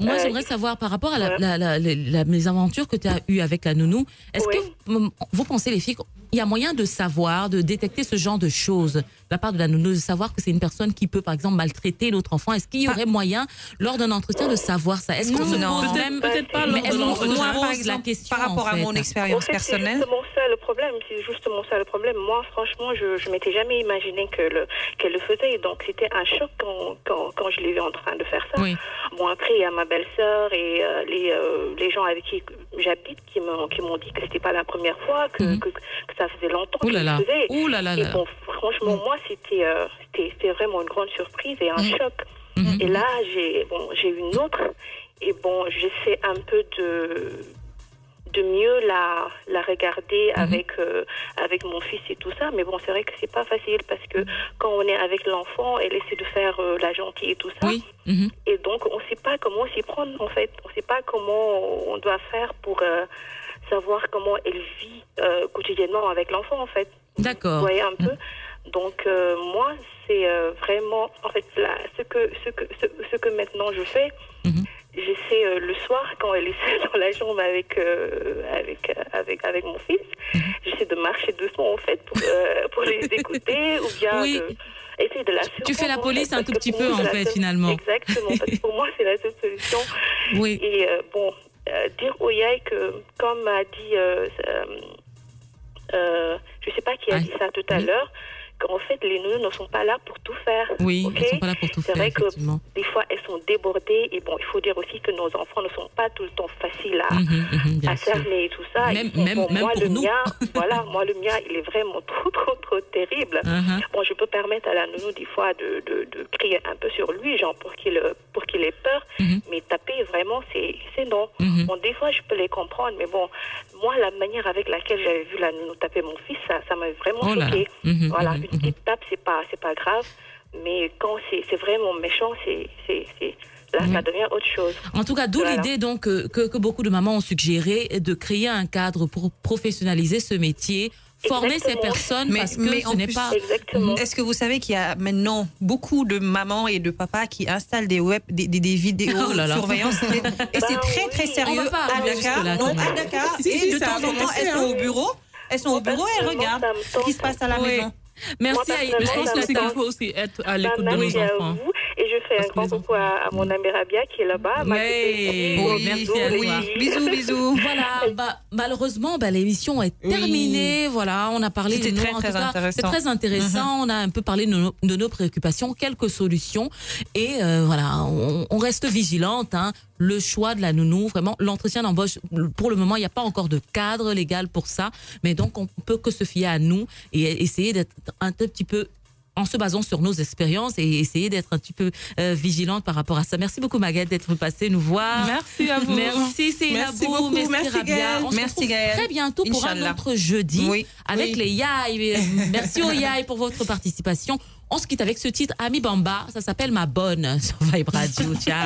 Moi, j'aimerais savoir par rapport à la, la, mésaventure que tu as eue avec la nounou, est-ce que vous, vous pensez, les filles, il y a moyen de savoir, de détecter ce genre de choses la part de la nounou, de savoir que c'est une personne qui peut, par exemple, maltraiter notre enfant Est-ce qu'il y aurait moyen, lors d'un entretien, de savoir ça Est-ce qu'on se pose même peut-être pas mais moi, par la question, par rapport à mon expérience personnelle C'est justement ça le problème. C'est justement ça le problème. Moi, franchement, je ne m'étais jamais imaginé que qu'elle le faisait. Donc, c'était un choc quand, quand, je l'ai vu en train de faire ça. Oui. Bon, après, il y a ma belle-sœur et euh, les, euh, les gens avec qui j'habite qui m'ont dit que c'était pas la première fois, que, mhm. ça faisait longtemps que je Faisait. franchement, mhm. moi, euh, c'était vraiment une grande surprise et un mhm. choc. Et là, j'ai eu une autre. Et bon, j'essaie un peu de de mieux la, la regarder mhm. avec, euh, avec mon fils et tout ça. Mais bon, c'est vrai que c'est pas facile parce que quand on est avec l'enfant, elle essaie de faire euh, la gentille et tout ça. Oui. Mhm. Et donc, on sait pas comment s'y prendre en fait. On sait pas comment on doit faire pour euh, savoir comment elle vit quotidiennement avec l'enfant en fait. D'accord. Vous voyez un mhm. peu donc moi c'est vraiment en fait là, ce que ce que ce que maintenant je fais j'essaie euh, le soir quand elle est dans la jambe avec euh, euh, avec, avec mon fils, mhm. j'essaie de marcher doucement en fait pour, les écouter *laughs* ou bien essayer de la Tu fais la police un tout petit peu en fait finalement. Exactement parce que pour moi c'est la seule solution. Oui. Et bon dire au Yai que comme a dit je sais pas qui a dit ça tout à l'heure en fait, les nounous ne sont pas là pour tout faire. Oui, sont pas là pour tout faire. C'est vrai que des fois, elles sont débordées. Et bon, il faut dire aussi que nos enfants ne sont pas tout le temps faciles à, mhm, mhm, à cerner et tout ça. Même, même, même moi, pour le nous. Mien, *laughs* voilà, moi, le mien, il est vraiment trop, trop, trop terrible. Uh-huh. Bon, je peux permettre à la nounou, des fois, de, de, de crier un peu sur lui, genre, pour qu'il euh, qu'il ait peur. Mhm. Mais taper, vraiment, c'est, non. Mhm. Bon, des fois, je peux les comprendre, mais bon, moi, la manière avec laquelle j'avais vu la taper mon fils, ça, m'a vraiment oh choqué. Mhm. Voilà, une petite tape, c'est pas, c'est pas grave. Mais quand c'est, vraiment méchant, c'est, c'est, là, ça devient autre chose. En tout cas, d'où l'idée donc euh, que, que, beaucoup de mamans ont suggéré de créer un cadre pour professionnaliser ce métier former ces personnes mais, parce que ce n'est pas. Est-ce que vous savez qu'il y a maintenant beaucoup de mamans et de papas qui installent des web, des, vidéos de oh surveillance *laughs* et, c'est bah très très sérieux à Dakar, non, à Dakar, et de temps en temps hein. elles sont au bureau, elles sont au bureau et elles regardent ce qui se passe à la maison. Merci Aïda. Je pense que c'est qu'il faut aussi être à l'écoute de nos enfants. Vous, et je fais un grand coucou à, mon ami Rabia qui est là-bas. merci à toi. Bisous, bisous. *laughs* voilà, bah, malheureusement, bah, l'émission est terminée. Voilà, on a parlé C'était très, très intéressant. C'est très intéressant. On a un peu parlé de nos, préoccupations, quelques solutions. Et euh, voilà, on, on reste vigilante. Hein le choix de la nounou, vraiment l'entretien d'embauche. Pour le moment, il n'y a pas encore de cadre légal pour ça, mais donc on peut que se fier à nous et essayer d'être un tout petit peu en se basant sur nos expériences et essayer d'être un petit peu euh, vigilante par rapport à ça. Merci beaucoup Maguette d'être passée nous voir. Merci à vous. Merci c'est beaucoup. Merci, merci merci très bientôt pour un autre jeudi avec les Yai. Merci aux Yai pour votre participation. On se quitte avec ce titre, Ami Bamba. Ça s'appelle Ma Bonne *laughs* sur Vibe Radio. Ciao.